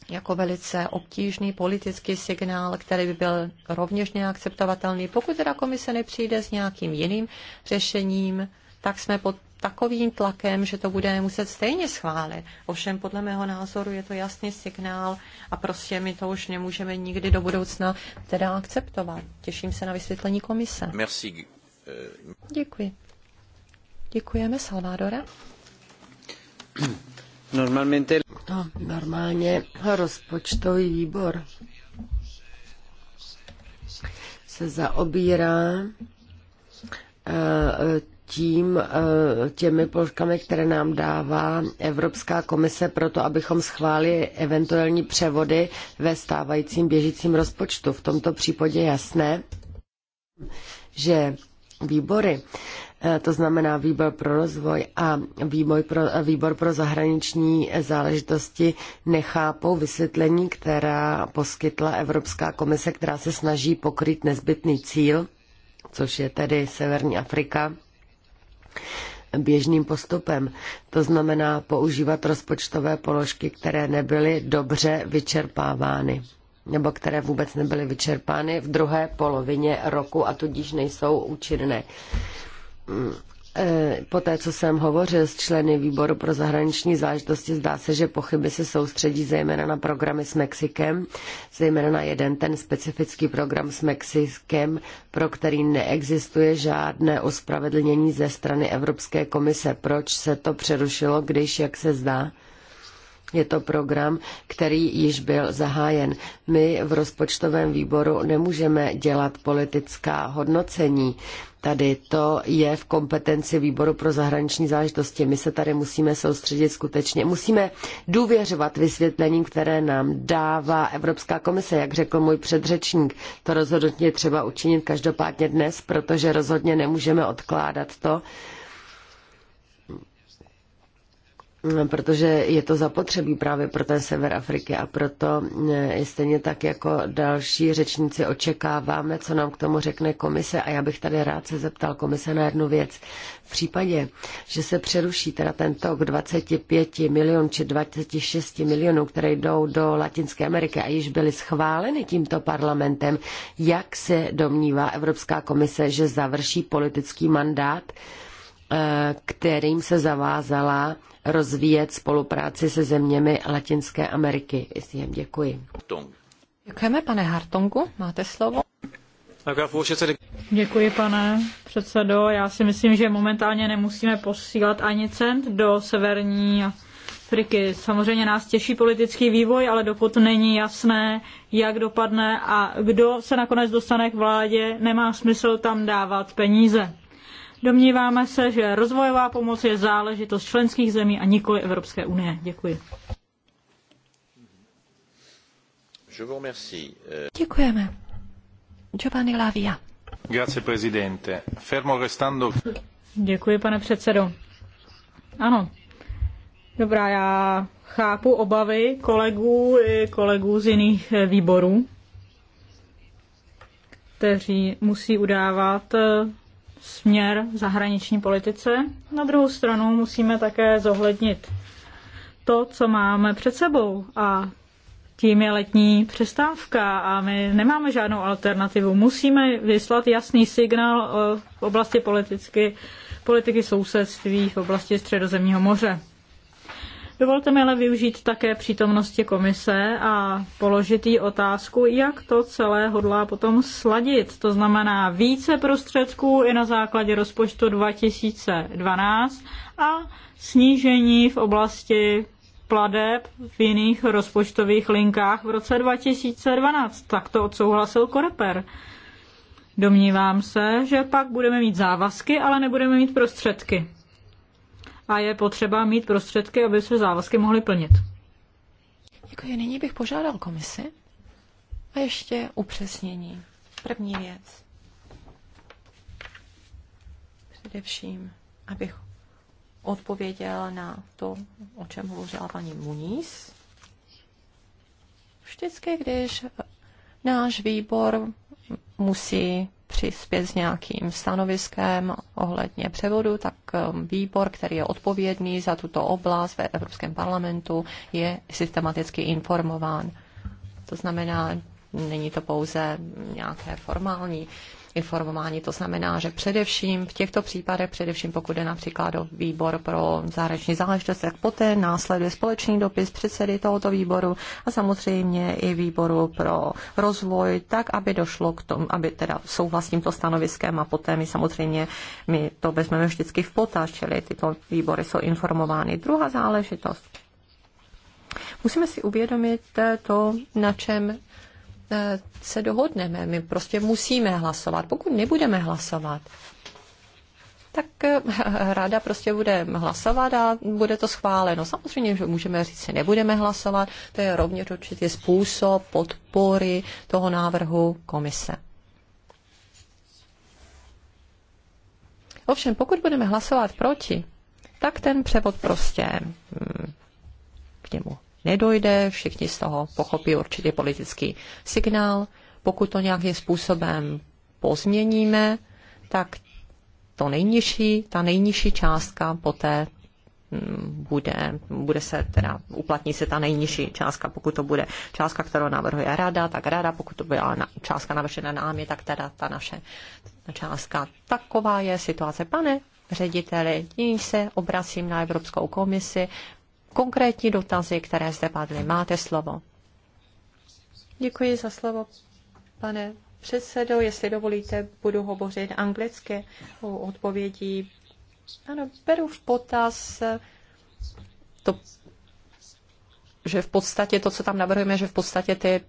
jako velice obtížný politický signál, který by byl rovněž neakceptovatelný. Pokud teda komise nepřijde s nějakým jiným řešením, tak jsme pod takovým tlakem, že to budeme muset stejně schválit. Ovšem podle mého názoru je to jasný signál a prostě my to už nemůžeme nikdy do budoucna teda akceptovat. Těším se na vysvětlení komise. Merci. Děkuji. Děkujeme, Salvadore. Normalmente... No, normálně rozpočtový výbor se zaobírá eh, tím eh, těmi položkami, které nám dává Evropská komise pro to, abychom schválili eventuální převody ve stávajícím běžícím rozpočtu. V tomto případě jasné, že výbory, eh, to znamená výbor pro rozvoj a výbor pro, eh, výbor pro zahraniční záležitosti nechápou vysvětlení, která poskytla Evropská komise, která se snaží pokryt nezbytný cíl, což je tedy Severní Afrika běžným postupem. To znamená používat rozpočtové položky, které nebyly dobře vyčerpávány nebo které vůbec nebyly vyčerpány v druhé polovině roku a tudíž nejsou účinné. Eh, po té, co jsem hovořil s členy výboru pro zahraniční záležitosti, zdá se, že pochyby se soustředí zejména na programy s Mexikem, zejména na jeden ten specifický program s Mexikem, pro který neexistuje žádné ospravedlnění ze strany Evropské komise. Proč se to přerušilo, když, jak se zdá, je to program, který již byl zahájen. My v rozpočtovém výboru nemůžeme dělat politická hodnocení. Tady to je v kompetenci výboru pro zahraniční záležitosti. My se tady musíme soustředit skutečně. Musíme důvěřovat vysvětlením, které nám dává Evropská komise, jak řekl můj předřečník. To rozhodně třeba učinit každopádně dnes, protože rozhodně nemůžeme odkládat to, protože je to zapotřebí právě pro ten sever Afriky a proto eh, stejně tak jako další řečníci očekáváme, co nám k tomu řekne komise a já bych tady rád se zeptal komise na jednu věc. V případě, že se přeruší teda ten tok 25 milion či 26 milionů, které jdou do Latinské Ameriky a již byly schváleny tímto parlamentem, jak se domnívá Evropská komise, že završí politický mandát, eh, kterým se zavázala rozvíjet spolupráci se zeměmi Latinské Ameriky. Jestli děkuji. Děkujeme, pane Hartongu. Máte slovo. Děkuji, pane předsedo. Já si myslím, že momentálně nemusíme posílat ani cent do severní Afriky. Samozřejmě nás těší politický vývoj, ale dokud není jasné, jak dopadne a kdo se nakonec dostane k vládě, nemá smysl tam dávat peníze. Domníváme se, že rozvojová pomoc je záležitost členských zemí a nikoli Evropské unie. Děkuji. Děkujeme. Giovanni Lavia. Grazie, presidente. Fermo restando... Děkuji, pane předsedo. Ano. Dobrá, já chápu obavy kolegů i kolegů z jiných výborů, kteří musí udávat směr zahraniční politice. Na druhou stranu musíme také zohlednit to, co máme před sebou a tím je letní přestávka a my nemáme žádnou alternativu. Musíme vyslat jasný signál eh, v oblasti politiky, politiky sousedství v oblasti Středozemního moře. Dovolte mi ale využít také přítomnosti komise a položit jí otázku, jak to celé hodlá potom sladit. To znamená více prostředků i na základě rozpočtu 2012 a snížení v oblasti pladeb v jiných rozpočtových linkách v roce 2012. Tak to odsouhlasil Koreper. Domnívám se, že pak budeme mít závazky, ale nebudeme mít prostředky a je potřeba mít prostředky, aby se závazky mohly plnit. Děkuji. Nyní bych požádal komisi a ještě upřesnění. První věc. Především, abych odpověděl na to, o čem hovořila paní Muniz. Vždycky, když náš výbor musí přispět s nějakým stanoviskem ohledně převodu, tak um, výbor, který je odpovědný za tuto oblast ve Evropském parlamentu, je systematicky informován. To znamená, Není to pouze nějaké formální informování. To znamená, že především v těchto případech, především pokud je například o výbor pro zahraniční záležitosti, tak poté následuje společný dopis předsedy tohoto výboru a samozřejmě i výboru pro rozvoj, tak aby došlo k tomu, aby teda souhlas to tímto stanoviskem a poté my samozřejmě my to vezmeme vždycky v potaz, čili tyto výbory jsou informovány. Druhá záležitost. Musíme si uvědomit to, na čem Eh, se dohodneme. My prostě musíme hlasovat. Pokud nebudeme hlasovat, tak eh, ráda prostě bude hlasovat a bude to schváleno. Samozřejmě, že můžeme říct, že nebudeme hlasovat, to je rovněž určitě způsob podpory toho návrhu komise. Ovšem, pokud budeme hlasovat proti, tak ten převod prostě hm, k němu nedojde, všichni z toho pochopí určitě politický signál. Pokud to nějakým způsobem pozměníme, tak to nejnižší, ta nejnižší částka poté mm, bude, bude se teda, uplatní se ta nejnižší částka, pokud to bude částka, kterou navrhuje rada, tak rada, pokud to byla na, částka navržená námi, tak teda ta naše částka. Taková je situace. Pane řediteli, nyní se obracím na Evropskou komisi, konkrétní dotazy, které zde padly. Máte slovo. Děkuji za slovo, pane předsedo. Jestli dovolíte, budu hovořit anglicky o odpovědi. Ano, beru v potaz to že v podstatě to, co tam navrhujeme, že v podstatě ty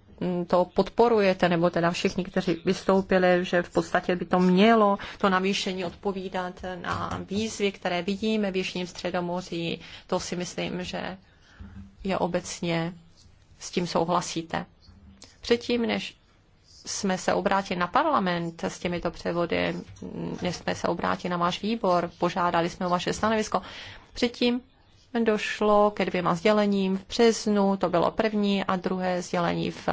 to podporujete, nebo teda všichni, kteří vystoupili, že v podstatě by to mělo to navýšení odpovídat na výzvy, které vidíme v Jižním středomoří. To si myslím, že je obecně s tím souhlasíte. Předtím, než jsme se obrátili na parlament s těmito převody, než jsme se obrátili na váš výbor, požádali jsme o vaše stanovisko. Předtím došlo ke dvěma sdělením v březnu, to bylo první, a druhé sdělení v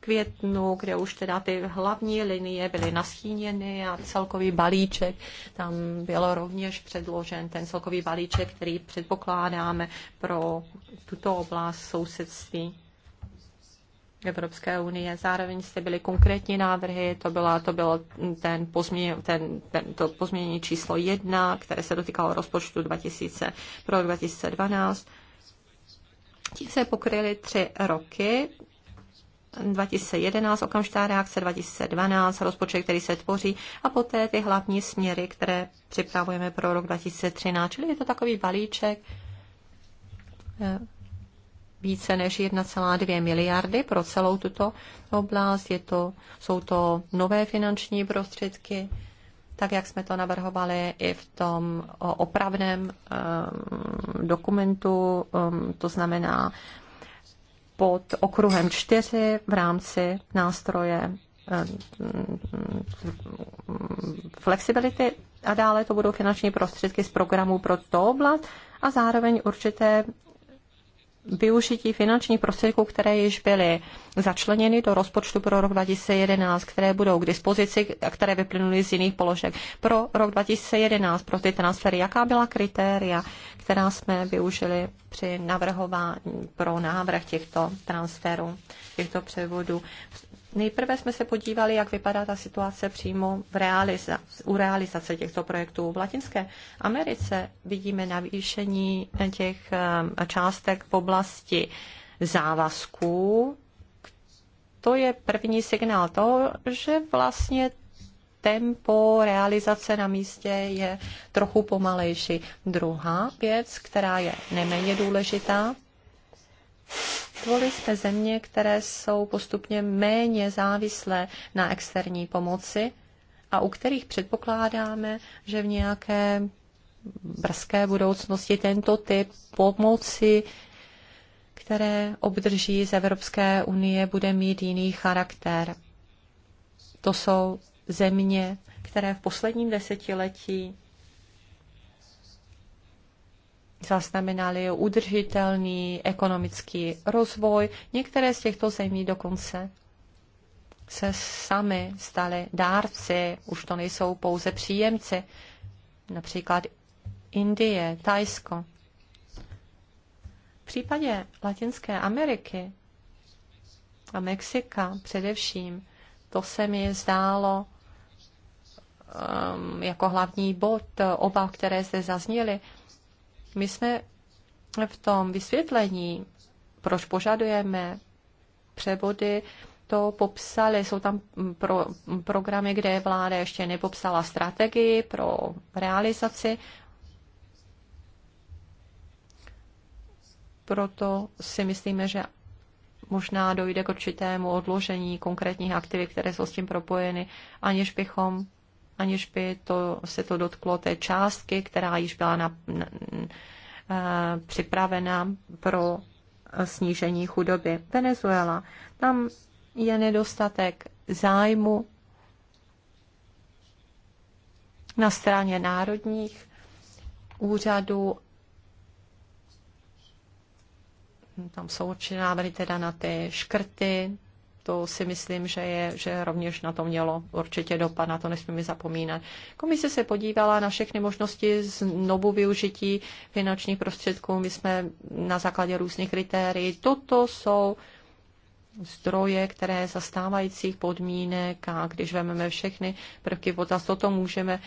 květnu, kde už teda ty hlavní linie byly nastíněny a celkový balíček, tam byl rovněž předložen ten celkový balíček, který předpokládáme pro tuto oblast sousedství. Evropské unie. Zároveň jste byli konkrétní návrhy, to, byla, to bylo ten pozměň, ten, ten, to pozměnění číslo jedna, které se dotýkalo rozpočtu 2000, pro rok 2012. Tím se pokryly tři roky, 2011, okamžitá reakce 2012, rozpočet, který se tvoří a poté ty hlavní směry, které připravujeme pro rok 2013. Čili je to takový balíček eh, více než 1,2 miliardy pro celou tuto oblast. Je to, jsou to nové finanční prostředky, tak jak jsme to navrhovali i v tom opravném ehm, dokumentu, ehm, to znamená pod okruhem 4 v rámci nástroje ehm, flexibility a dále to budou finanční prostředky z programu pro to oblast a zároveň určité využití finančních prostředků, které již byly začleněny do rozpočtu pro rok 2011, které budou k dispozici a které vyplynuly z jiných položek. Pro rok 2011, pro ty transfery, jaká byla kritéria, která jsme využili při navrhování pro návrh těchto transferů, těchto převodů? Nejprve jsme se podívali, jak vypadá ta situace přímo v realiza- u realizace těchto projektů. V Latinské Americe vidíme navýšení těch eh, částek v oblasti závazků. To je první signál toho, že vlastně tempo realizace na místě je trochu pomalejší. Druhá věc, která je neméně důležitá, Tvorili jsme země, které jsou postupně méně závislé na externí pomoci a u kterých předpokládáme, že v nějaké brzké budoucnosti tento typ pomoci, které obdrží z Evropské unie, bude mít jiný charakter. To jsou země, které v posledním desetiletí zaznamenali udržitelný ekonomický rozvoj. Některé z těchto zemí dokonce se sami staly dárci, už to nejsou pouze příjemci, například Indie, Tajsko. V případě Latinské Ameriky a Mexika především, to se mi zdálo um, jako hlavní bod oba, které zde zazněly, my jsme v tom vysvětlení, proč požadujeme převody, to popsali. Jsou tam pro, programy, kde vláda ještě nepopsala strategii pro realizaci. Proto si myslíme, že možná dojde k určitému odložení konkrétních aktivit, které jsou s tím propojeny, aniž bychom aniž by to, se to dotklo té částky, která již byla na, na, na, eh, připravena pro snížení chudoby. Venezuela. Tam je nedostatek zájmu na straně národních úřadů. Tam jsou určitě návrhy teda na ty škrty, to si myslím, že, je, že rovněž na to mělo určitě dopad, na to nesmíme zapomínat. Komise se podívala na všechny možnosti znovu využití finančních prostředků. My jsme na základě různých kritérií. Toto jsou zdroje, které za stávajících podmínek a když vezmeme všechny prvky v potaz, toto můžeme,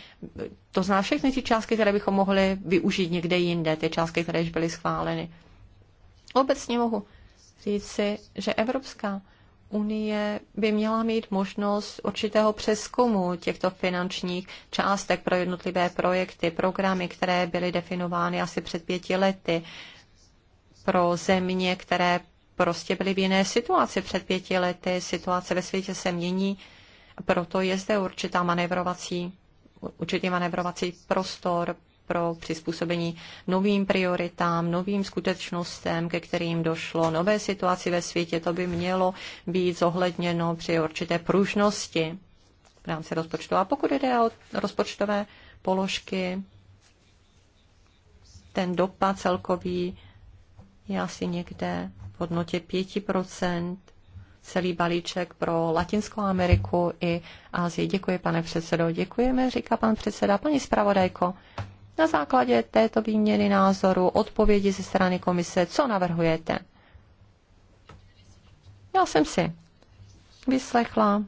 to zná všechny ty částky, které bychom mohli využít někde jinde, ty částky, které již byly schváleny. Obecně mohu říci, že Evropská unie by měla mít možnost určitého přeskumu těchto finančních částek pro jednotlivé projekty, programy, které byly definovány asi před pěti lety pro země, které prostě byly v jiné situaci před pěti lety. Situace ve světě se mění, proto je zde určitá manevrovací, určitý manevrovací prostor pro přizpůsobení novým prioritám, novým skutečnostem, ke kterým došlo, nové situaci ve světě, to by mělo být zohledněno při určité pružnosti v rámci rozpočtu. A pokud jde o rozpočtové položky, ten dopad celkový je asi někde v hodnotě 5%, celý balíček pro Latinskou Ameriku i Asii. Děkuji, pane předsedo. Děkujeme, říká pan předseda. Paní zpravodajko, na základě této výměny názoru, odpovědi ze strany komise, co navrhujete. Já jsem si vyslechla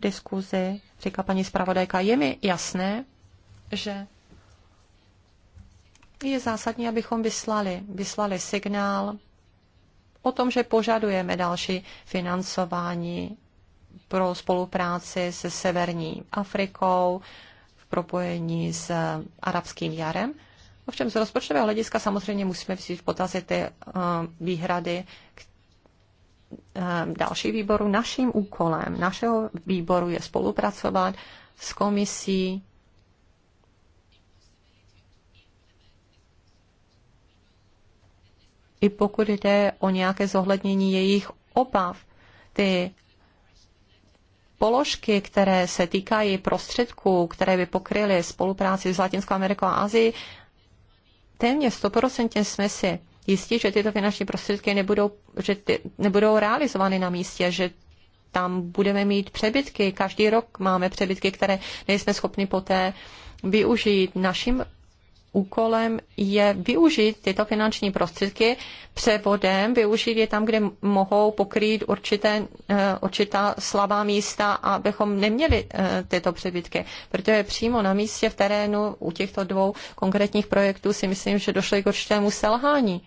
diskuzi, říká paní zpravodajka, je mi jasné, že je zásadní, abychom vyslali, vyslali signál o tom, že požadujeme další financování pro spolupráci se Severní Afrikou, propojení s arabským jarem. Ovšem z rozpočtového hlediska samozřejmě musíme vzít v potazy ty eh, výhrady k eh, další výboru. Naším úkolem našeho výboru je spolupracovat s komisí i pokud jde o nějaké zohlednění jejich obav. Ty položky, které se týkají prostředků, které by pokryly spolupráci s Latinskou Amerikou a Asií, téměř 100% jsme si jistí, že tyto finanční prostředky nebudou, že ty, nebudou realizovány na místě, že tam budeme mít přebytky. Každý rok máme přebytky, které nejsme schopni poté využít. Naším úkolem je využít tyto finanční prostředky převodem, využít je tam, kde mohou pokrýt určité, eh, určitá slabá místa, abychom neměli eh, tyto přebytky. Protože přímo na místě v terénu u těchto dvou konkrétních projektů si myslím, že došlo k určitému selhání.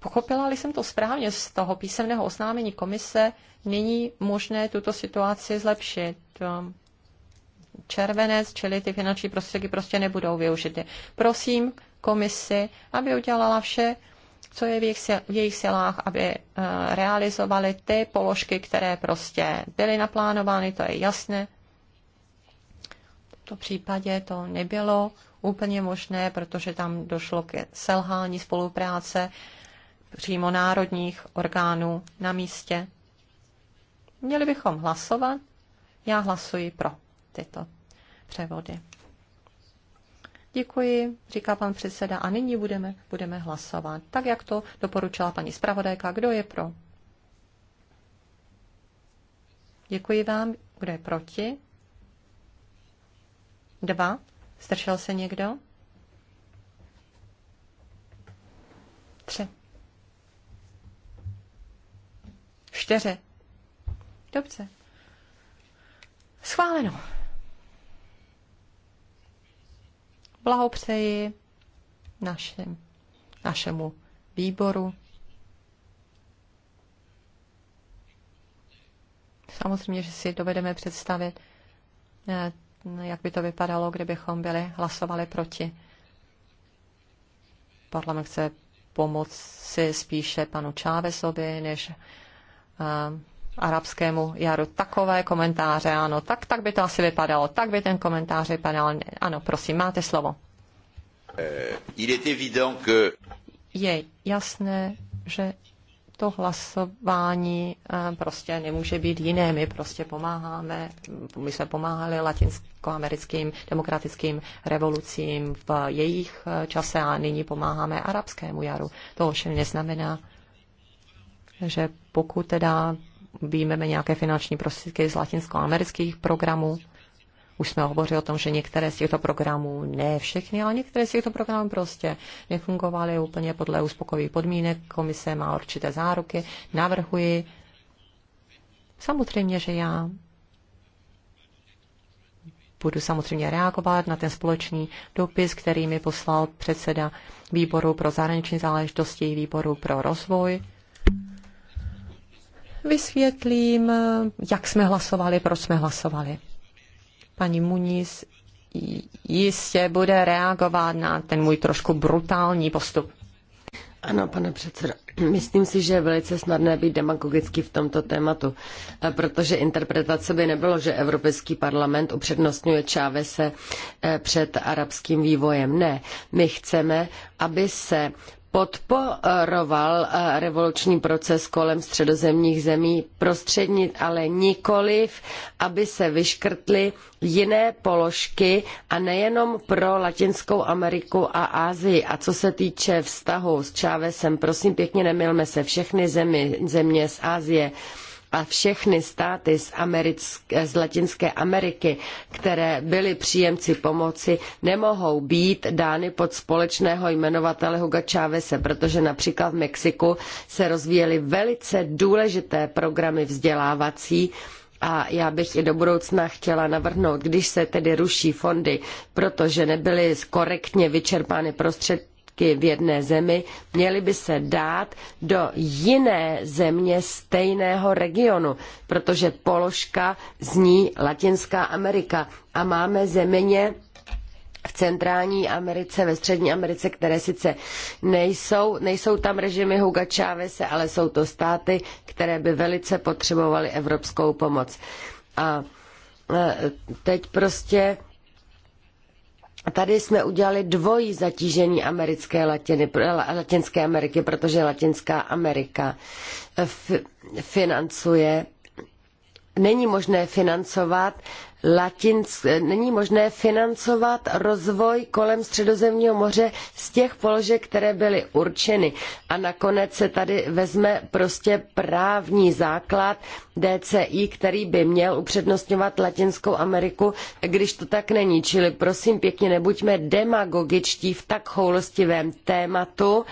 pochopila jsem to správně z toho písemného oznámení komise, není možné tuto situaci zlepšit červenec, čili ty finanční prostředky prostě nebudou využity. Prosím komisi, aby udělala vše, co je v jejich, silách, aby eh, realizovali ty položky, které prostě byly naplánovány, to je jasné. V tomto případě to nebylo úplně možné, protože tam došlo k selhání spolupráce přímo národních orgánů na místě. Měli bychom hlasovat. Já hlasuji pro tyto převody. Děkuji, říká pan předseda, a nyní budeme, budeme hlasovat. Tak, jak to doporučila paní zpravodajka, kdo je pro? Děkuji vám. Kdo je proti? Dva. Stršel se někdo? Tři. Čtyři. Dobře. Schváleno. Blahopřeji našem, našemu výboru. Samozřejmě, že si dovedeme představit, eh, jak by to vypadalo, kdybychom byli hlasovali proti. Parlament chce pomoci spíše panu Čávesovi, než eh, arabskému jaru. Takové komentáře, ano, tak, tak by to asi vypadalo, tak by ten komentář vypadal. Ano, prosím, máte slovo. Eh, Je jasné, že to hlasování eh, prostě nemůže být jiné. My prostě pomáháme, my jsme pomáhali latinskoamerickým demokratickým revolucím v jejich eh, čase a nyní pomáháme arabskému jaru. To ovšem neznamená, že pokud teda výjmeme nějaké finanční prostředky z latinskoamerických programů. Už jsme hovořili o tom, že některé z těchto programů, ne všechny, ale některé z těchto programů prostě nefungovaly úplně podle uspokojivých podmínek. Komise má určité záruky. Navrhuji. Samozřejmě, že já budu samozřejmě reagovat na ten společný dopis, který mi poslal předseda výboru pro zahraniční záležitosti, výboru pro rozvoj vysvětlím, jak jsme hlasovali, proč jsme hlasovali. Paní Muniz jistě bude reagovat na ten můj trošku brutální postup. Ano, pane předsedo, myslím si, že je velice snadné být demagogický v tomto tématu, protože interpretace by nebylo, že Evropský parlament upřednostňuje Čávese eh, před arabským vývojem. Ne, my chceme, aby se podporoval eh, revoluční proces kolem středozemních zemí prostřednit, ale nikoliv, aby se vyškrtly jiné položky a nejenom pro Latinskou Ameriku a Asii. A co se týče vztahu s Čávesem, prosím pěkně, nemilme se všechny zemi, země z Asie a všechny státy z, Americké, z Latinské Ameriky, které byly příjemci pomoci, nemohou být dány pod společného jmenovatele Hugo Chávese, protože například v Mexiku se rozvíjely velice důležité programy vzdělávací, a já bych i do budoucna chtěla navrhnout, když se tedy ruší fondy, protože nebyly korektně vyčerpány prostředky, výrobky v jedné zemi měly by se dát do jiné země stejného regionu, protože položka zní Latinská Amerika a máme země, v centrální Americe, ve střední Americe, které sice nejsou, nejsou tam režimy Huga Chávese, ale jsou to státy, které by velice potřebovaly evropskou pomoc. A e, teď prostě Tady jsme udělali dvojí zatížení americké latiny, latinské Ameriky, protože Latinská Amerika eh, financuje, není možné financovat Latinsk, není možné financovat rozvoj kolem Středozemního moře z těch položek, které byly určeny. A nakonec se tady vezme prostě právní základ DCI, který by měl upřednostňovat Latinskou Ameriku, když to tak není. Čili prosím pěkně, nebuďme demagogičtí v tak choulostivém tématu,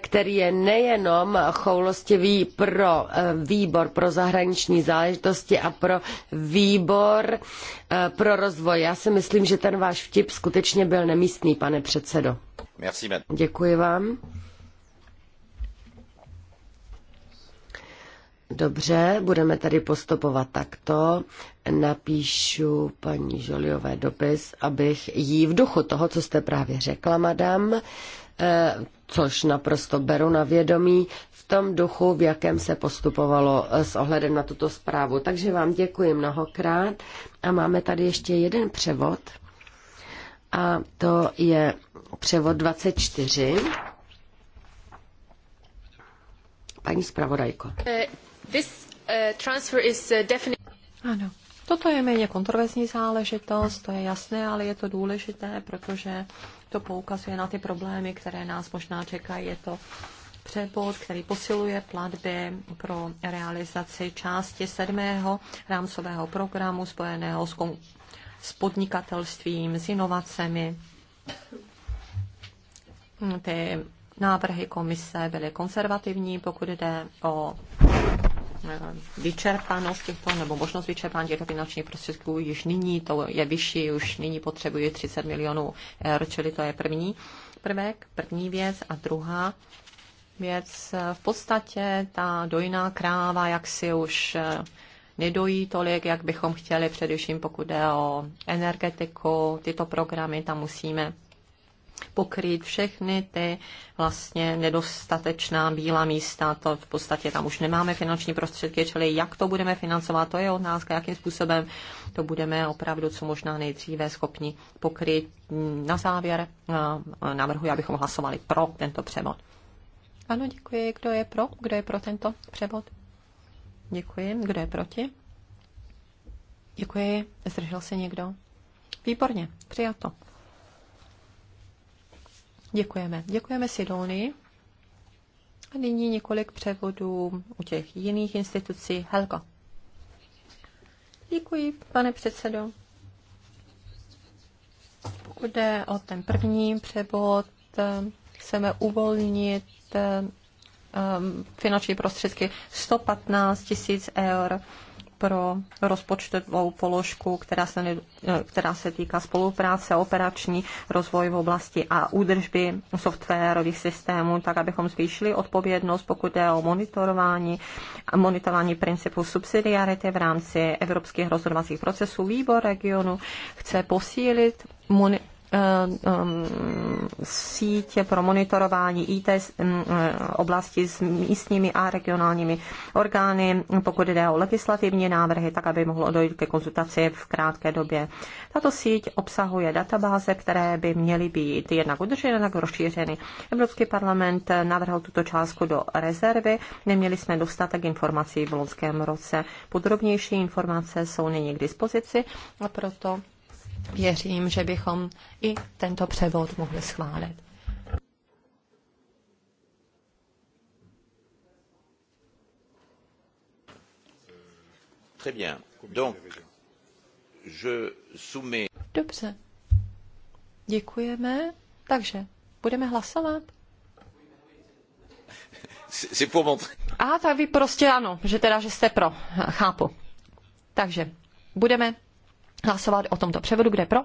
který je nejenom choulostivý pro eh, výbor pro zahraniční záležitosti a pro výbor eh, pro rozvoj. Já si myslím, že ten váš vtip skutečně byl nemístný, pane předsedo. Merci, Děkuji vám. Dobře, budeme tady postupovat takto. Napíšu paní Žoliové dopis, abych jí v duchu toho, co jste právě řekla, madam, eh, což naprosto beru na vědomí v tom duchu, v jakém se postupovalo eh, s ohledem na tuto zprávu. Takže vám děkuji mnohokrát a máme tady ještě jeden převod a to je převod 24. Paní zpravodajko. Eh, this eh, transfer is definitely... Ano. Toto je méně kontroverzní záležitost, to je jasné, ale je to důležité, protože to poukazuje na ty problémy, které nás možná čekají. Je to přebod, který posiluje platby pro realizaci části sedmého rámcového programu spojeného s, kon- s podnikatelstvím, s inovacemi. Ty návrhy komise byly konzervativní, pokud jde o Eh, vyčerpanost těchto, nebo možnost vyčerpání těchto finančních prostředků již nyní, to je vyšší, už nyní potřebuje 30 milionů eur, čili to je první prvek, první věc a druhá věc. V podstatě ta dojná kráva, jak si už eh, nedojí tolik, jak bychom chtěli, především pokud jde o energetiku, tyto programy tam musíme pokryt všechny ty vlastně nedostatečná bílá místa. To v podstatě tam už nemáme finanční prostředky, čili jak to budeme financovat, to je otázka, jakým způsobem to budeme opravdu co možná nejdříve schopni pokryt. Na závěr eh, navrhuji, abychom hlasovali pro tento převod. Ano, děkuji. Kdo je pro? Kdo je pro tento převod? Děkuji. Kdo je proti? Děkuji. Zdržel se někdo? Výborně. Přijato. Děkujeme. Děkujeme Sidonii. A nyní několik převodů u těch jiných institucí. Helga. Děkuji, pane předsedo. Pokud jde o ten první převod, chceme uvolnit um, finanční prostředky 115 tisíc eur pro rozpočtovou položku, která se, ne, která se týká spolupráce, operační rozvoj v oblasti a údržby softwarových systémů, tak abychom zvýšili odpovědnost, pokud je o monitorování, monitorování principu subsidiarity v rámci evropských rozhodovacích procesů. Výbor regionu chce posílit Eh, eh, sítě pro monitorování IT mm, eh, oblasti s místními a regionálními orgány, pokud jde o legislativní návrhy, tak aby mohlo dojít ke konzultaci v krátké době. Tato síť obsahuje databáze, které by měly být jednak udrženy, jednak rozšířeny. Evropský parlament navrhl tuto částku do rezervy. Neměli jsme dostatek informací v loňském roce. Podrobnější informace jsou nyní k dispozici a proto Věřím, že bychom i tento převod mohli schválit. Très bien. Donc, je soumets... Dobře. Děkujeme. Takže, budeme hlasovat. C'est pour montrer. A tak vy prostě ano, že teda, že jste pro. Chápu. Takže, budeme hlasovat o tomto převodu. Kde pro?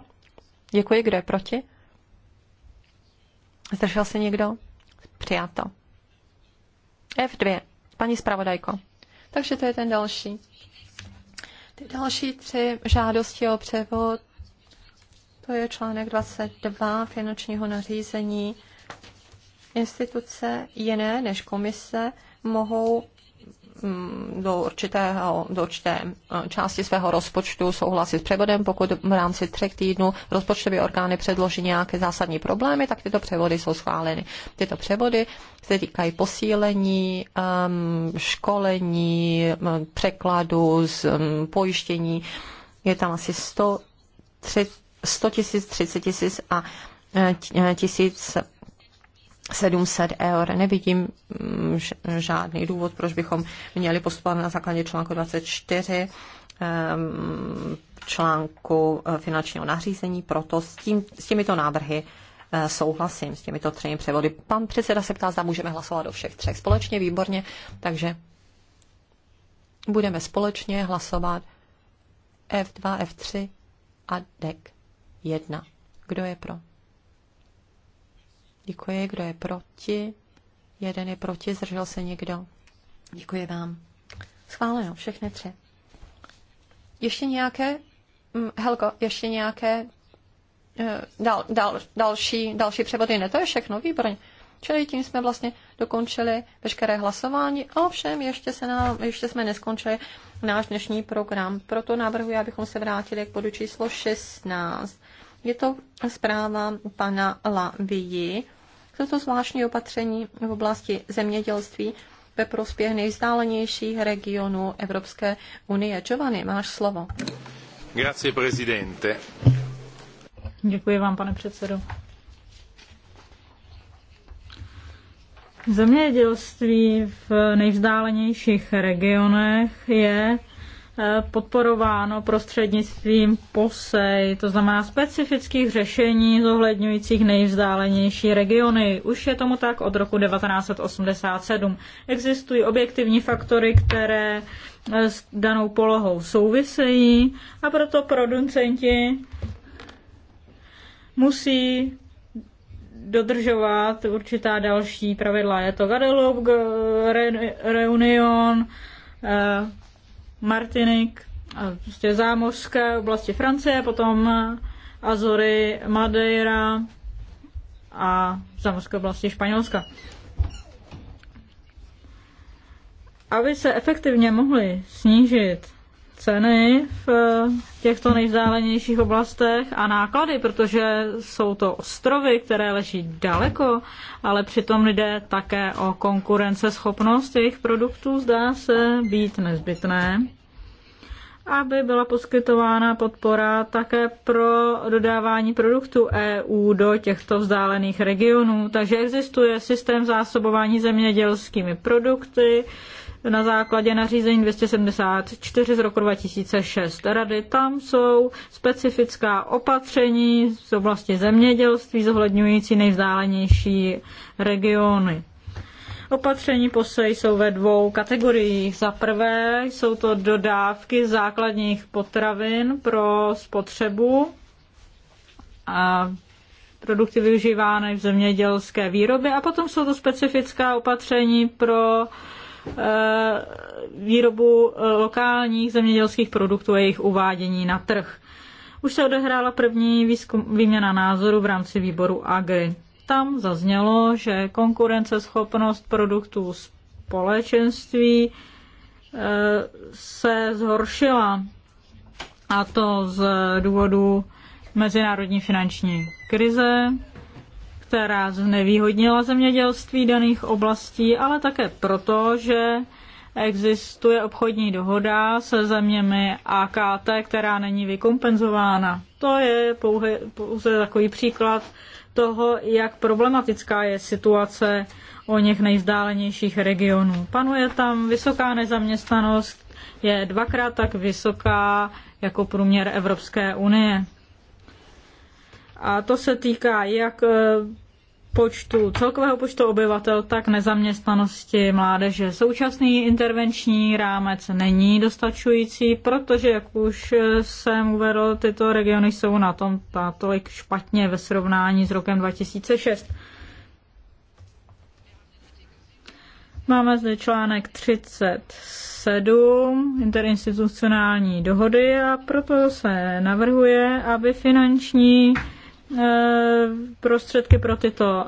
Děkuji. Kdo je proti? Zdržel se někdo? Přijato. F2. Paní zpravodajko. Takže to je ten další. Ty další tři žádosti o převod, to je článek 22 finančního nařízení. Instituce jiné než komise mohou Mm, do, určitého, do určité eh, části svého rozpočtu souhlasit s převodem, pokud v rámci třech týdnů rozpočtové orgány předloží nějaké zásadní problémy, tak tyto převody jsou schváleny. Tyto převody se týkají posílení, ehm, školení, eh, překladu, z, ehm, pojištění. Je tam asi 100 tisíc, 30 tisíc a eh, tisíc 700 eur. Nevidím mm, žádný důvod, proč bychom měli postupovat na základě článku 24 ehm, článku e, finančního nařízení, proto s, tím, s těmito návrhy e, souhlasím, s těmito třemi převody. Pan předseda se ptá, zda můžeme hlasovat o všech třech společně, výborně, takže budeme společně hlasovat F2, F3 a DEC 1. Kdo je pro? Děkuji. Kdo je proti? Jeden je proti. Zdržel se někdo? Děkuji vám. Schváleno. Všechny tři. Ještě nějaké? Mm, Helko, ještě nějaké eh, dal, dal, další, další převody? Ne, to je všechno. Výborně. Čili tím jsme vlastně dokončili veškeré hlasování. Ovšem, ještě, se nám, ještě jsme neskončili náš dnešní program. Proto navrhuji, abychom se vrátili k bodu číslo 16. Je to zpráva pana Lavii to zvláštní opatření v oblasti zemědělství ve prospěch nejzdálenějších regionů Evropské unie. Giovanni, máš slovo. Grazie, presidente. Děkuji vám, pane předsedo. Zemědělství v nejvzdálenějších regionech je Eh, podporováno prostřednictvím POSEJ, to znamená specifických řešení zohledňujících nejvzdálenější regiony. Už je tomu tak od roku 1987. Existují objektivní faktory, které eh, s danou polohou souvisejí a proto producenti musí dodržovat určitá další pravidla. Je to Guadeloupe, Reunion, eh, Martinik, prostě zámořské oblasti Francie, potom eh, Azory, Madeira a zámořské oblasti Španělska. Aby se efektivně mohly snížit ceny v eh, těchto nejvzdálenějších oblastech a náklady, protože jsou to ostrovy, které leží daleko, ale přitom jde také o konkurenceschopnost jejich produktů, zdá se být nezbytné, aby byla poskytována podpora také pro dodávání produktů EU do těchto vzdálených regionů. Takže existuje systém zásobování zemědělskými produkty, na základě nařízení 274 z roku 2006 rady. Tam jsou specifická opatření z oblasti zemědělství zohledňující nejvzdálenější regiony. Opatření posej jsou ve dvou kategoriích. Za prvé jsou to dodávky základních potravin pro spotřebu a produkty využívány v zemědělské výrobě a potom jsou to specifická opatření pro Eh, výrobu eh, lokálních zemědělských produktů a jejich uvádění na trh. Už se odehrála první výzkum, výměna názoru v rámci výboru AGRI. Tam zaznělo, že konkurenceschopnost produktů společenství eh, se zhoršila, a to z důvodu mezinárodní finanční krize, která znevýhodnila zemědělství daných oblastí, ale také proto, že existuje obchodní dohoda se zeměmi AKT, která není vykompenzována. To je pouze, pouze takový příklad toho, jak problematická je situace o něch nejvzdálenějších regionů. Panuje tam vysoká nezaměstnanost, je dvakrát tak vysoká jako průměr Evropské unie. A to se týká jak e, počtu, celkového počtu obyvatel, tak nezaměstnanosti mládeže. Současný intervenční rámec není dostačující, protože, jak už e, jsem uvedl, tyto regiony jsou na tom tolik špatně ve srovnání s rokem 2006. Máme zde článek 37 interinstitucionální dohody a proto se navrhuje, aby finanční Eh, prostředky pro tyto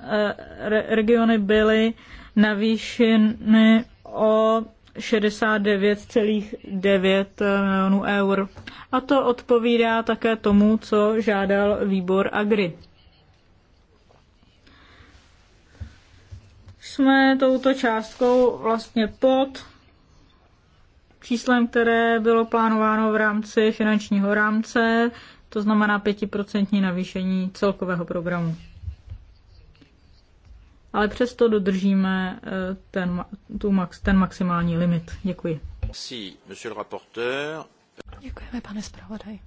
eh, regiony byly navýšeny o 69,9 eh, milionů eur. A to odpovídá také tomu, co žádal výbor Agri. Jsme touto částkou vlastně pod číslem, které bylo plánováno v rámci finančního rámce to znamená 5% navýšení celkového programu. Ale přesto dodržíme eh, ten, tu max, ten maximální limit. Děkuji. Merci, monsieur le rapporteur. Děkujeme, pane zpravodaj.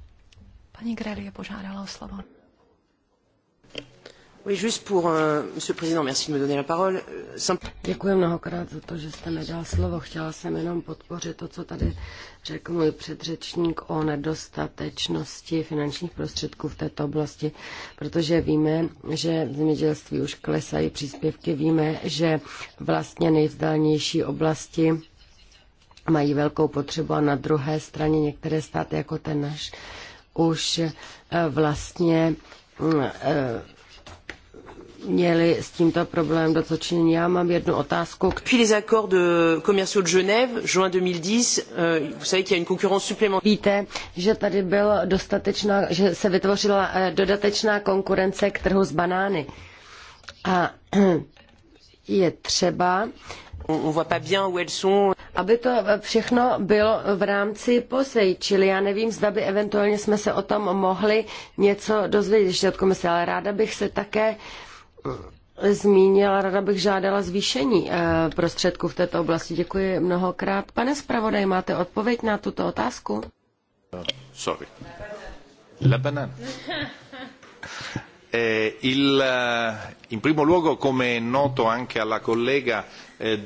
Paní Grelie požádala o slovo. Euh, euh, Děkuji mnohokrát za to, že jste nedal slovo. Chtěla jsem jenom podpořit to, co tady řekl můj předřečník o nedostatečnosti finančních prostředků v této oblasti, protože víme, že v zemědělství už klesají příspěvky, víme, že vlastně nejvzdálnější oblasti mají velkou potřebu a na druhé straně některé státy jako ten náš už eh, vlastně mm, eh, měli s tímto problémem do činění. Já mám jednu otázku. Puis euh, Víte, že tady byla dostatečná, že se vytvořila eh, dodatečná konkurence k trhu s banány. A je třeba, aby to eh, všechno bylo v rámci posej, čili já nevím, zda by eventuálně jsme se o tom mohli něco dozvědět ještě od komise, ale ráda bych se také uh, zmínila, rada bych žádala zvýšení eh, prostředků v této oblasti. Děkuji mnohokrát. Pane zpravodaj, máte odpověď na tuto otázku? Sorry. Lebanon. Eh, il, eh, in primo luogo, come è noto anche alla collega... Eh...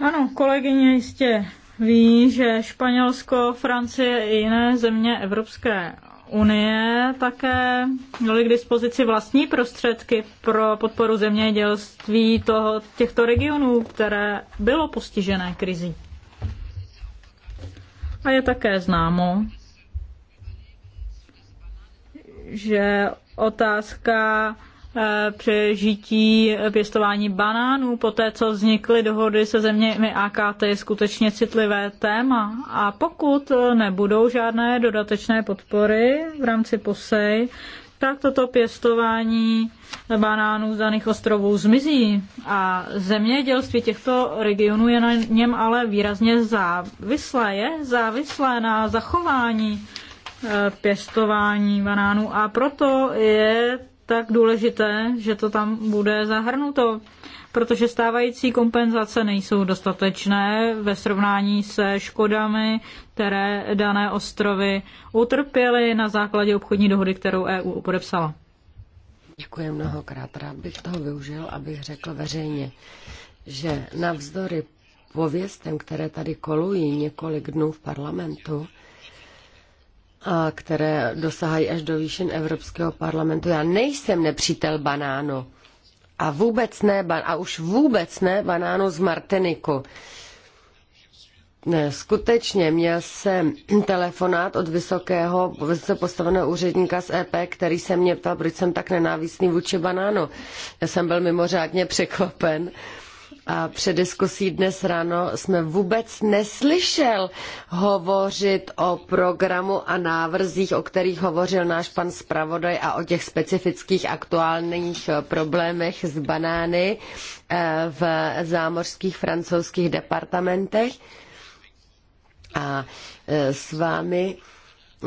Ano, kolegyně jistě ví, že Španělsko, Francie i jiné země Evropské unie také měly k dispozici vlastní prostředky pro podporu zemědělství toho, těchto regionů, které bylo postižené krizí. A je také známo, že otázka Eh, přežití pěstování banánů, po té, co vznikly dohody se zeměmi AKT, je skutečně citlivé téma. A pokud nebudou žádné dodatečné podpory v rámci POSEJ, tak toto pěstování banánů z daných ostrovů zmizí. A zemědělství těchto regionů je na něm ale výrazně závislé. Je závislé na zachování eh, pěstování banánů a proto je tak důležité, že to tam bude zahrnuto, protože stávající kompenzace nejsou dostatečné ve srovnání se škodami, které dané ostrovy utrpěly na základě obchodní dohody, kterou EU podepsala. Děkuji mnohokrát. Rád bych toho využil, abych řekl veřejně, že navzdory pověstem, které tady kolují několik dnů v parlamentu, které dosahají až do výšin Evropského parlamentu. Já nejsem nepřítel banánu. A vůbec ne, a už vůbec ne banánu z Martiniku. Ne, skutečně měl jsem telefonát od vysokého, vysoce postaveného úředníka z EP, který se mě ptal, proč jsem tak nenávistný vůči banánu. Já jsem byl mimořádně překvapen. A před diskusí dnes ráno jsme vůbec neslyšel hovořit o programu a návrzích, o kterých hovořil náš pan zpravodaj a o těch specifických aktuálních problémech s banány eh, v zámořských francouzských departamentech. A eh, s vámi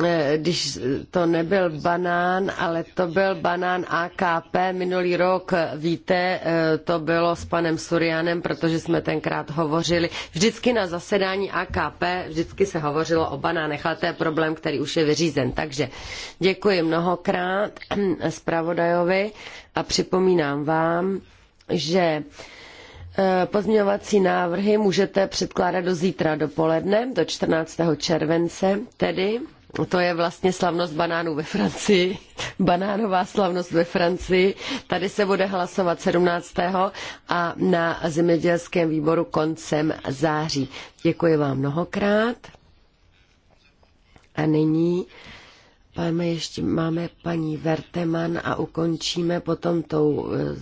Eh, když to nebyl banán, ale to byl banán AKP. Minulý rok, víte, eh, to bylo s panem Surianem, protože jsme tenkrát hovořili. Vždycky na zasedání AKP vždycky se hovořilo o banánech, ale to je problém, který už je vyřízen. Takže děkuji mnohokrát zpravodajovi a připomínám vám, že eh, Pozměňovací návrhy můžete předkládat do zítra dopoledne, do 14. července tedy to je vlastně slavnost banánů ve Francii, banánová slavnost ve Francii. Tady se bude hlasovat 17. a na zemědělském výboru koncem září. Děkuji vám mnohokrát. A nyní Máme ještě, máme paní Verteman a ukončíme potom tou eh,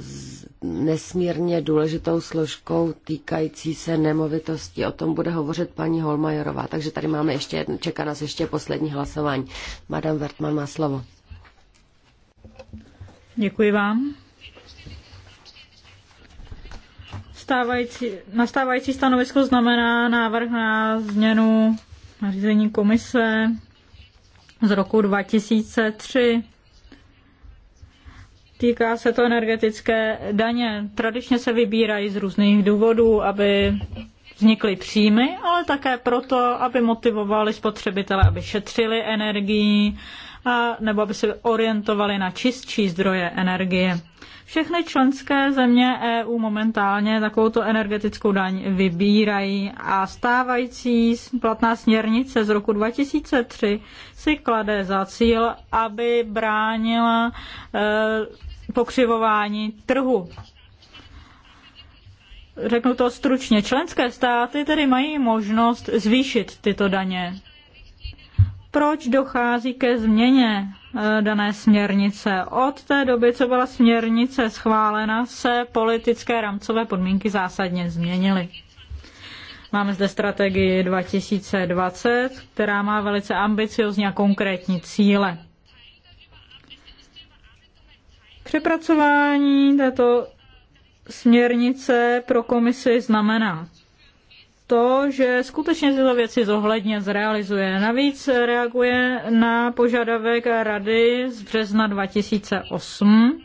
nesmírně důležitou složkou týkající se nemovitosti. O tom bude hovořit paní Holmajorová. Takže tady máme ještě, jedno, čeká nás ještě poslední hlasování. Madame Vertman má slovo. Děkuji vám. Stávající, nastávající stanovisko znamená návrh na změnu nařízení komise z roku 2003. Týká se to energetické daně. Tradičně se vybírají z různých důvodů, aby vznikly příjmy, ale také proto, aby motivovali spotřebitele, aby šetřili energii, a, nebo aby se orientovali na čistší zdroje energie. Všechny členské země EU momentálně takovouto energetickou daň vybírají a stávající platná směrnice z roku 2003 si klade za cíl, aby bránila eh, pokřivování trhu. Řeknu to stručně. Členské státy tedy mají možnost zvýšit tyto daně proč dochází ke změně eh, dané směrnice. Od té doby, co byla směrnice schválena, se politické rámcové podmínky zásadně změnily. Máme zde strategii 2020, která má velice ambiciozní a konkrétní cíle. Přepracování této směrnice pro komisi znamená to, že skutečně tyto věci zohledně zrealizuje. Navíc reaguje na požadavek Rady z března 2008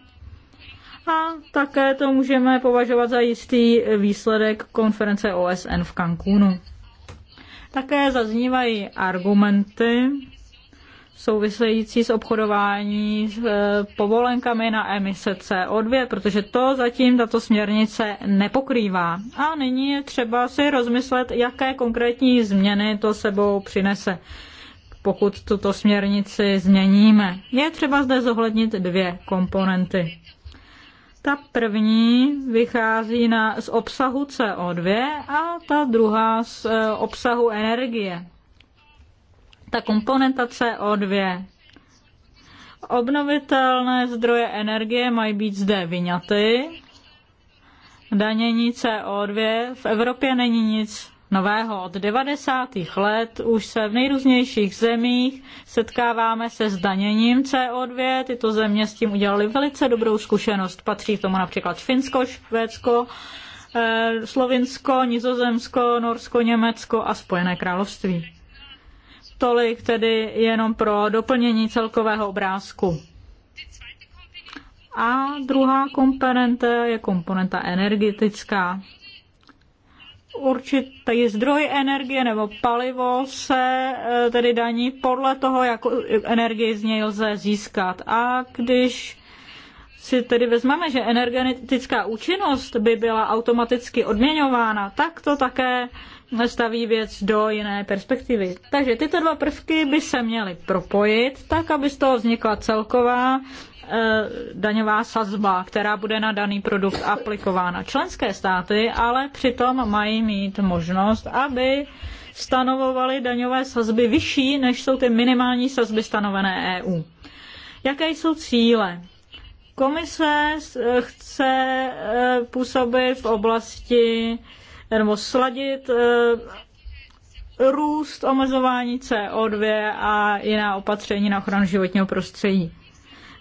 a také to můžeme považovat za jistý výsledek konference OSN v Cancúnu. Také zaznívají argumenty, související s obchodování s e, povolenkami na emise CO2, protože to zatím tato směrnice nepokrývá. A nyní je třeba si rozmyslet, jaké konkrétní změny to sebou přinese, pokud tuto směrnici změníme. Je třeba zde zohlednit dvě komponenty. Ta první vychází na, z obsahu CO2 a ta druhá z e, obsahu energie. Ta komponenta CO2. Obnovitelné zdroje energie mají být zde vyňaty. Danění CO2 v Evropě není nic nového. Od 90. let už se v nejrůznějších zemích setkáváme se zdaněním CO2. Tyto země s tím udělali velice dobrou zkušenost. Patří k tomu například Finsko, Švédsko, eh, Slovinsko, Nizozemsko, Norsko, Německo a Spojené království. Tolik tedy jenom pro doplnění celkového obrázku. A druhá komponenta je komponenta energetická. Určitý zdroj energie nebo palivo se eh, tedy daní podle toho, jak energii z něj lze získat. A když si tedy vezmeme, že energetická účinnost by byla automaticky odměňována, tak to také staví věc do jiné perspektivy. Takže tyto dva prvky by se měly propojit, tak aby z toho vznikla celková eh, daňová sazba, která bude na daný produkt aplikována. Členské státy ale přitom mají mít možnost, aby stanovovaly daňové sazby vyšší, než jsou ty minimální sazby stanovené EU. Jaké jsou cíle? Komise chce eh, působit v oblasti nebo sladit eh, růst, omezování CO2 a jiná opatření na ochranu životního prostředí.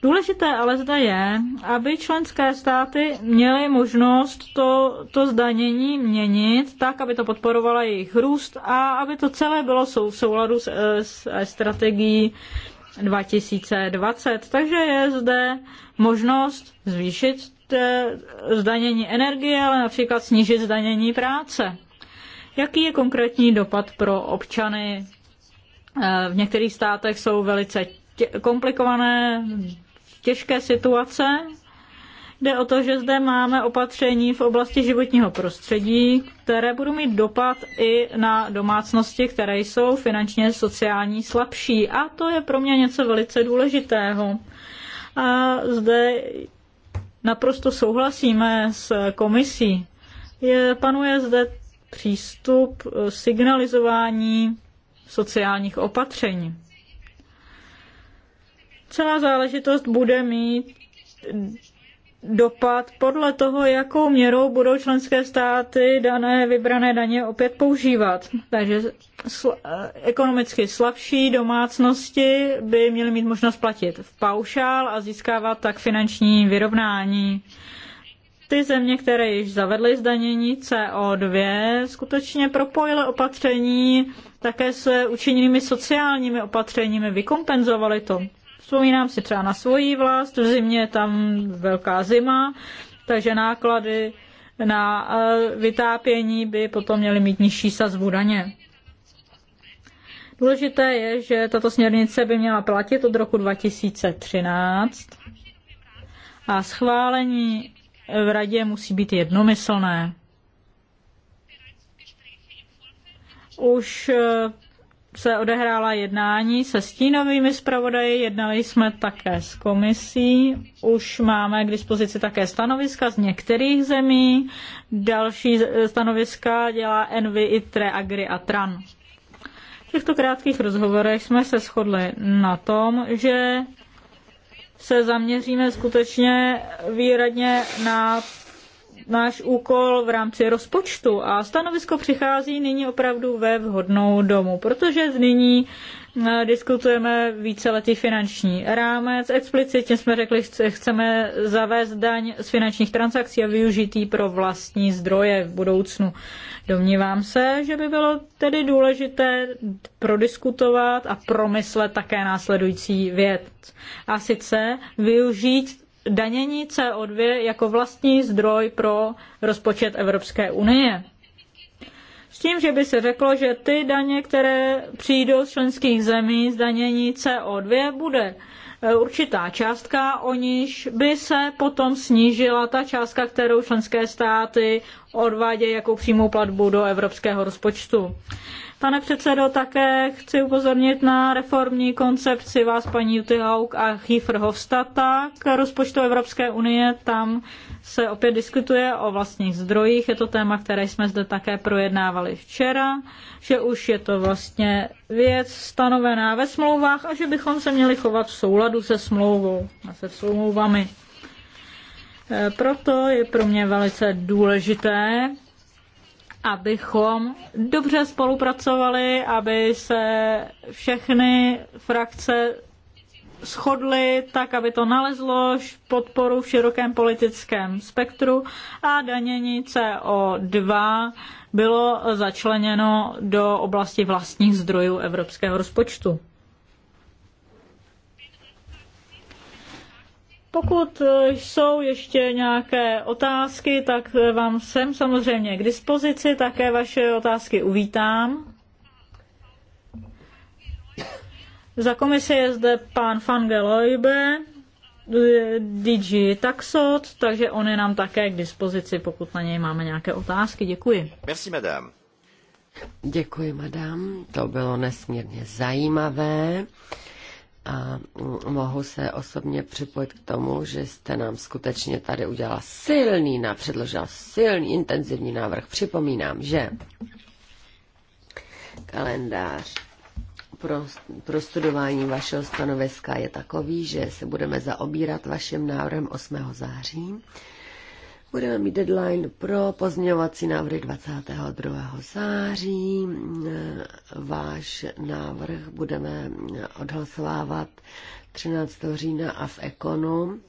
Důležité ale zde je, aby členské státy měly možnost to, to zdanění měnit tak, aby to podporovala jejich růst a aby to celé bylo sou, v souladu s, eh, s eh, strategií 2020. Takže je zde možnost zvýšit Eh, zdanění energie, ale například snížit zdanění práce. Jaký je konkrétní dopad pro občany? Eh, v některých státech jsou velice komplikované, těžké situace. Jde o to, že zde máme opatření v oblasti životního prostředí, které budou mít dopad i na domácnosti, které jsou finančně sociální slabší. A to je pro mě něco velice důležitého. A zde naprosto souhlasíme s komisí. Je, panuje zde přístup eh, signalizování sociálních opatření. Celá záležitost bude mít dopad podle toho, jakou měrou budou členské státy dané vybrané daně opět používat. Takže sl- ekonomicky slabší domácnosti by měly mít možnost platit v paušál a získávat tak finanční vyrovnání. Ty země, které již zavedly zdanění CO2, skutečně propojily opatření také se učiněnými sociálními opatřeními, vykompenzovaly to. Vzpomínám si třeba na svoji vlast, v zimě je tam velká zima, takže náklady na eh, vytápění by potom měly mít nižší sazbu daně. Důležité je, že tato směrnice by měla platit od roku 2013 a schválení v radě musí být jednomyslné. Už eh, se odehrála jednání se stínovými zpravodaji, jednali jsme také s komisí, už máme k dispozici také stanoviska z některých zemí, další stanoviska dělá Envy, ITRE, Agri a TRAN. V těchto krátkých rozhovorech jsme se shodli na tom, že se zaměříme skutečně výradně na náš úkol v rámci rozpočtu a stanovisko přichází nyní opravdu ve vhodnou domu, protože z nyní eh, diskutujeme víceletý finanční rámec. Explicitně jsme řekli, že chceme zavést daň z finančních transakcí a využitý pro vlastní zdroje v budoucnu. Domnívám se, že by bylo tedy důležité prodiskutovat a promyslet také následující věc. A sice využít danění CO2 jako vlastní zdroj pro rozpočet Evropské unie. S tím, že by se řeklo, že ty daně, které přijdou z členských zemí, zdanění CO2 bude e, určitá částka, o níž by se potom snížila ta částka, kterou členské státy odvádějí jako přímou platbu do evropského rozpočtu. Pane předsedo, také chci upozornit na reformní koncepci vás, paní Juty Haug a Chýfr Hofstata k rozpočtu Evropské unie. Tam se opět diskutuje o vlastních zdrojích. Je to téma, které jsme zde také projednávali včera, že už je to vlastně věc stanovená ve smlouvách a že bychom se měli chovat v souladu se smlouvou a se smlouvami. E, proto je pro mě velice důležité, abychom dobře spolupracovali, aby se všechny frakce shodly tak, aby to nalezlo podporu v širokém politickém spektru a danění CO2 bylo začleněno do oblasti vlastních zdrojů evropského rozpočtu. Pokud e, jsou ještě nějaké otázky, tak e, vám jsem samozřejmě k dispozici, také vaše otázky uvítám. Za komisi je zde pán Van Geloibe, e, DG Taxot, takže on je nám také k dispozici, pokud na něj máme nějaké otázky. Děkuji. Merci, madame. Děkuji, madam. To bylo nesmírně zajímavé a mohu se osobně připojit k tomu, že jste nám skutečně tady udělala silný, předložila silný, intenzivní návrh. Připomínám, že kalendář pro, pro studování vašeho stanoviska je takový, že se budeme zaobírat vaším návrhem 8. září Budeme mít deadline pro pozměňovací návrhy 22. září. Váš návrh budeme odhlasovávat 13. října a v Ekonu.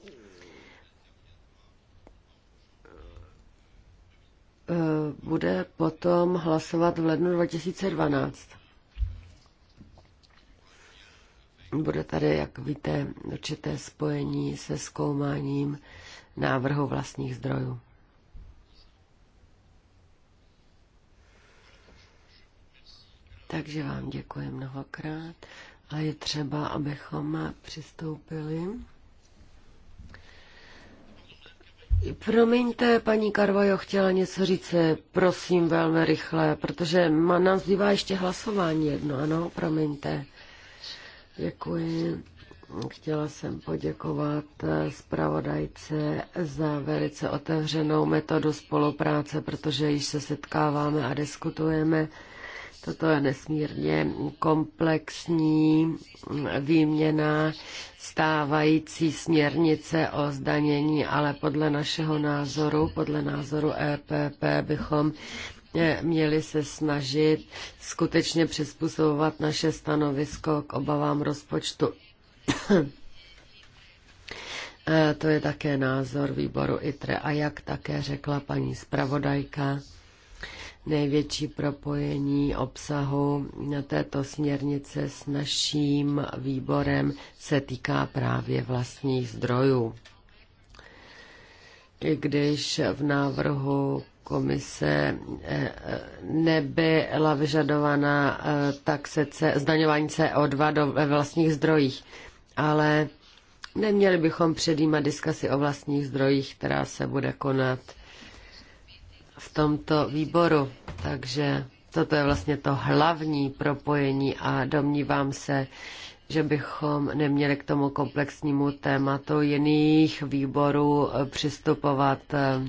Bude potom hlasovat v lednu 2012. Bude tady, jak víte, určité spojení se zkoumáním návrhu vlastních zdrojů. Takže vám děkuji mnohokrát a je třeba, abychom přistoupili. Promiňte, paní Karvajo, chtěla něco říct, prosím, velmi rychle, protože má nás zbývá ještě hlasování jedno, ano, promiňte. Děkuji. Chtěla jsem poděkovat eh, zpravodajce za velice otevřenou metodu spolupráce, protože již se setkáváme a diskutujeme. Toto je nesmírně komplexní výměna stávající směrnice o zdanění, ale podle našeho názoru, podle názoru EPP, bychom eh, měli se snažit skutečně přizpůsobovat naše stanovisko k obavám rozpočtu Eh, to je také názor výboru ITRE. A jak také řekla paní zpravodajka, největší propojení obsahu na této směrnice s naším výborem se týká právě vlastních zdrojů. I když v návrhu komise eh, nebyla vyžadována eh, taxace, zdaňování CO2 do, ve vlastních zdrojích ale neměli bychom předjímat diskusy o vlastních zdrojích, která se bude konat v tomto výboru. Takže toto je vlastně to hlavní propojení a domnívám se, že bychom neměli k tomu komplexnímu tématu jiných výborů přistupovat, eh,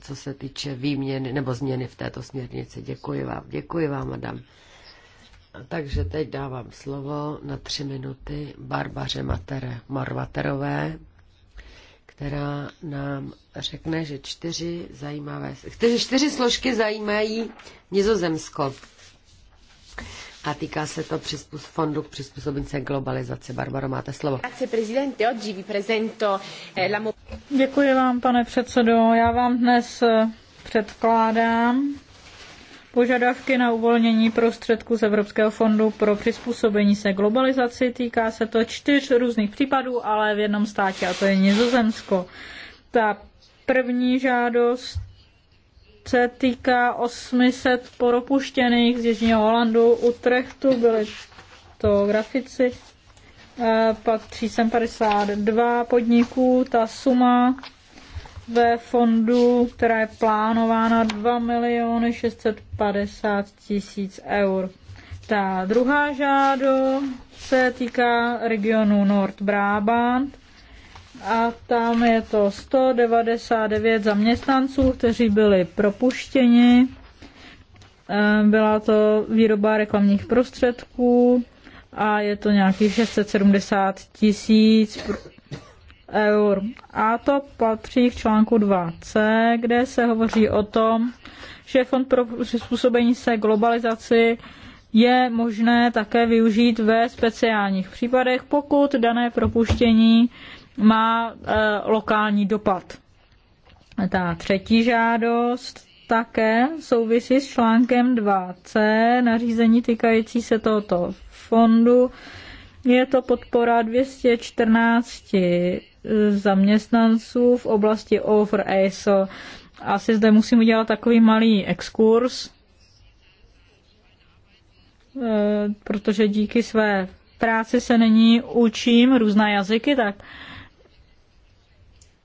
co se týče výměny nebo změny v této směrnici. Děkuji vám. Děkuji vám, madam. Takže teď dávám slovo na tři minuty Barbaře Matere Marvaterové, která nám řekne, že čtyři zajímavé, čtyři, čtyři složky zajímají Nizozemsko. A týká se to přizpůs, fondu k přizpůsobince globalizace. Barbaro, máte slovo. Eh, Děkuji vám, pane předsedo. Já vám dnes eh, předkládám požadavky na uvolnění prostředků z Evropského fondu pro přizpůsobení se globalizaci. Týká se to čtyř různých případů, ale v jednom státě, a to je Nizozemsko. Ta první žádost se týká 800 poropuštěných z Jižního Holandu, Trechtu byly to grafici, e, Pak 352 podniků, ta suma ve fondu, která je plánována 2 miliony 650 tisíc eur. Ta druhá žádo se týká regionu Nord Brabant a tam je to 199 zaměstnanců, kteří byli propuštěni. Eh, byla to výroba reklamních prostředků a je to nějakých 670 tisíc eur. A to patří k článku 2c, kde se hovoří o tom, že Fond pro přizpůsobení se globalizaci je možné také využít ve speciálních případech, pokud dané propuštění má e, lokální dopad. Ta třetí žádost také souvisí s článkem 2c nařízení týkající se tohoto fondu. Je to podpora 214 zaměstnanců v oblasti over ASO. Asi zde musím udělat takový malý exkurs, eh, protože díky své práci se nyní učím různé jazyky, tak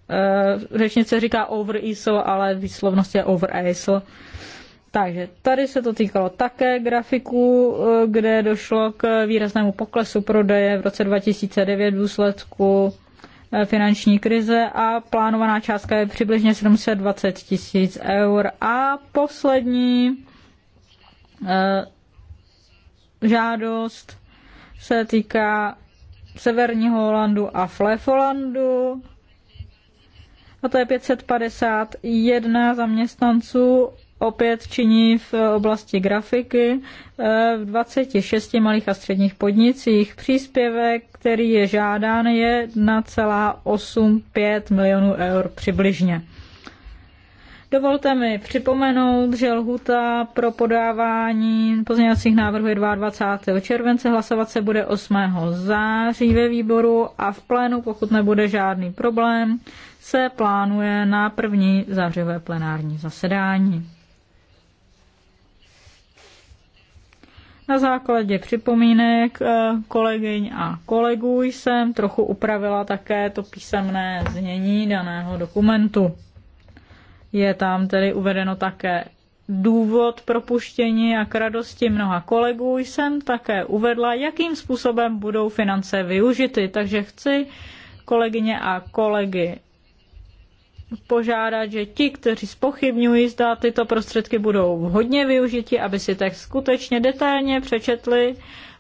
eh, řečnice říká over ISO, ale výslovnost je over ISO. Takže tady se to týkalo také grafiků, eh, kde došlo k výraznému poklesu prodeje v roce 2009 v důsledku Eh, finanční krize a plánovaná částka je přibližně 720 tisíc eur. A poslední eh, žádost se týká Severního Holandu a Flevolandu. A to je 551 zaměstnanců opět činí v oblasti grafiky eh, v 26 malých a středních podnicích. Příspěvek, který je žádán, je 1,85 milionů eur přibližně. Dovolte mi připomenout, že lhuta pro podávání pozměňovacích návrhů je 22. července, hlasovat se bude 8. září ve výboru a v plénu, pokud nebude žádný problém, se plánuje na první zářivé plenární zasedání. Na základě připomínek eh, kolegyň a kolegů jsem trochu upravila také to písemné znění daného dokumentu. Je tam tedy uvedeno také důvod propuštění a k radosti mnoha kolegů jsem také uvedla, jakým způsobem budou finance využity. Takže chci kolegyně a kolegy požádat, že ti, kteří spochybňují, zda tyto prostředky budou hodně využiti, aby si tak skutečně detailně přečetli,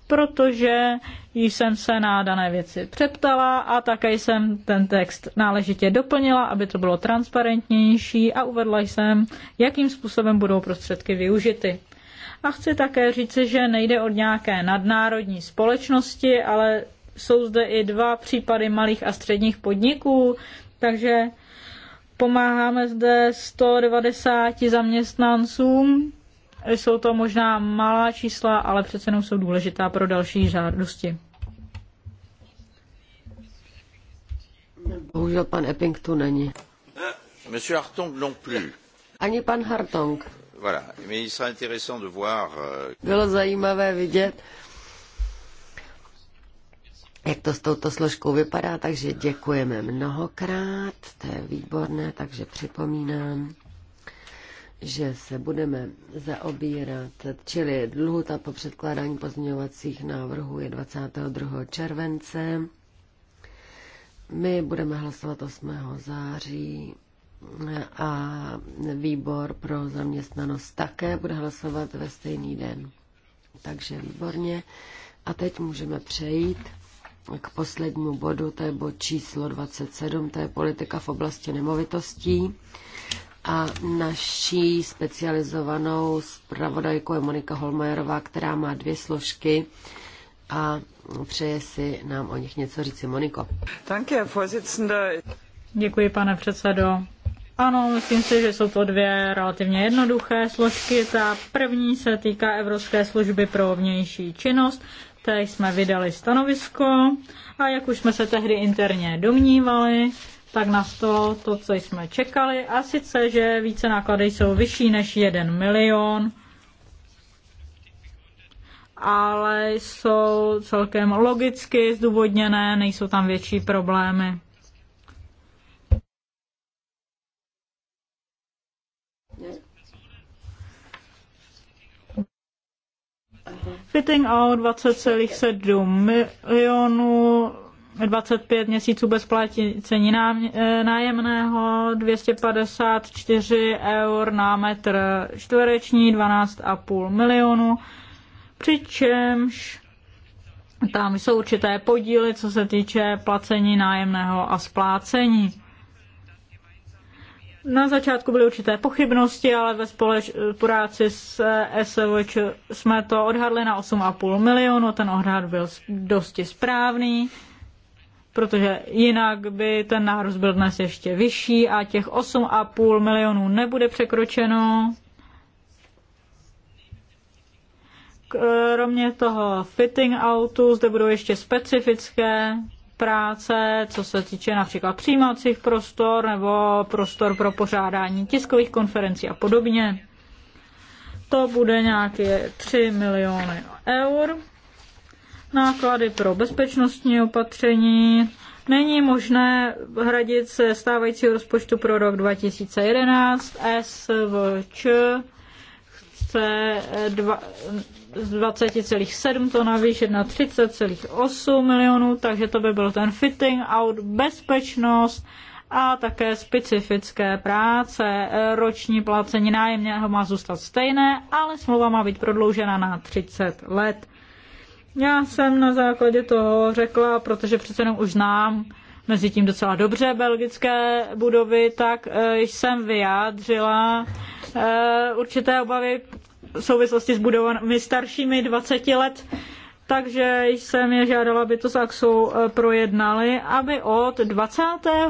protože jsem se na dané věci přeptala a také jsem ten text náležitě doplnila, aby to bylo transparentnější a uvedla jsem, jakým způsobem budou prostředky využity. A chci také říci, že nejde o nějaké nadnárodní společnosti, ale jsou zde i dva případy malých a středních podniků, takže Pomáháme zde 190 zaměstnancům. Jsou to možná malá čísla, ale přece jenom jsou důležitá pro další žádosti. Bohužel pan Epping tu není. Eh, monsieur Hartung, non plus. Ani pan Hartong. Voilà. Mais il sera intéressant de voir... Euh, Bylo zajímavé vidět, jak to s touto složkou vypadá, takže děkujeme mnohokrát, to je výborné, takže připomínám, že se budeme zaobírat, čili dluhuta po předkládání pozměňovacích návrhů je 22. července. My budeme hlasovat 8. září a výbor pro zaměstnanost také bude hlasovat ve stejný den. Takže výborně. A teď můžeme přejít k poslednímu bodu, to je bod číslo 27, to je politika v oblasti nemovitostí. A naší specializovanou zpravodajkou je Monika Holmajerová, která má dvě složky a přeje si nám o nich něco říci. Moniko. Děkuji, pane předsedo. Ano, myslím si, že jsou to dvě relativně jednoduché složky. Ta první se týká Evropské služby pro vnější činnost jsme vydali stanovisko a jak už jsme se tehdy interně domnívali, tak nastalo to, co jsme čekali, a sice, že více náklady jsou vyšší než 1 milion, ale jsou celkem logicky zdůvodněné, nejsou tam větší problémy. Fitting out 20,7 milionů, 25 měsíců bez placení eh, nájemného, 254 eur na metr čtvereční, 12,5 milionů, přičemž tam jsou určité podíly, co se týče placení nájemného a splácení. Na začátku byly určité pochybnosti, ale ve spolupráci s eh, SVČ jsme to odhadli na 8,5 milionu. Ten odhad byl dosti správný, protože jinak by ten nárůst byl dnes ještě vyšší a těch 8,5 milionů nebude překročeno. Eh, kromě toho fitting autu zde budou ještě specifické práce, co se týče například přijímacích prostor nebo prostor pro pořádání tiskových konferencí a podobně. To bude nějaké 3 miliony eur. Náklady pro bezpečnostní opatření, není možné hradit se stávajícího rozpočtu pro rok 2011. SVČ chce dva, z 20,7 to navýšit na 30,8 milionů, takže to by byl ten fitting out, bezpečnost a také specifické práce. Roční placení nájemného má zůstat stejné, ale smlouva má být prodloužena na 30 let. Já jsem na základě toho řekla, protože přece jenom už znám mezi tím docela dobře belgické budovy, tak eh, jsem vyjádřila eh, určité obavy souvislosti s budovami staršími 20 let, takže jsem je žádala, aby to s AXou e, projednali, aby od 20. E,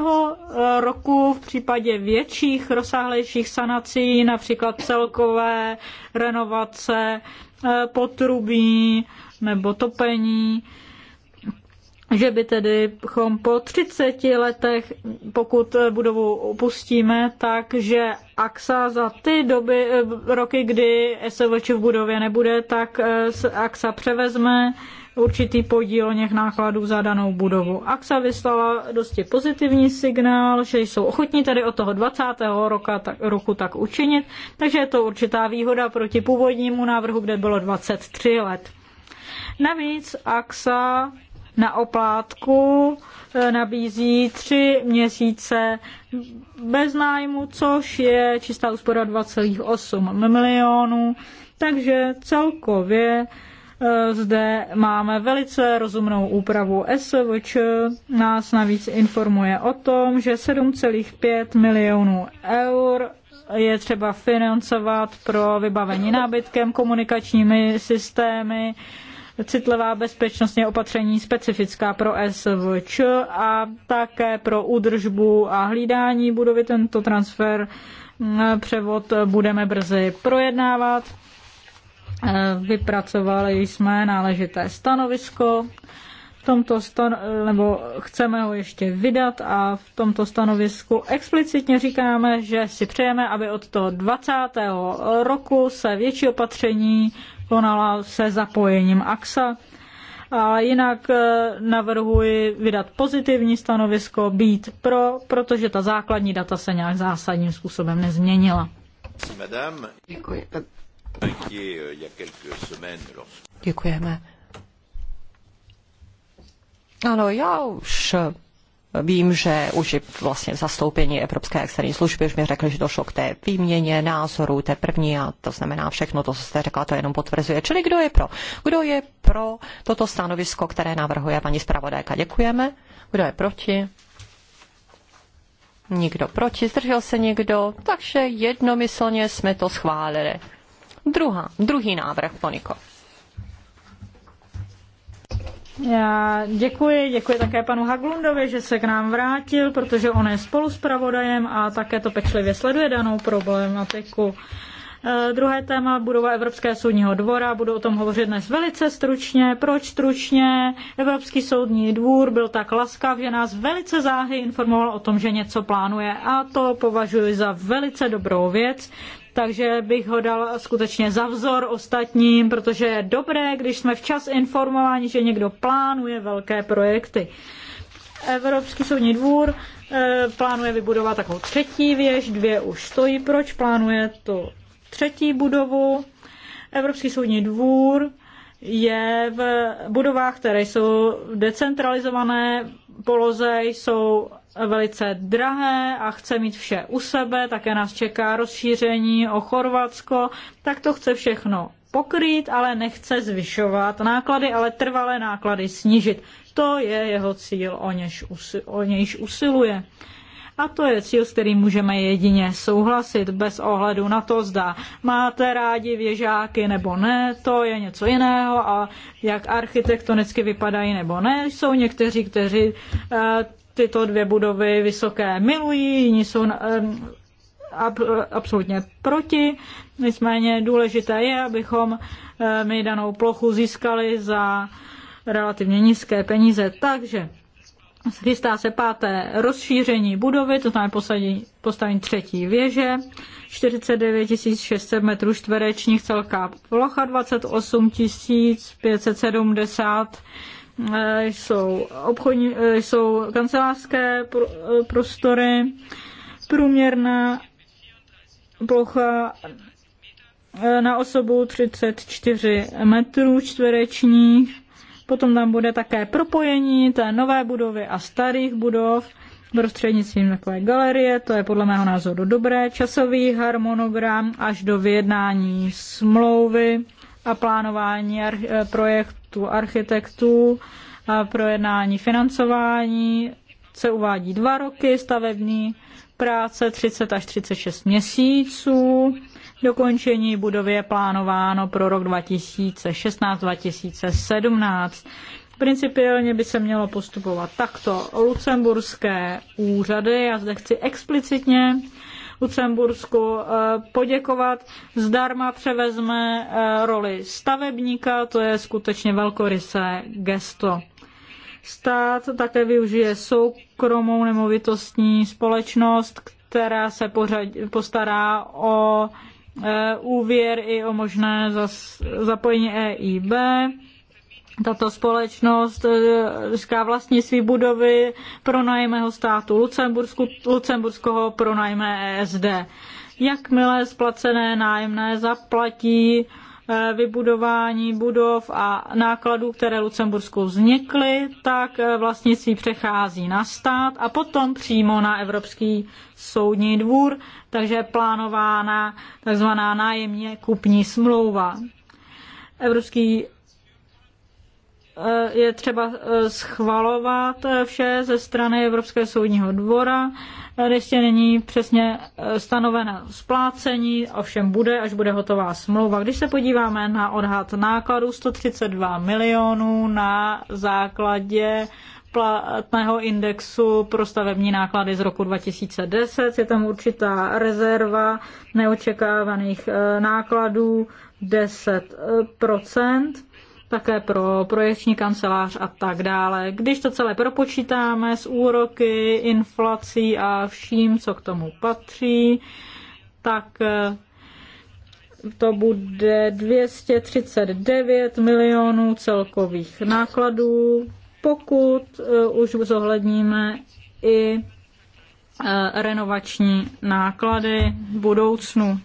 roku v případě větších, rozsáhlejších sanací, například celkové renovace e, potrubí nebo topení, že by tedy po 30 letech, pokud eh, budovu opustíme, takže AXA za ty doby, eh, roky, kdy SVČ v budově nebude, tak eh, AXA převezme určitý podíl něch nákladů za danou budovu. AXA vyslala dosti pozitivní signál, že jsou ochotní tady od toho 20. Roka, tak, roku tak učinit, takže je to určitá výhoda proti původnímu návrhu, kde bylo 23 let. Navíc AXA na oplátku e, nabízí tři měsíce bez nájmu, což je čistá úspora 2,8 milionů. Takže celkově e, zde máme velice rozumnou úpravu SVČ. Nás navíc informuje o tom, že 7,5 milionů eur je třeba financovat pro vybavení nábytkem, komunikačními systémy, citlivá bezpečnostní opatření specifická pro SVČ a také pro údržbu a hlídání budovy. Tento transfer mm, převod budeme brzy projednávat. E, vypracovali jsme náležité stanovisko v tomto stan- nebo chceme ho ještě vydat a v tomto stanovisku explicitně říkáme, že si přejeme, aby od toho 20. roku se větší opatření konala se zapojením AXA. A jinak eh, navrhuji vydat pozitivní stanovisko, být pro, protože ta základní data se nějak zásadním způsobem nezměnila. Děkuji. Děkujeme. Ano, já už eh, Vím, že už vlastně zastoupení Evropské externí služby už mi řekli, že došlo k té výměně názorů, té první a to znamená všechno to, co jste řekla, to jenom potvrzuje. Čili kdo je pro? Kdo je pro toto stanovisko, které navrhuje paní zpravodajka? Děkujeme. Kdo je proti? Nikdo proti, zdržel se někdo, takže jednomyslně jsme to schválili. Druhá, druhý návrh, Moniko. Já děkuji, děkuji také panu Haglundovi, že se k nám vrátil, protože on je spolu s pravodajem a také to pečlivě sleduje danou problematiku. E, druhé téma budova evropské soudního dvora, budu o tom hovořit dnes velice stručně. Proč stručně? Evropský soudní dvůr byl tak laskav, že nás velice záhy informoval o tom, že něco plánuje a to považuji za velice dobrou věc takže bych ho dal skutečně za vzor ostatním, protože je dobré, když jsme včas informováni, že někdo plánuje velké projekty. Evropský soudní dvůr eh, plánuje vybudovat takovou třetí věž, dvě už stojí. Proč plánuje tu třetí budovu? Evropský soudní dvůr je v budovách, které jsou decentralizované poloze, jsou velice drahé a chce mít vše u sebe, také nás čeká rozšíření o Chorvatsko, tak to chce všechno pokrýt, ale nechce zvyšovat náklady, ale trvalé náklady snížit. To je jeho cíl, o, něž usil, o nějž usiluje. A to je cíl, s kterým můžeme jedině souhlasit, bez ohledu na to, zda máte rádi věžáky nebo ne, to je něco jiného a jak architektonicky vypadají nebo ne. Jsou někteří, kteří eh, tyto dvě budovy vysoké milují, jiní jsou ab, absolutně proti. Nicméně důležité je, abychom my danou plochu získali za relativně nízké peníze. Takže chystá se páté rozšíření budovy, to znamená postavení, postavení třetí věže, 49 600 metrů čtverečních celká plocha, 28 570 Eh, jsou, obchodní, eh, jsou kancelářské eh, prostory, průměrná plocha na osobu 34 metrů čtverečních. Potom tam bude také propojení té nové budovy a starých budov prostřednictvím takové galerie, to je podle mého názoru dobré, časový harmonogram až do vyjednání smlouvy a plánování projekt, projektů architektů a financování se uvádí dva roky, stavební práce 30 až 36 měsíců. Dokončení budovy je plánováno pro rok 2016-2017. Principiálně by se mělo postupovat takto. Lucemburské úřady, já zde chci explicitně Lucembursku eh, poděkovat. Zdarma převezme eh, roli stavebníka, to je skutečně velkorysé gesto. Stát také využije soukromou nemovitostní společnost, která se pořad, postará o eh, úvěr i o možné zas, zapojení EIB tato společnost eh, říká své budovy pronajmého státu Lucembursku, Lucemburského pronajme ESD. Jakmile splacené nájemné zaplatí eh, vybudování budov a nákladů, které Lucembursku vznikly, tak eh, vlastnictví přechází na stát a potom přímo na Evropský soudní dvůr, takže je plánována tzv. nájemně kupní smlouva. Evropský Eh, je třeba eh, schvalovat eh, vše ze strany Evropského soudního dvora. Ještě není přesně stanoveno splácení, ovšem bude, až bude hotová smlouva. Když se podíváme na odhad nákladů 132 milionů na základě platného indexu pro stavební náklady z roku 2010. Je tam určitá rezerva neočekávaných nákladů 10 také pro projekční kancelář a tak dále. Když to celé propočítáme s úroky, inflací a vším, co k tomu patří, tak eh, to bude 239 milionů celkových nákladů, pokud eh, už zohledníme i eh, renovační náklady v budoucnu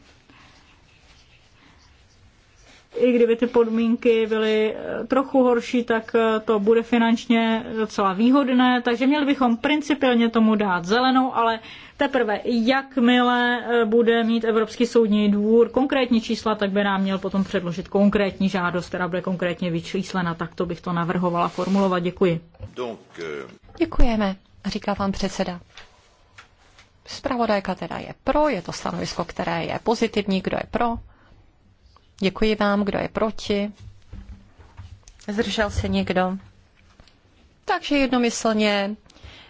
i kdyby ty podmínky byly eh, trochu horší, tak eh, to bude finančně docela výhodné, takže měli bychom principiálně tomu dát zelenou, ale teprve jakmile eh, bude mít Evropský soudní dvůr konkrétní čísla, tak by nám měl potom předložit konkrétní žádost, která bude konkrétně vyčíslena, tak to bych to navrhovala formulovat. Děkuji. Děkujeme, říká vám předseda. Spravodajka teda je pro, je to stanovisko, které je pozitivní, kdo je pro, Děkuji vám, kdo je proti. Zdržel se někdo? Takže jednomyslně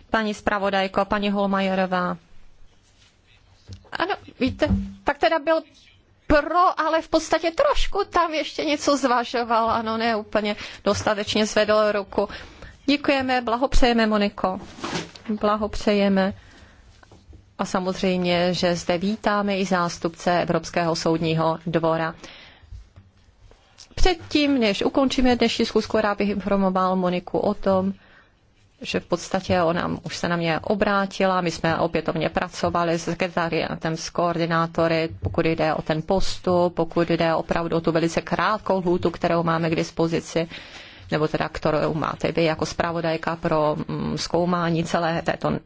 paní zpravodajko, paní Holmajerová. Ano, víte, tak teda byl pro, ale v podstatě trošku tam ještě něco zvažoval, ano, ne úplně dostatečně zvedl ruku. Děkujeme, blahopřejeme, Moniko. Blahopřejeme. A samozřejmě, že zde vítáme i zástupce Evropského soudního dvora. Předtím, než ukončíme dnešní schůzku, rád bych informoval Moniku o tom, že v podstatě ona už se na mě obrátila, my jsme opětovně pracovali s sekretariátem, s koordinátory, pokud jde o ten postup, pokud jde opravdu o tu velice krátkou hůtu, kterou máme k dispozici nebo teda kterou máte vy jako zpravodajka pro mm, zkoumání celé této, mm,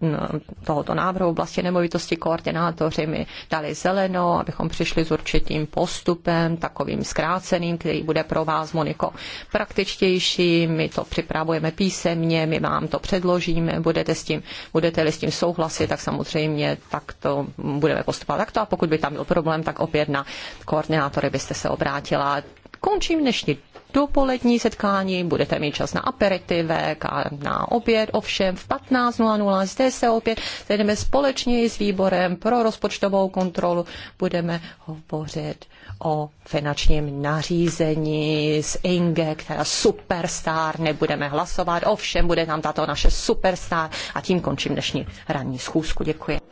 tohoto návrhu vlastně nemovitosti koordinátoři mi dali zeleno, abychom přišli s určitým postupem, takovým zkráceným, který bude pro vás, Moniko, praktičtější. My to připravujeme písemně, my vám to předložíme, budete s tím, budete-li s tím souhlasit, tak samozřejmě tak to budeme postupovat takto a pokud by tam byl problém, tak opět na koordinátory byste se obrátila. Končím dnešní dopolední setkání, budete mít čas na aperitivek a na oběd, ovšem v 15.00 zde se opět sejdeme společně s výborem pro rozpočtovou kontrolu, budeme hovořit o finančním nařízení z Inge, která superstar, nebudeme hlasovat, ovšem bude tam tato naše superstar a tím končím dnešní ranní schůzku. Děkuji.